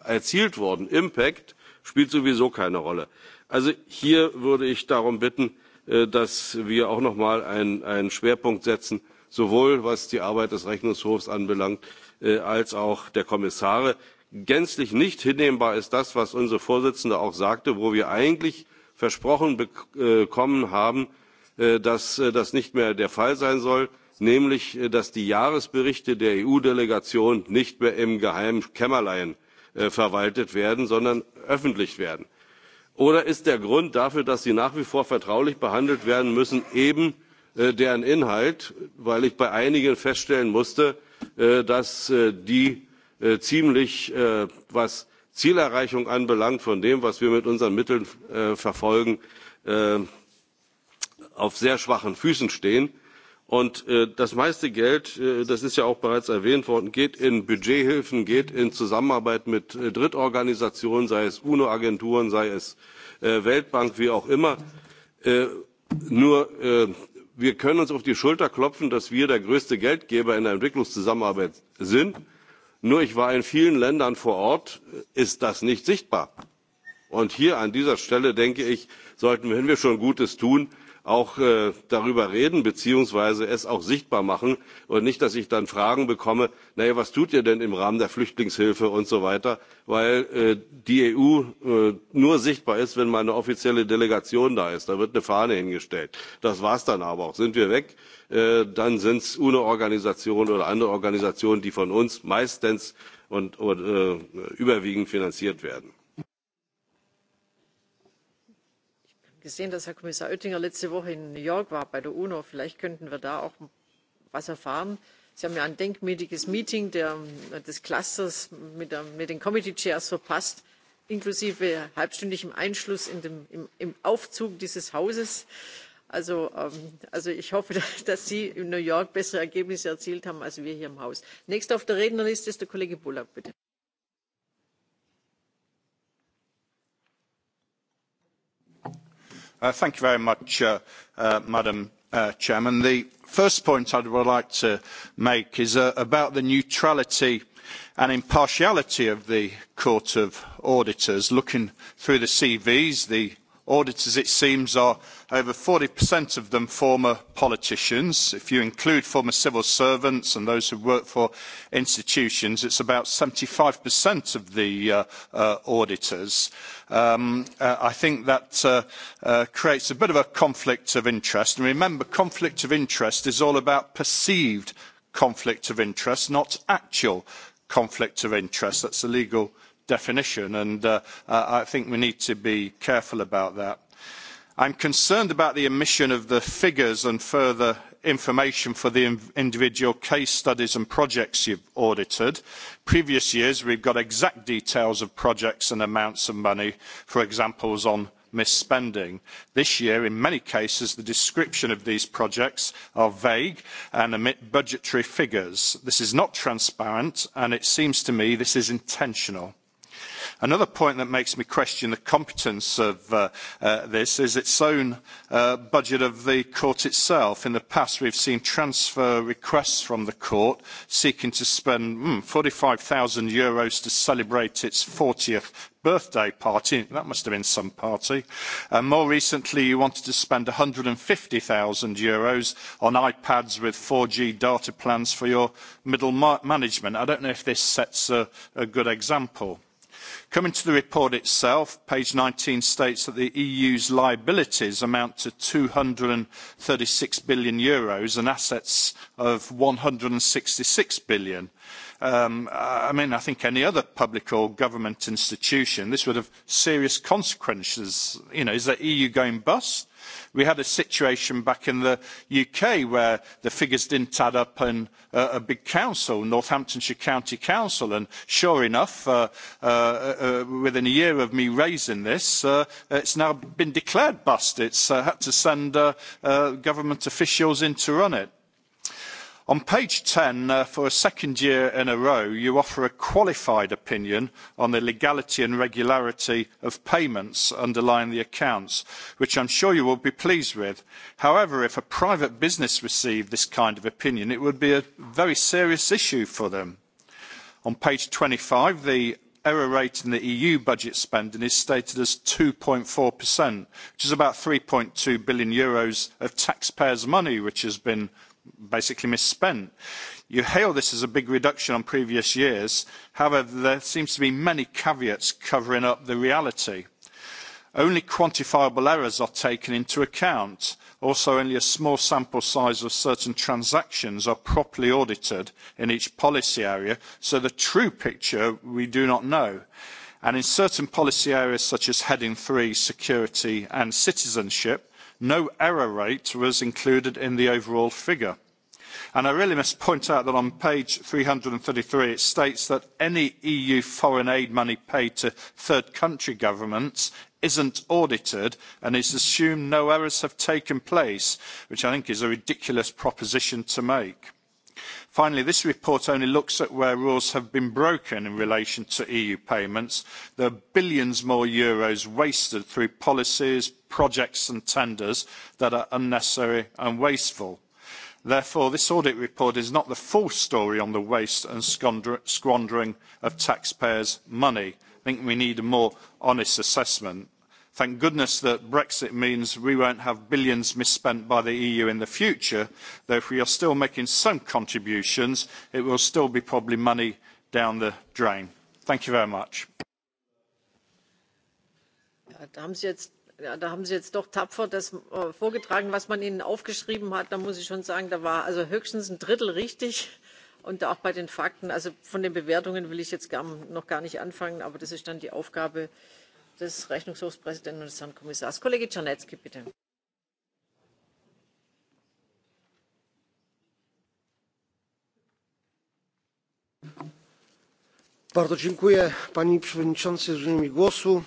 erzielt worden? impact spielt sowieso keine rolle. also hier würde ich darum bitten dass wir auch noch mal einen schwerpunkt setzen sowohl was die arbeit des rechnungshofs anbelangt als auch der kommissare. gänzlich nicht hinnehmbar ist das was unsere vorsitzende auch sagte wo wir eigentlich versprochen bekommen haben dass das nicht mehr der fall sein soll nämlich dass die jahresberichte der eu delegation nicht mehr im geheimen kämmerlein verwaltet werden sondern öffentlich werden? oder ist der grund dafür dass sie nach wie vor vertraulich behandelt werden müssen eben deren inhalt weil ich bei einigen feststellen musste dass die ziemlich was zielerreichung anbelangt von dem was wir mit unseren mitteln verfolgen auf sehr schwachen füßen stehen. Und das meiste Geld, das ist ja auch bereits erwähnt worden, geht in Budgethilfen, geht in Zusammenarbeit mit Drittorganisationen, sei es UNO-Agenturen, sei es Weltbank, wie auch immer. Nur wir können uns auf die Schulter klopfen, dass wir der größte Geldgeber in der Entwicklungszusammenarbeit sind nur ich war in vielen ländern vor ort ist das nicht sichtbar. und hier an dieser stelle denke ich sollten wir wenn wir schon gutes tun auch darüber reden beziehungsweise es auch sichtbar machen und nicht, dass ich dann Fragen bekomme, naja, was tut ihr denn im Rahmen der Flüchtlingshilfe und so weiter, weil die EU nur sichtbar ist, wenn mal eine offizielle Delegation da ist. Da wird eine Fahne hingestellt. Das war es dann aber auch. Sind wir weg, dann sind es UNO-Organisationen oder andere Organisationen, die von uns meistens und, überwiegend finanziert werden. gesehen, dass Herr Kommissar Oettinger letzte Woche in New York war bei der UNO. Vielleicht könnten wir da auch was erfahren. Sie haben ja ein denkmütiges Meeting des Clusters mit, den Committee Chairs verpasst, inklusive halbstündigem Einschluss im, Aufzug dieses Hauses. Also, ich hoffe, dass Sie in New York bessere Ergebnisse erzielt haben als wir hier im Haus. Nächster auf der Rednerliste ist der Kollege Bullock, bitte Thank you very much, Madam Chairman. The first point I would like to make is about the neutrality and impartiality of the Court of Auditors. Looking through the CVs, the Auditors, it seems, are over 40% of them former politicians. If you include former civil servants and those who work for institutions, it's about 75% of the uh, uh, auditors. Um, uh, I think that uh, uh, creates a bit of a conflict of interest. And remember, conflict of interest is all about perceived conflict of interest, not actual conflict of interest. That's the legal definition, and uh, I think we need to be careful about that. I'm concerned about the omission of the figures and further information for the individual case studies and projects you've audited. Previous years, we've got exact details of projects and amounts of money, for examples on misspending. This year, in many cases, the description of these projects are vague and omit budgetary figures. This is not transparent, and it seems to me this is intentional. Another point that makes me question the competence of this is its own budget of the court itself. In the past, we've seen transfer requests from the court seeking to spend mm, 45,000 euros to celebrate its 40th birthday party. That must have been some party. And more recently, you wanted to spend one hundred and fifty 150,000 euros on iPads with 4G data plans for your middle management. I don't know if this sets a, a good example. Coming to the report itself, page 19 states that the EU's liabilities amount to 236 billion euros and assets of 166 billion um, I mean, I think any other public or government institution, this would have serious consequences. You know, is the EU going bust? We had a situation back in the UK where the figures didn't add up in a big council, Northamptonshire County Council, and sure enough, within a year of me raising this, uh, it's now been declared bust. It's had to send government officials in to run it On page 10, for a second year in a row, you offer a qualified opinion on the legality and regularity of payments underlying the accounts, which I'm sure you will be pleased with. However, if a private business received this kind of opinion, it would be a very serious issue for them. On page 25, the error rate in the EU budget spending is stated as 2.4%, which is about 3.2 billion euros of taxpayers' money which has been basically misspent. You hail this as a big reduction on previous years. However, there seems to be many caveats covering up the reality. Only quantifiable errors are taken into account. Also, only a small sample size of certain transactions are properly audited in each policy area, so the true picture we do not know. And in certain policy areas such as Heading 3, Security and Citizenship, No error rate was included in the overall figure. And I really must point out that on page three hundred and thirty three it states that any EU foreign aid money paid to third country governments isn't audited and is assumed no errors have taken place, which I think is a ridiculous proposition to make. Finally, this report only looks at where rules have been broken in relation to EU payments. There are billions more euros wasted through policies, projects and tenders that are unnecessary and wasteful. Therefore, this audit report is not the full story on the waste and squandering of taxpayers' money. I think we need a more honest assessment. Thank goodness that Brexit means we won't have billions misspent by the EU in the future, though if we are still making some contributions, it will still be probably money down the drain. Thank you very much. Da haben Sie jetzt da haben Sie jetzt doch tapfer das vorgetragen, was man Ihnen aufgeschrieben hat. Da muss ich schon sagen, da war also höchstens ein Drittel richtig. Und auch bei den Fakten, also von den Bewertungen will ich jetzt noch gar nicht anfangen, aber das ist dann die Aufgabe des Rechnungshofspräsidenten und des Herrn Kommissars. Kollege Czarnecki, bitte. Bardzo dziękuję Pani Przewodniczący za udzielenie mi głosu.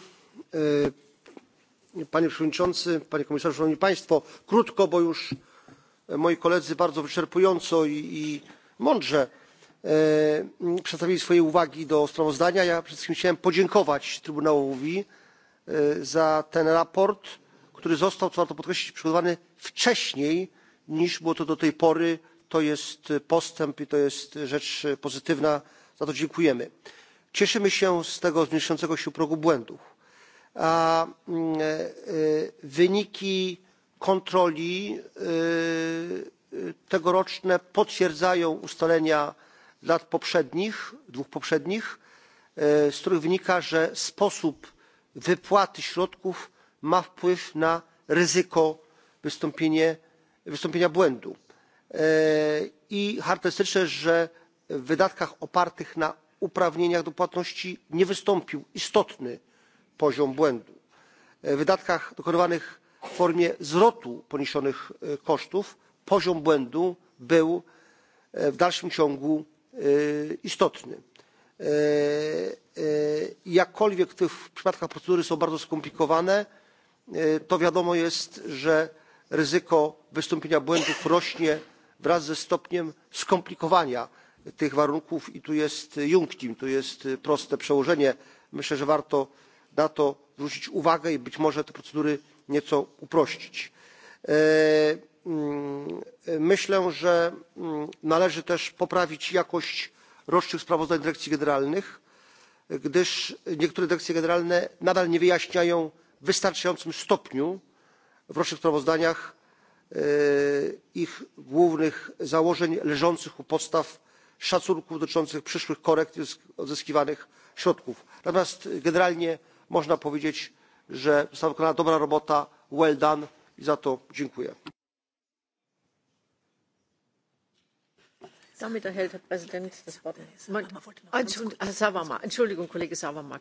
Panie Przewodniczący, Panie Komisarzu, Szanowni Państwo, krótko, bo już moi koledzy bardzo wyczerpująco i mądrze przedstawili swoje uwagi do sprawozdania. ja przede wszystkim chciałem podziękować trybunałowi za to sprawozdanie które zostało co warto podkreślić przygotowane wcześniej niż było to do tej pory. to jest postęp i to jest rzecz pozytywna za to dziękujemy. cieszymy się z tego zmniejszającego się progu błędów. wyniki kontroli tegoroczne potwierdzają ustalenia z lat poprzednich dwóch poprzednich z których wynika że sposób wypłaty środków ma wpływ na ryzyko wystąpienia błędu i charakterystyczne że w wydatkach opartych na uprawnieniach do płatności nie wystąpił istotny poziom błędu. w wydatkach dokonywanych w formie zwrotu poniesionych kosztów poziom błędu był w dalszym ciągu istotny jakkolwiek w tych przypadkach procedury są bardzo skomplikowane to wiadomo jest że ryzyko wystąpienia błędów rośnie wraz ze stopniem skomplikowania tych warunków i tu jest iunctim tu jest proste przełożenie. myślę że warto na to zwrócić uwagę i być może te procedury nieco uprościć. myślę że należy też poprawić jakość rocznych sprawozdań dyrekcji generalnych gdyż niektóre dyrekcje generalne nadal nie wyjaśniają w wystarczającym stopniu w rocznych sprawozdaniach ich głównych założeń leżących u podstaw szacunków dotyczących przyszłych korekt i odzyskiwanych środków. natomiast generalnie można powiedzieć że została wykonana dobra robota well done i za to dziękuję. Damit erhält Herr Präsident das Wort. Entschuldigung, Kollege Savama.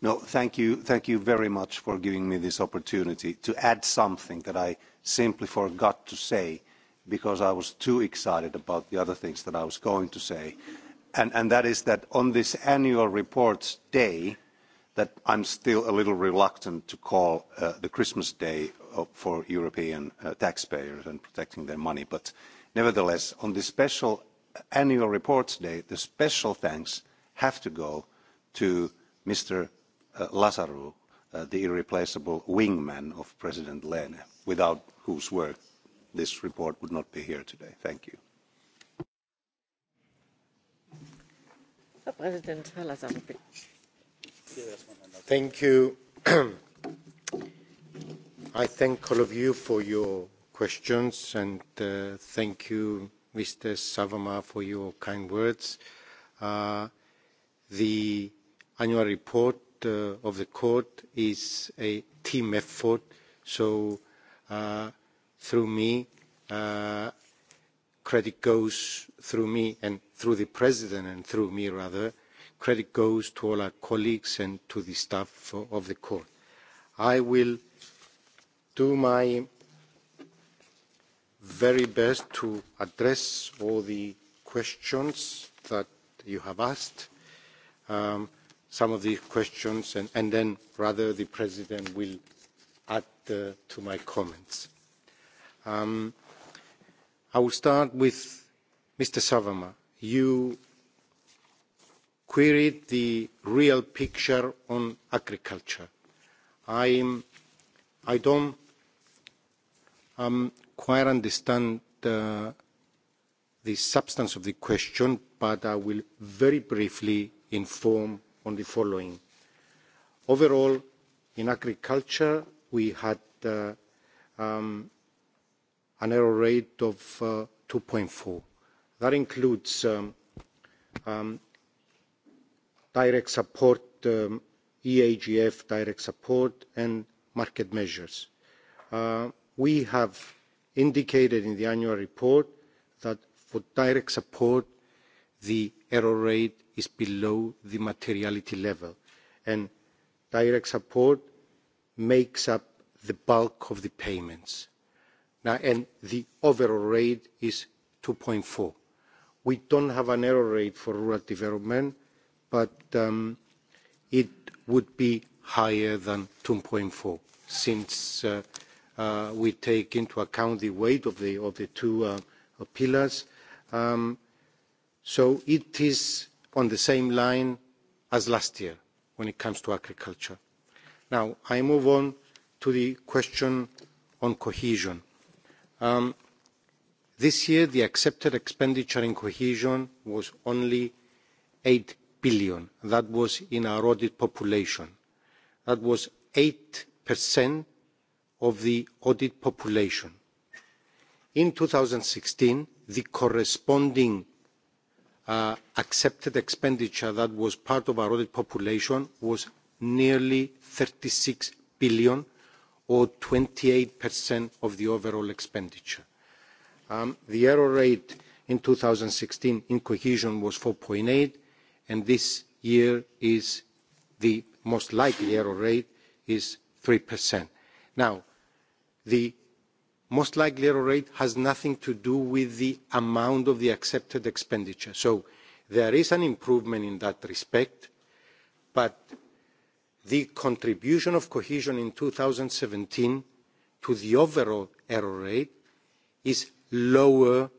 No, thank you, thank you very much for giving me this opportunity to add something that I simply forgot to say because I was too excited about the other things that I was going to say. And, and that is that on this annual reports day, that I'm still a little reluctant to call uh, the Christmas day for European uh, taxpayers and protecting their money. But nevertheless, on this special annual reports day, the special thanks have to go to Mr. Lazarou, the irreplaceable wingman of President Lehne, without whose work this report would not be here today. Thank you. Herr Lazarou, Thank you. I thank all of you for your questions and thank you Mr. Savama, for your kind words. Uh, the annual report uh, of the court is a team effort, so uh, through me, uh, credit goes through me and through the president and through me rather, credit goes to all our colleagues and to the staff of the court. I will do my very best to address all the questions that you have asked, um, some of the questions, and, and then rather the President will add uh, to my comments. Um, I will start with Mr. Savama. You queried the real picture on agriculture. I'm, I don't um, quite understand uh, the substance of the question, but I will very briefly inform on the following. Overall, in agriculture, we had uh, um, an error rate of uh, 2.4. That includes um, um, direct support, um, EAGF direct support, and market measures. Uh, we have indicated in the annual report that for direct support, the error rate is below the materiality level, and direct support makes up the bulk of the payments. Now, and the overall rate is 2.4. We don't have an error rate for rural development, but it would be higher than 2.4 since we take into account the weight of the of the two pillars. So it is on the same line as last year when it comes to agriculture. Now, I move on to the question on cohesion. This year, the accepted expenditure in cohesion was only 8 billion. That was in our audit population. That was 8% of the audit population. In sixteen the corresponding accepted expenditure that was part of our audit population was nearly EUR thirty six billion or twenty 28% of the overall expenditure. The error rate in sixteen in cohesion was four eight and this year is the most likely error rate is 3%. Now, the most likely error rate has nothing to do with the amount of the accepted expenditure. So there is an improvement in that respect, but the contribution of cohesion in 2017 to the overall error rate is lower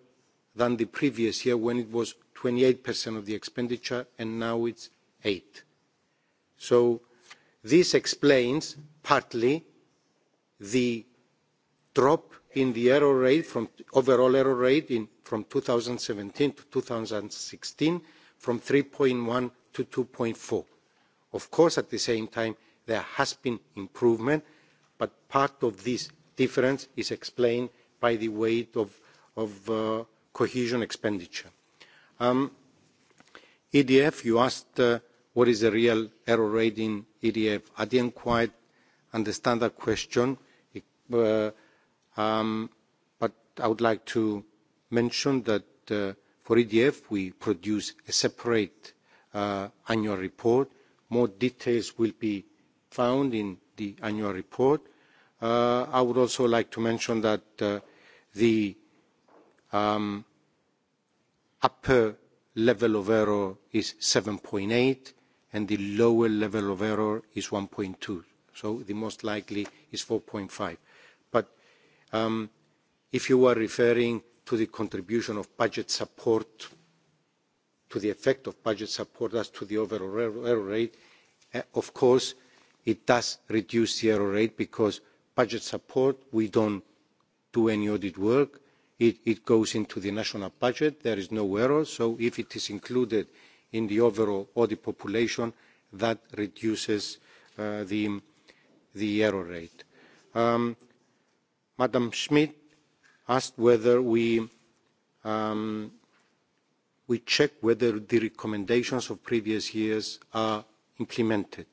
than the previous year when it was 28% of the expenditure, and now it's 8%. So this explains partly the drop in the error rate from overall error rate in from 2017 to 2016 from 3.1 to 2.4. Of course, at the same time, there has been improvement, but part of this difference is explained by the weight of cohesion expenditure. Um EDF, you asked what is the real error rate in EDF. I didn't quite understand that question. It uh But I would like to mention that for EDF, we produce a separate annual report. More details will be found in the annual report. I would also like to mention that the upper level of error is 7.8, and the lower level of error is 1.2. So the most likely is 4.5 if you were referring to the contribution of budget support, to the effect of budget support as to the overall error rate, of course, it does reduce the error rate because budget support, we don't do any audit work. It goes into the national budget. There is no error. So if it is included in the overall audit population, that reduces the error rate. Madam Schmidt asked whether we, um, we check whether the recommendations of previous years are implemented.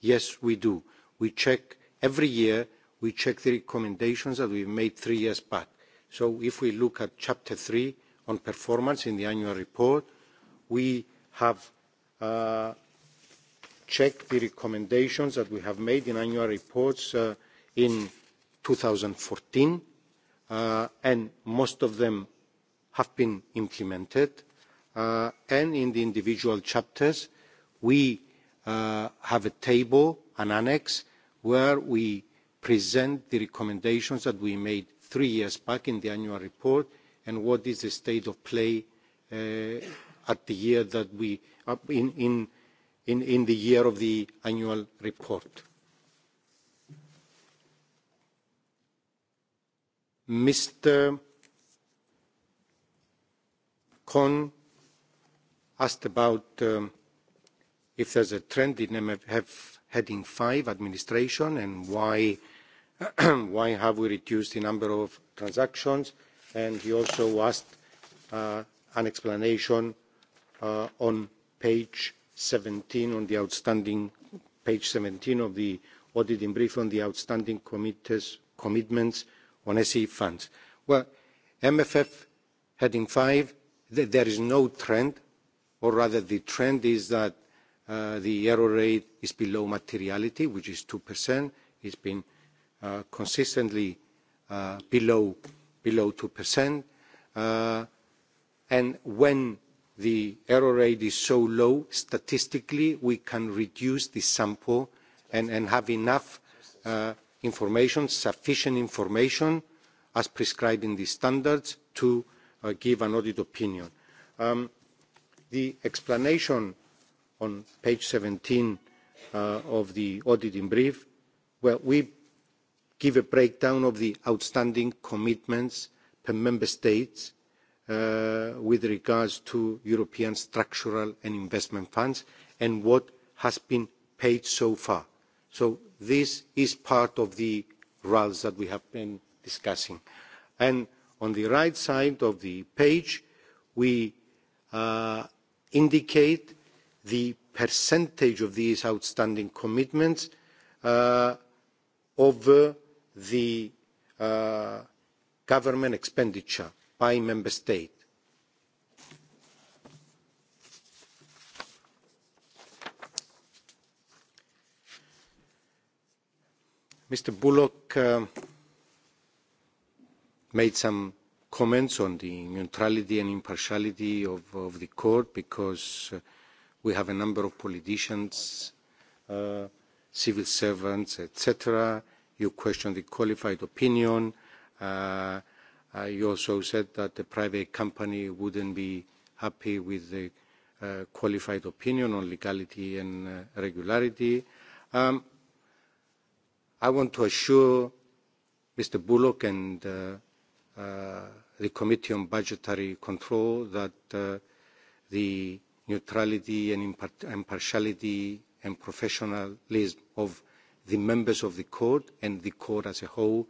Yes, we do. We check every year, we check the recommendations that we made three years back. So if we look at Chapter three on performance in the annual report, we have uh, checked the recommendations that we have made in annual reports uh, in 2014, uh, and most of them have been implemented. Uh, and in the individual chapters, we uh, have a table, an annex, where we present the recommendations that we made three years back in the annual report and what is the state of play uh, at the year that we, in, in, in, in the year of the annual report Mr. Kohn asked about um, if there's a trend in MFF heading five, administration, and why why have we reduced the number of transactions? And he also asked uh, an explanation uh, on page 17 on the outstanding page 17 of the audit in brief on the outstanding commitments on SE funds. Well, MFF heading five, th there is no trend, or rather the trend is that uh, the error rate is below materiality, which is 2%. It's been uh, consistently uh, below, below 2%. Uh, and when the error rate is so low, statistically, we can reduce the sample and, and have enough uh, information, sufficient information as prescribed in the standards to give an audit opinion. the explanation on page seventeen of the audit in brief, where we give a breakdown of the outstanding commitments per member state with regards to European structural and investment funds and what has been paid so far. So this is part of the RALs that we have been discussing. And on the right side of the page, we indicate the percentage of these outstanding commitments over the government expenditure by member state. Mr. Bullock made some comments on the neutrality and impartiality of, of the court because we have a number of politicians, uh, civil servants, etc. You questioned the qualified opinion. Uh, uh, you also said that the private company wouldn't be happy with the uh, qualified opinion on legality and uh, regularity. Um, I want to assure Mr. Bullock and uh, uh, the Committee on Budgetary Control that uh, the neutrality and impartiality and professionalism of the members of the court and the court as a whole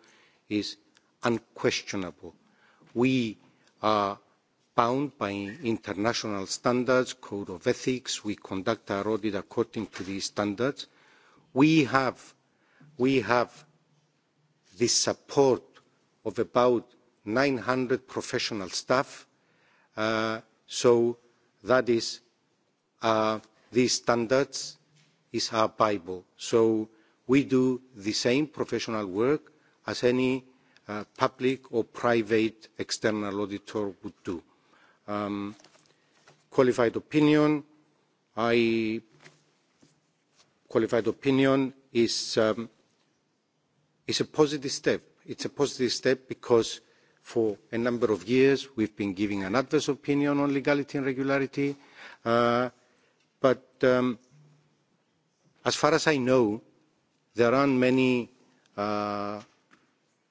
is unquestionable. We are bound by international standards, code of ethics. We conduct our audit according to these standards. We have we have the support of about nine hundred professional staff, so that is these standards is our Bible. So we do the same professional work as any public or private external auditor would do. qualified opinion, I, qualified opinion is um, It's a positive step. It's a positive step because for a number of years we've been giving an adverse opinion on legality and regularity. Uh, but um, as far as I know, there aren't many uh,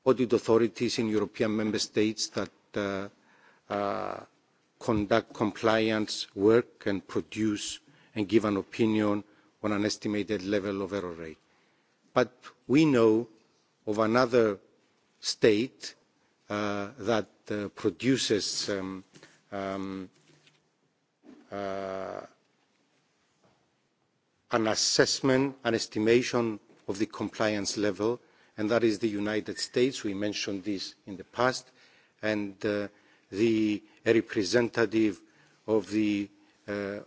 audit authorities in European member states that uh, uh, conduct compliance work and produce and give an opinion on an estimated level of error rate. But we know of another state that produces an assessment, an estimation of the compliance level, and that is the United States. We mentioned this in the past. And the representative of the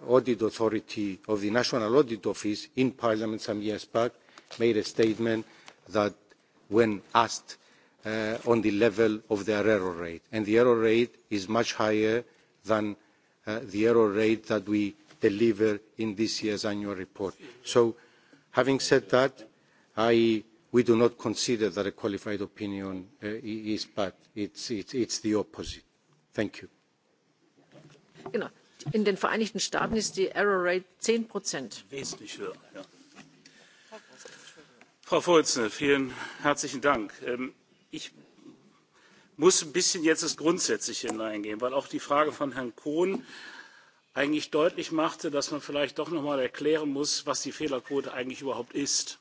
Audit Authority of the National Audit Office in Parliament some years back made a statement that when asked on the level of their error rate. And the error rate is much higher than the error rate that we deliver in this year's annual report. So having said that, I, we do not consider that a qualified opinion is bad. It's, it's, it's the opposite. Thank you. In den Vereinigten Staaten ist die Error Rate 10 Prozent. Wesentlich höher frau vorsitzende vielen herzlichen dank! ich muss ein bisschen jetzt das grundsätzliche hineingehen weil auch die frage von herrn Kohn eigentlich deutlich machte dass man vielleicht doch noch einmal erklären muss was die fehlerquote eigentlich überhaupt ist.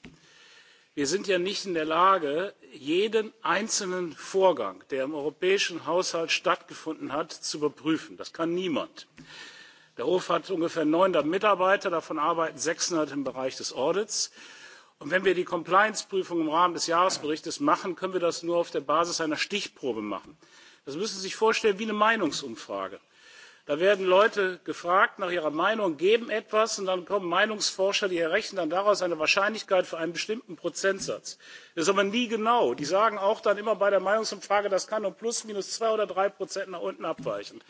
wir sind ja nicht in der lage jeden einzelnen vorgang der im europäischen haushalt stattgefunden hat zu überprüfen. das kann niemand. der hof hat ungefähr 900 mitarbeiter davon arbeiten 600 im bereich des audits. Und wenn wir die Compliance-Prüfung im Rahmen des Jahresberichts machen, können wir das nur auf der Basis einer Stichprobe machen. Das müssen Sie sich vorstellen wie eine Meinungsumfrage. Da werden Leute gefragt nach ihrer Meinung, geben etwas und dann kommen Meinungsforscher, die errechnen dann daraus eine Wahrscheinlichkeit für einen bestimmten Prozentsatz. Das ist aber nie genau. Die sagen auch dann immer bei der Meinungsumfrage, das kann um plus minus zwei oder drei Prozent nach unten abweichen.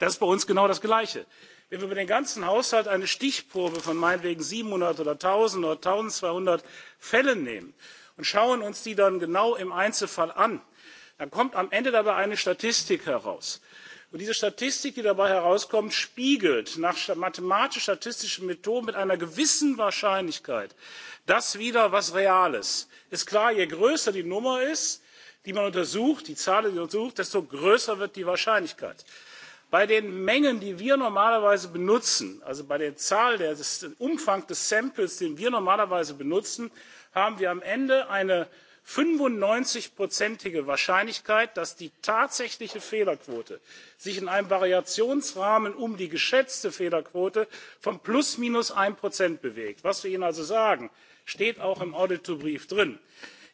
Das ist bei uns genau das Gleiche wenn wir über den ganzen haushalt eine stichprobe von meinetwegen siebenhundert oder eins null oder eins zweihundert fällen nehmen und schauen uns die dann genau im einzelfall an dann kommt am ende dabei eine statistik heraus. und diese statistik die dabei herauskommt spiegelt nach mathematisch statistischen methoden mit einer gewissen wahrscheinlichkeit das wider was real ist. ist klar je größer die nummer ist die man untersucht die zahl die man untersucht desto größer wird die wahrscheinlichkeit bei den mengen die wir normalerweise benutzen also bei der zahl dem umfang des samples den wir normalerweise benutzen haben wir am ende eine fünfundneunzig prozentige wahrscheinlichkeit dass die tatsächliche fehlerquote sich in einem variationsrahmen um die geschätzte fehlerquote von plus minus eins bewegt. was wir ihnen also sagen steht auch im audit brief drin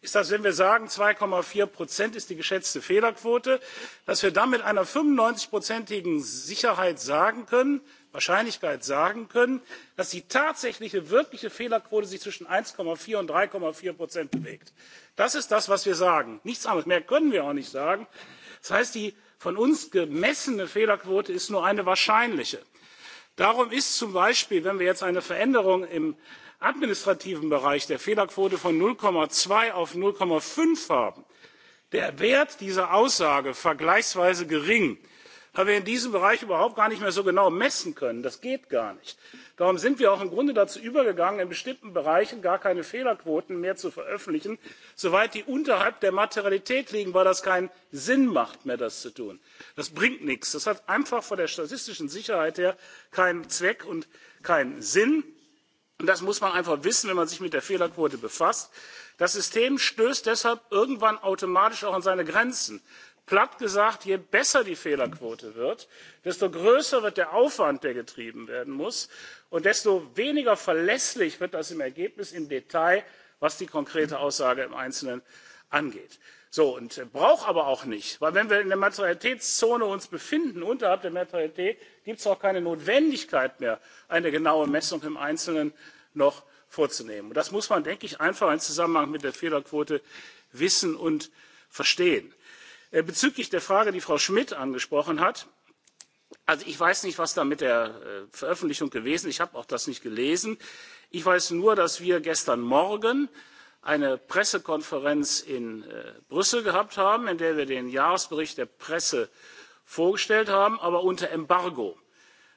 ist das wenn wir sagen zwei vier ist die geschätzte fehlerquote dass wir dann mit einer fünfundneunzig igen sicherheit sagen können wahrscheinlichkeit sagen können dass die tatsächliche wirkliche fehlerquote sich zwischen eins vier und drei vier bewegt. das ist das was wir sagen nichts anderes mehr können wir auch nicht sagen. das heißt die von uns gemessene fehlerquote ist nur eine wahrscheinliche. darum ist zum beispiel wenn wir jetzt eine veränderung administrativen bereich der fehlerquote von null zwei auf null fünf haben der wert dieser aussage vergleichsweise gering weil wir in diesem bereich überhaupt gar nicht mehr so genau messen können das geht gar nicht. darum sind wir auch im grunde dazu übergegangen in bestimmten bereichen gar keine fehlerquoten mehr zu veröffentlichen soweit die unterhalb der materialität liegen weil das keinen sinn macht mehr das zu tun. das bringt nichts das hat einfach von der statistischen sicherheit her keinen zweck und keinen sinn. Und das muss man einfach wissen, wenn man sich mit der Fehlerquote befasst. Das System stößt deshalb irgendwann automatisch auch an seine Grenzen. Platt gesagt, je besser die Fehlerquote wird, desto größer wird der Aufwand, der getrieben werden muss, und desto weniger verlässlich wird das im Ergebnis im Detail, was die konkrete Aussage im Einzelnen angeht. So, und braucht aber auch nicht, weil wenn wir uns in der Materialitätszone befinden, unterhalb der Materialität, gibt es auch keine Notwendigkeit mehr, eine genaue Messung im Einzelnen noch vorzunehmen. Und das muss man, denke ich, einfach im Zusammenhang mit der Fehlerquote wissen und verstehen. Bezüglich der Frage, die Frau Schmidt angesprochen hat, also ich weiß nicht, was da mit der Veröffentlichung gewesen ist. Ich habe auch das nicht gelesen. Ich weiß nur, dass wir gestern Morgen eine Pressekonferenz in Brüssel gehabt haben, in der wir den Jahresbericht der Presse vorgestellt haben aber unter embargo.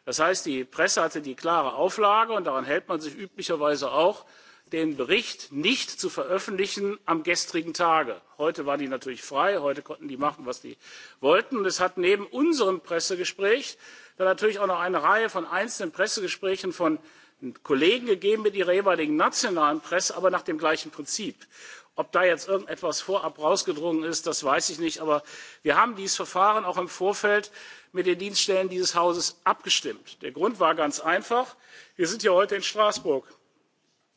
das heißt die presse hatte die klare auflage und daran hält man sich üblicherweise auch den bericht nicht zu veröffentlichen am gestrigen tage. heute war die natürlich frei heute konnten die machen was sie wollten und es hat neben unserem pressegespräch dann natürlich auch noch eine reihe von einzelnen pressegesprächen von kollegen gegeben mit ihrer jeweiligen nationalen presse aber nach dem gleichen prinzip. Ob da jetzt irgendetwas vorab rausgedrungen ist, das weiß ich nicht. Aber wir haben dieses Verfahren auch im Vorfeld mit den Dienststellen dieses Hauses abgestimmt. Der Grund war ganz einfach. Wir sind hier heute in Straßburg.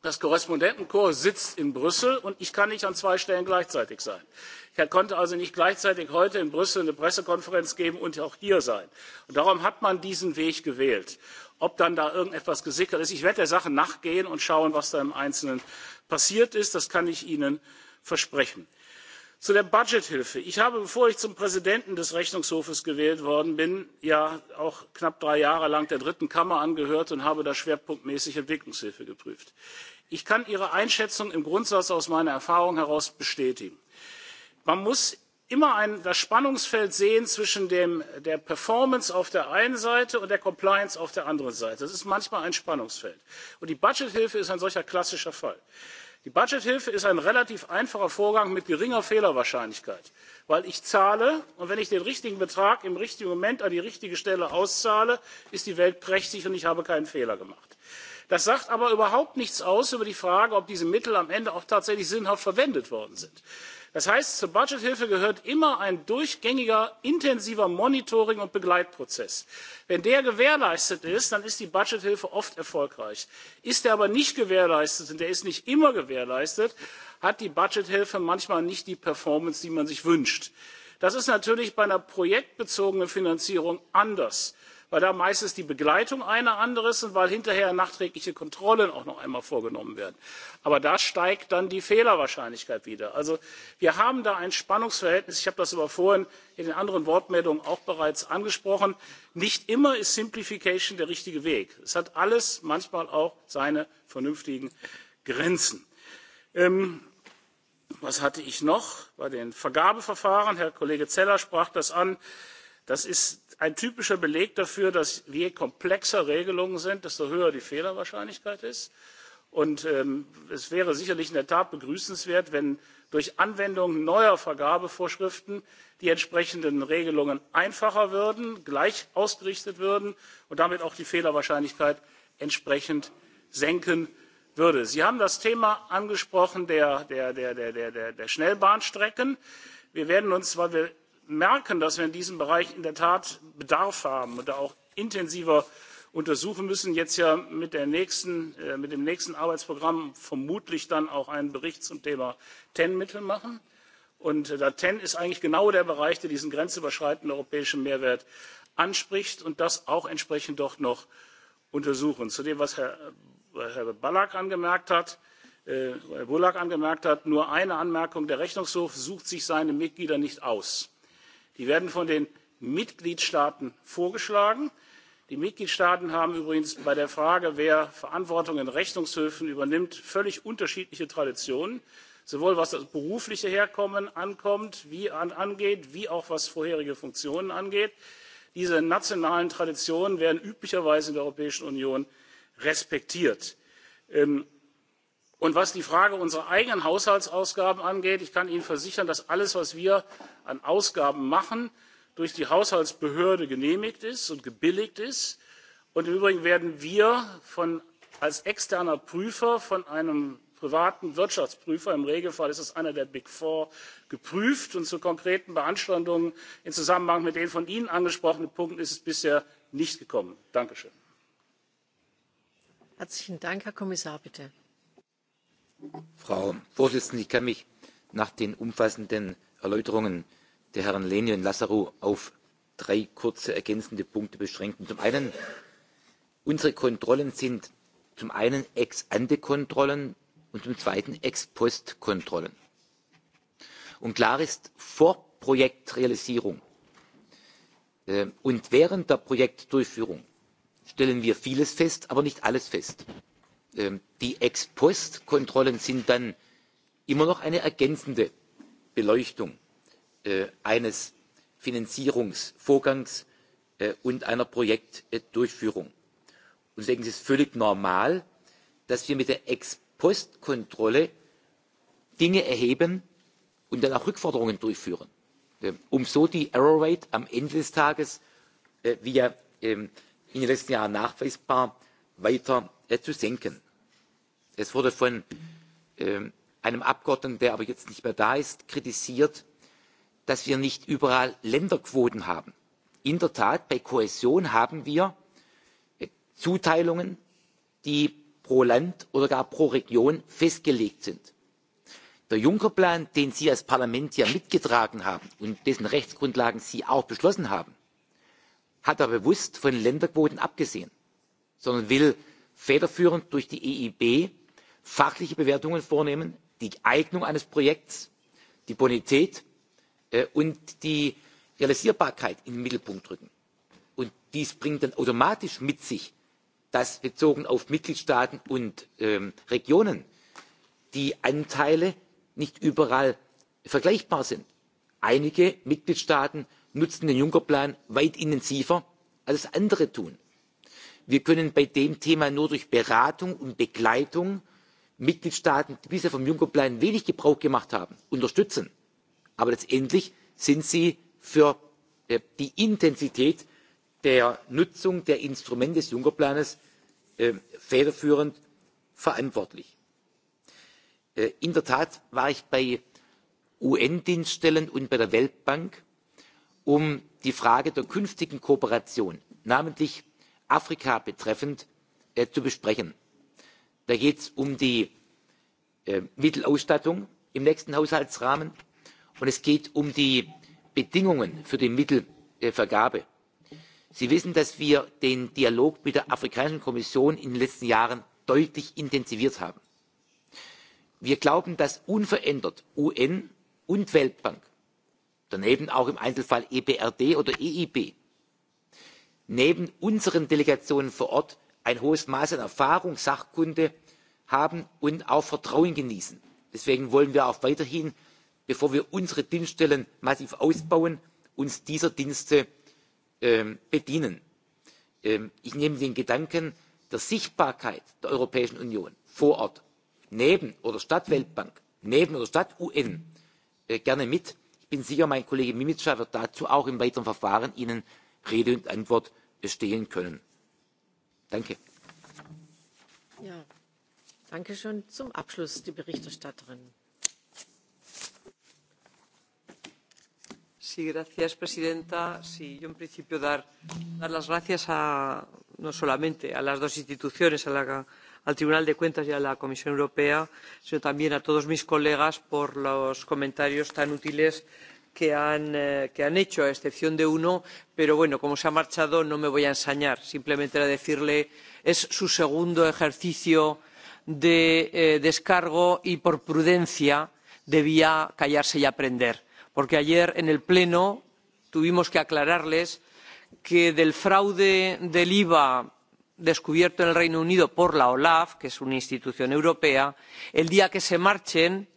Das Korrespondentenkorps sitzt in Brüssel und ich kann nicht an zwei Stellen gleichzeitig sein. Ich konnte also nicht gleichzeitig heute in Brüssel eine Pressekonferenz geben und auch hier sein. Und darum hat man diesen Weg gewählt ob dann da irgendetwas gesickert ist. Ich werde der Sache nachgehen und schauen, was da im Einzelnen passiert ist. Das kann ich Ihnen versprechen. Zu der Budgethilfe. Ich habe, bevor ich zum Präsidenten des Rechnungshofes gewählt worden bin, ja auch knapp drei Jahre lang der dritten Kammer angehört und habe da schwerpunktmäßig Entwicklungshilfe geprüft. Ich kann Ihre Einschätzung im Grundsatz aus meiner Erfahrung heraus bestätigen. Man muss immer das Spannungsfeld sehen zwischen der Performance auf der einen Seite und der Compliance auf der anderen Seite. Das ist manchmal ein Spannungsfeld. Und die Budgethilfe ist ein solcher klassischer Fall. Die Budgethilfe ist ein relativ einfacher Vorgang mit geringer Fehlerwahrscheinlichkeit, weil ich zahle und wenn ich den richtigen Betrag im richtigen Moment an die richtige Stelle auszahle, ist die Welt prächtig und ich habe keinen Fehler gemacht. Das sagt aber überhaupt nichts aus über die Frage, ob diese Mittel am Ende auch tatsächlich sinnhaft verwendet worden sind das heißt zur budgethilfe gehört immer ein durchgängiger intensiver monitoring und begleitprozess. wenn der gewährleistet ist dann ist die budgethilfe oft erfolgreich. ist er aber nicht gewährleistet und er ist nicht immer gewährleistet hat die budgethilfe manchmal nicht die performance die man sich wünscht. das ist natürlich bei einer projektbezogenen finanzierung anders weil da meistens die Begleitung eine andere ist und weil hinterher nachträgliche Kontrollen auch noch einmal vorgenommen werden. Aber da steigt dann die Fehlerwahrscheinlichkeit wieder. Also wir haben da ein Spannungsverhältnis. Ich habe das aber vorhin in den anderen Wortmeldungen auch bereits angesprochen. Nicht immer ist Simplification der richtige Weg. Es hat alles manchmal auch seine vernünftigen Grenzen. was hatte ich noch bei den Vergabeverfahren? Herr Kollege Zeller sprach das an. Das ist ein typischer Beleg dafür, dass je komplexer Regelungen sind, desto höher die Fehlerwahrscheinlichkeit ist. Und es wäre sicherlich in der Tat begrüßenswert, wenn durch Anwendung neuer Vergabevorschriften die entsprechenden Regelungen einfacher würden, gleich ausgerichtet würden und damit auch die Fehlerwahrscheinlichkeit entsprechend senken würde. Sie haben das Thema angesprochen der, Schnellbahnstrecken. Wir werden uns, weil wir merken, dass wir in diesem Bereich in der Tat Bedarf haben und da auch intensiver untersuchen müssen. Jetzt ja mit, der nächsten, mit dem nächsten Arbeitsprogramm vermutlich dann auch einen Bericht zum Thema TEN-Mittel machen. Und da TEN ist eigentlich genau der Bereich, der diesen grenzüberschreitenden europäischen Mehrwert anspricht und das auch entsprechend doch noch untersuchen. Zu dem, was Herr, Herr Ballack angemerkt hat, Herr Bullack angemerkt hat, nur eine Anmerkung. Der Rechnungshof sucht sich seine Mitglieder nicht aus Die werden von den Mitgliedstaaten vorgeschlagen. Die Mitgliedstaaten haben übrigens bei der Frage, wer Verantwortung in Rechnungshöfen übernimmt, völlig unterschiedliche Traditionen, sowohl was das berufliche Herkommen angeht, wie auch was vorherige Funktionen angeht. Diese nationalen Traditionen werden üblicherweise in der Europäischen Union respektiert und was die frage unserer eigenen haushaltsausgaben angeht ich kann ihnen versichern dass alles was wir an ausgaben machen durch die haushaltsbehörde genehmigt und gebilligt ist und im übrigen werden wir als externer prüfer von einem privaten wirtschaftsprüfer im regelfall ist es einer der big four geprüft und zu konkreten beanstandungen im zusammenhang mit den von ihnen angesprochenen punkten ist es bisher nicht gekommen. danke schön. herzlichen dank herr kommissar! Frau Vorsitzende, ich kann mich nach den umfassenden Erläuterungen der Herren Lehne und Lazarou auf drei kurze ergänzende Punkte beschränken. Zum einen, unsere Kontrollen sind zum einen ex ante Kontrollen und zum zweiten ex post Kontrollen. Und klar ist, vor Projektrealisierung und während der Projektdurchführung stellen wir vieles fest, aber nicht alles fest die ex post kontrollen sind dann immer noch eine ergänzende beleuchtung eines finanzierungsvorgangs und einer projektdurchführung. deswegen ist es völlig normal dass wir mit der ex post kontrolle dinge erheben und dann auch rückforderungen durchführen um so die error rate am ende des tages wie ja in den letzten jahren nachweisbar weiter zu senken. Es wurde von einem Abgeordneten, der aber jetzt nicht mehr da ist, kritisiert, dass wir nicht überall Länderquoten haben. In der Tat, bei Kohäsion haben wir Zuteilungen, die pro Land oder gar pro Region festgelegt sind. Der Juncker-Plan, den Sie als Parlament ja mitgetragen haben und dessen Rechtsgrundlagen Sie auch beschlossen haben, hat er bewusst von Länderquoten abgesehen, sondern will federführend durch die EIB fachliche Bewertungen vornehmen, die Eignung eines Projekts, die Bonität und die Realisierbarkeit in den Mittelpunkt rücken. Und dies bringt dann automatisch mit sich, dass bezogen auf Mitgliedstaaten und Regionen die Anteile nicht überall vergleichbar sind. Einige Mitgliedstaaten nutzen den Juncker-Plan weit intensiver, als es andere tun. Wir können bei dem Thema nur durch Beratung und Begleitung Mitgliedstaaten, die bisher vom Juncker-Plan wenig Gebrauch gemacht haben, unterstützen. Aber letztendlich sind sie für die Intensität der Nutzung der Instrumente des juncker plans federführend verantwortlich. In der Tat war ich bei UN-Dienststellen und bei der Weltbank, um die Frage der künftigen Kooperation, namentlich Afrika betreffend, zu besprechen. Da geht es um die Mittelausstattung im nächsten Haushaltsrahmen und es geht um die Bedingungen für die Mittelvergabe. Sie wissen, dass wir den Dialog mit der Afrikanischen Kommission in den letzten Jahren deutlich intensiviert haben. Wir glauben, dass unverändert UN und Weltbank, daneben auch im Einzelfall EBRD oder EIB, neben unseren Delegationen vor Ort ein hohes Maß an Erfahrung, Sachkunde haben und auch Vertrauen genießen. Deswegen wollen wir auch weiterhin, bevor wir unsere Dienststellen massiv ausbauen, uns dieser Dienste bedienen. Ich nehme den Gedanken der Sichtbarkeit der Europäischen Union vor Ort neben oder Stadtweltbank, neben oder Stadt UN gerne mit. Ich bin sicher, mein Kollege Mimica wird dazu auch im weiteren Verfahren Ihnen Rede und Antwort stehen können. Danke. Ja, danke schön. Zum Abschluss die Berichterstatterin. señora presidenta yo en principio dar las gracias no solamente a las dos instituciones al tribunal de cuentas y a la comisión europea sino también a todos mis colegas por los comentarios tan útiles que que han, hecho, a excepción de uno, pero bueno, como se ha marchado no me voy a ensañar. Simplemente era decirle es su segundo ejercicio de descargo y por prudencia debía callarse y aprender. Porque ayer en el Pleno tuvimos que aclararles que del fraude del IVA descubierto en el Reino Unido por la OLAF, que es una institución europea, el día que se marchen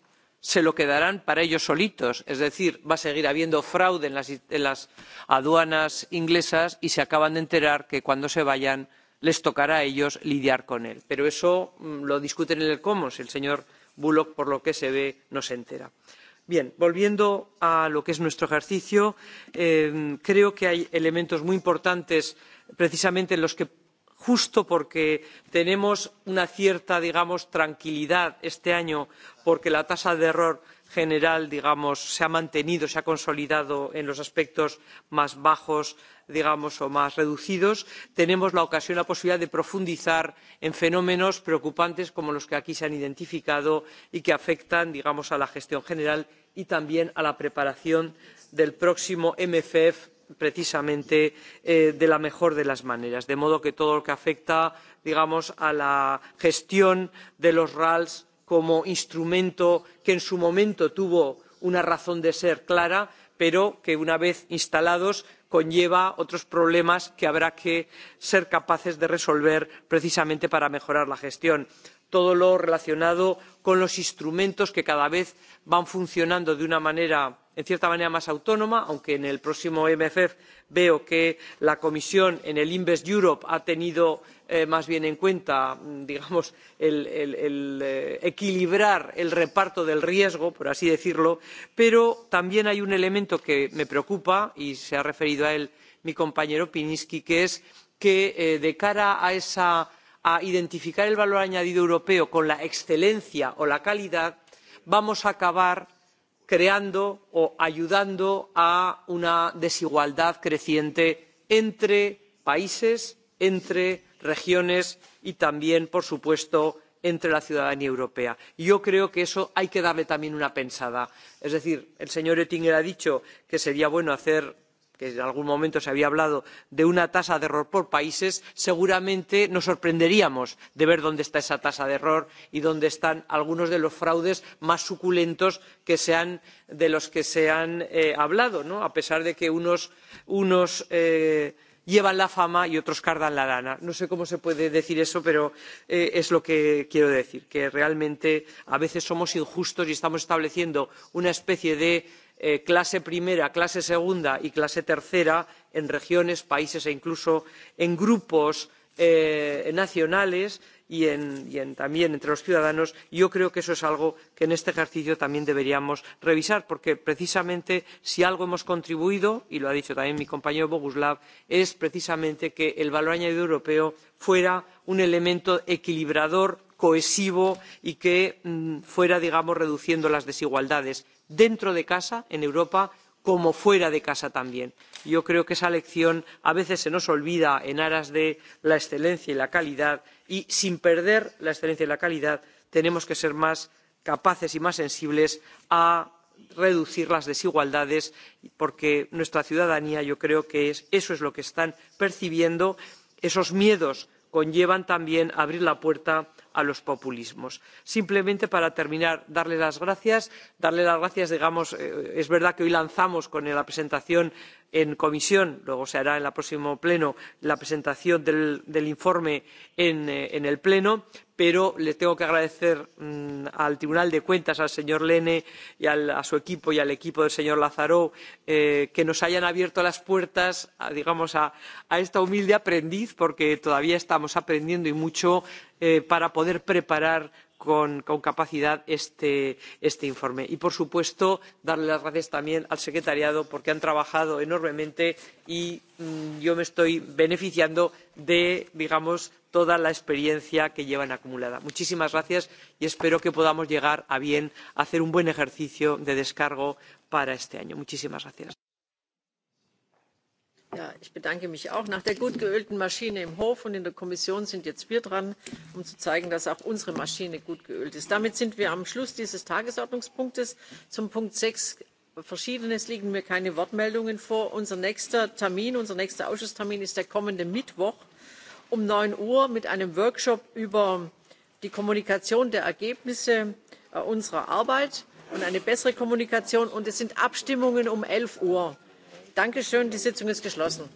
se lo quedarán para ellos solitos es decir va a seguir habiendo fraude en las, aduanas inglesas y se acaban de enterar de que cuando se vayan les tocará a ellos lidiar con él. Pero eso lo discuten en el Commons. El señor Bullock, por lo que se ve, no se entera. Bien, volviendo a lo que es nuestro ejercicio, creo que hay elementos muy importantes precisamente en los que justo porque tenemos una cierta digamos tranquilidad este año porque la tasa de error general digamos se ha mantenido se ha consolidado en los aspectos más bajos digamos o más reducidos tenemos la ocasión la posibilidad de profundizar en fenómenos preocupantes como los que aquí se han identificado y que afectan digamos a la gestión general y también a la preparación del próximo mfp precisamente de la mejor de las maneras de modo que todo lo que afecta digamos a la gestión de los RALs como instrumento que en su momento tuvo una razón de ser clara pero que una vez instalados conlleva otros problemas que habrá que ser capaces de resolver precisamente para mejorar la gestión todo lo relacionado con los instrumentos que cada vez van funcionando de una manera en cierta manera más autónoma aunque en el próximo mfp veo que la comisión en el invest europe ha tenido más bien en cuenta digamos el equilibrar el reparto del riesgo por así decirlo pero también hay un elemento que me preocupa y se ha referido a él mi compañero pirinski que es que de cara a identificar el valor añadido europeo con la excelencia o la calidad vamos a acabar creando o ayudando a una desigualdad creciente entre países entre regiones y también por supuesto entre la ciudadanía europea. y yo creo que eso hay que darle también una pensada. es decir el señor oettinger ha dicho que sería bueno hacer que en algún momento se había hablado de una tasa de error por países, seguramente nos sorprenderíamos de ver dónde está esa tasa de error y dónde están algunos de los fraudes más suculentos de los que se han hablado, a pesar de que unos, llevan la fama y otros cardan la lana. No sé cómo se puede decir eso, pero es lo que quiero decir, que realmente a veces somos injustos y estamos estableciendo una especie de clase primera clase segunda y clase tercera en regiones países e incluso en grupos nacionales y también entre los ciudadanos yo creo que eso es algo que en este ejercicio también deberíamos revisar porque precisamente si a algo hemos contribuido y lo ha dicho también mi compañero bogusav es precisamente a que el valor añadido europeo fuera un elemento equilibrador cohesivo y que fuera, digamos, reduciendo las desigualdades dentro de casa, en Europa, como fuera de casa también. Yo creo que esa lección a veces se nos olvida en aras de la excelencia y la calidad y sin perder la excelencia y la calidad tenemos que ser más capaces y más sensibles a reducir las desigualdades porque nuestra ciudadanía yo creo que eso es lo que están percibiendo esos miedos conllevan también abrir la puerta a los populismos. Simplemente para terminar, darle las gracias. Darle las gracias, digamos, es verdad que hoy lanzamos con la presentación en comisión luego se hará en el próximo pleno la presentación del informe en el pleno pero le tengo que agradecer al tribunal de cuentas al señor lehne y a su equipo y al equipo del señor lazarou que nos hayan abierto las puertas digamos a esta humilde aprendiz porque todavía estamos aprendiendo y mucho para poder preparar con, con capacidad este, este informe. Y, por supuesto, darle las gracias también al secretariado porque han trabajado enormemente y mmm, yo me estoy beneficiando de, digamos, toda la experiencia que llevan acumulada. Muchísimas gracias y espero que podamos llegar a bien a hacer un buen ejercicio de descargo para este año. Muchísimas gracias. Ja, ich bedanke mich auch. Nach der gut geölten Maschine im Hof und in der Kommission sind jetzt wir dran, um zu zeigen, dass auch unsere Maschine gut geölt ist. Damit sind wir am Schluss dieses Tagesordnungspunktes. Zum Punkt sechs Verschiedenes liegen mir keine Wortmeldungen vor. Unser nächster Termin, unser nächster Ausschusstermin ist der kommende Mittwoch um 9 Uhr mit einem Workshop über die Kommunikation der Ergebnisse unserer Arbeit und eine bessere Kommunikation. Und es sind Abstimmungen um 11 Uhr danke schön die sitzung ist geschlossen.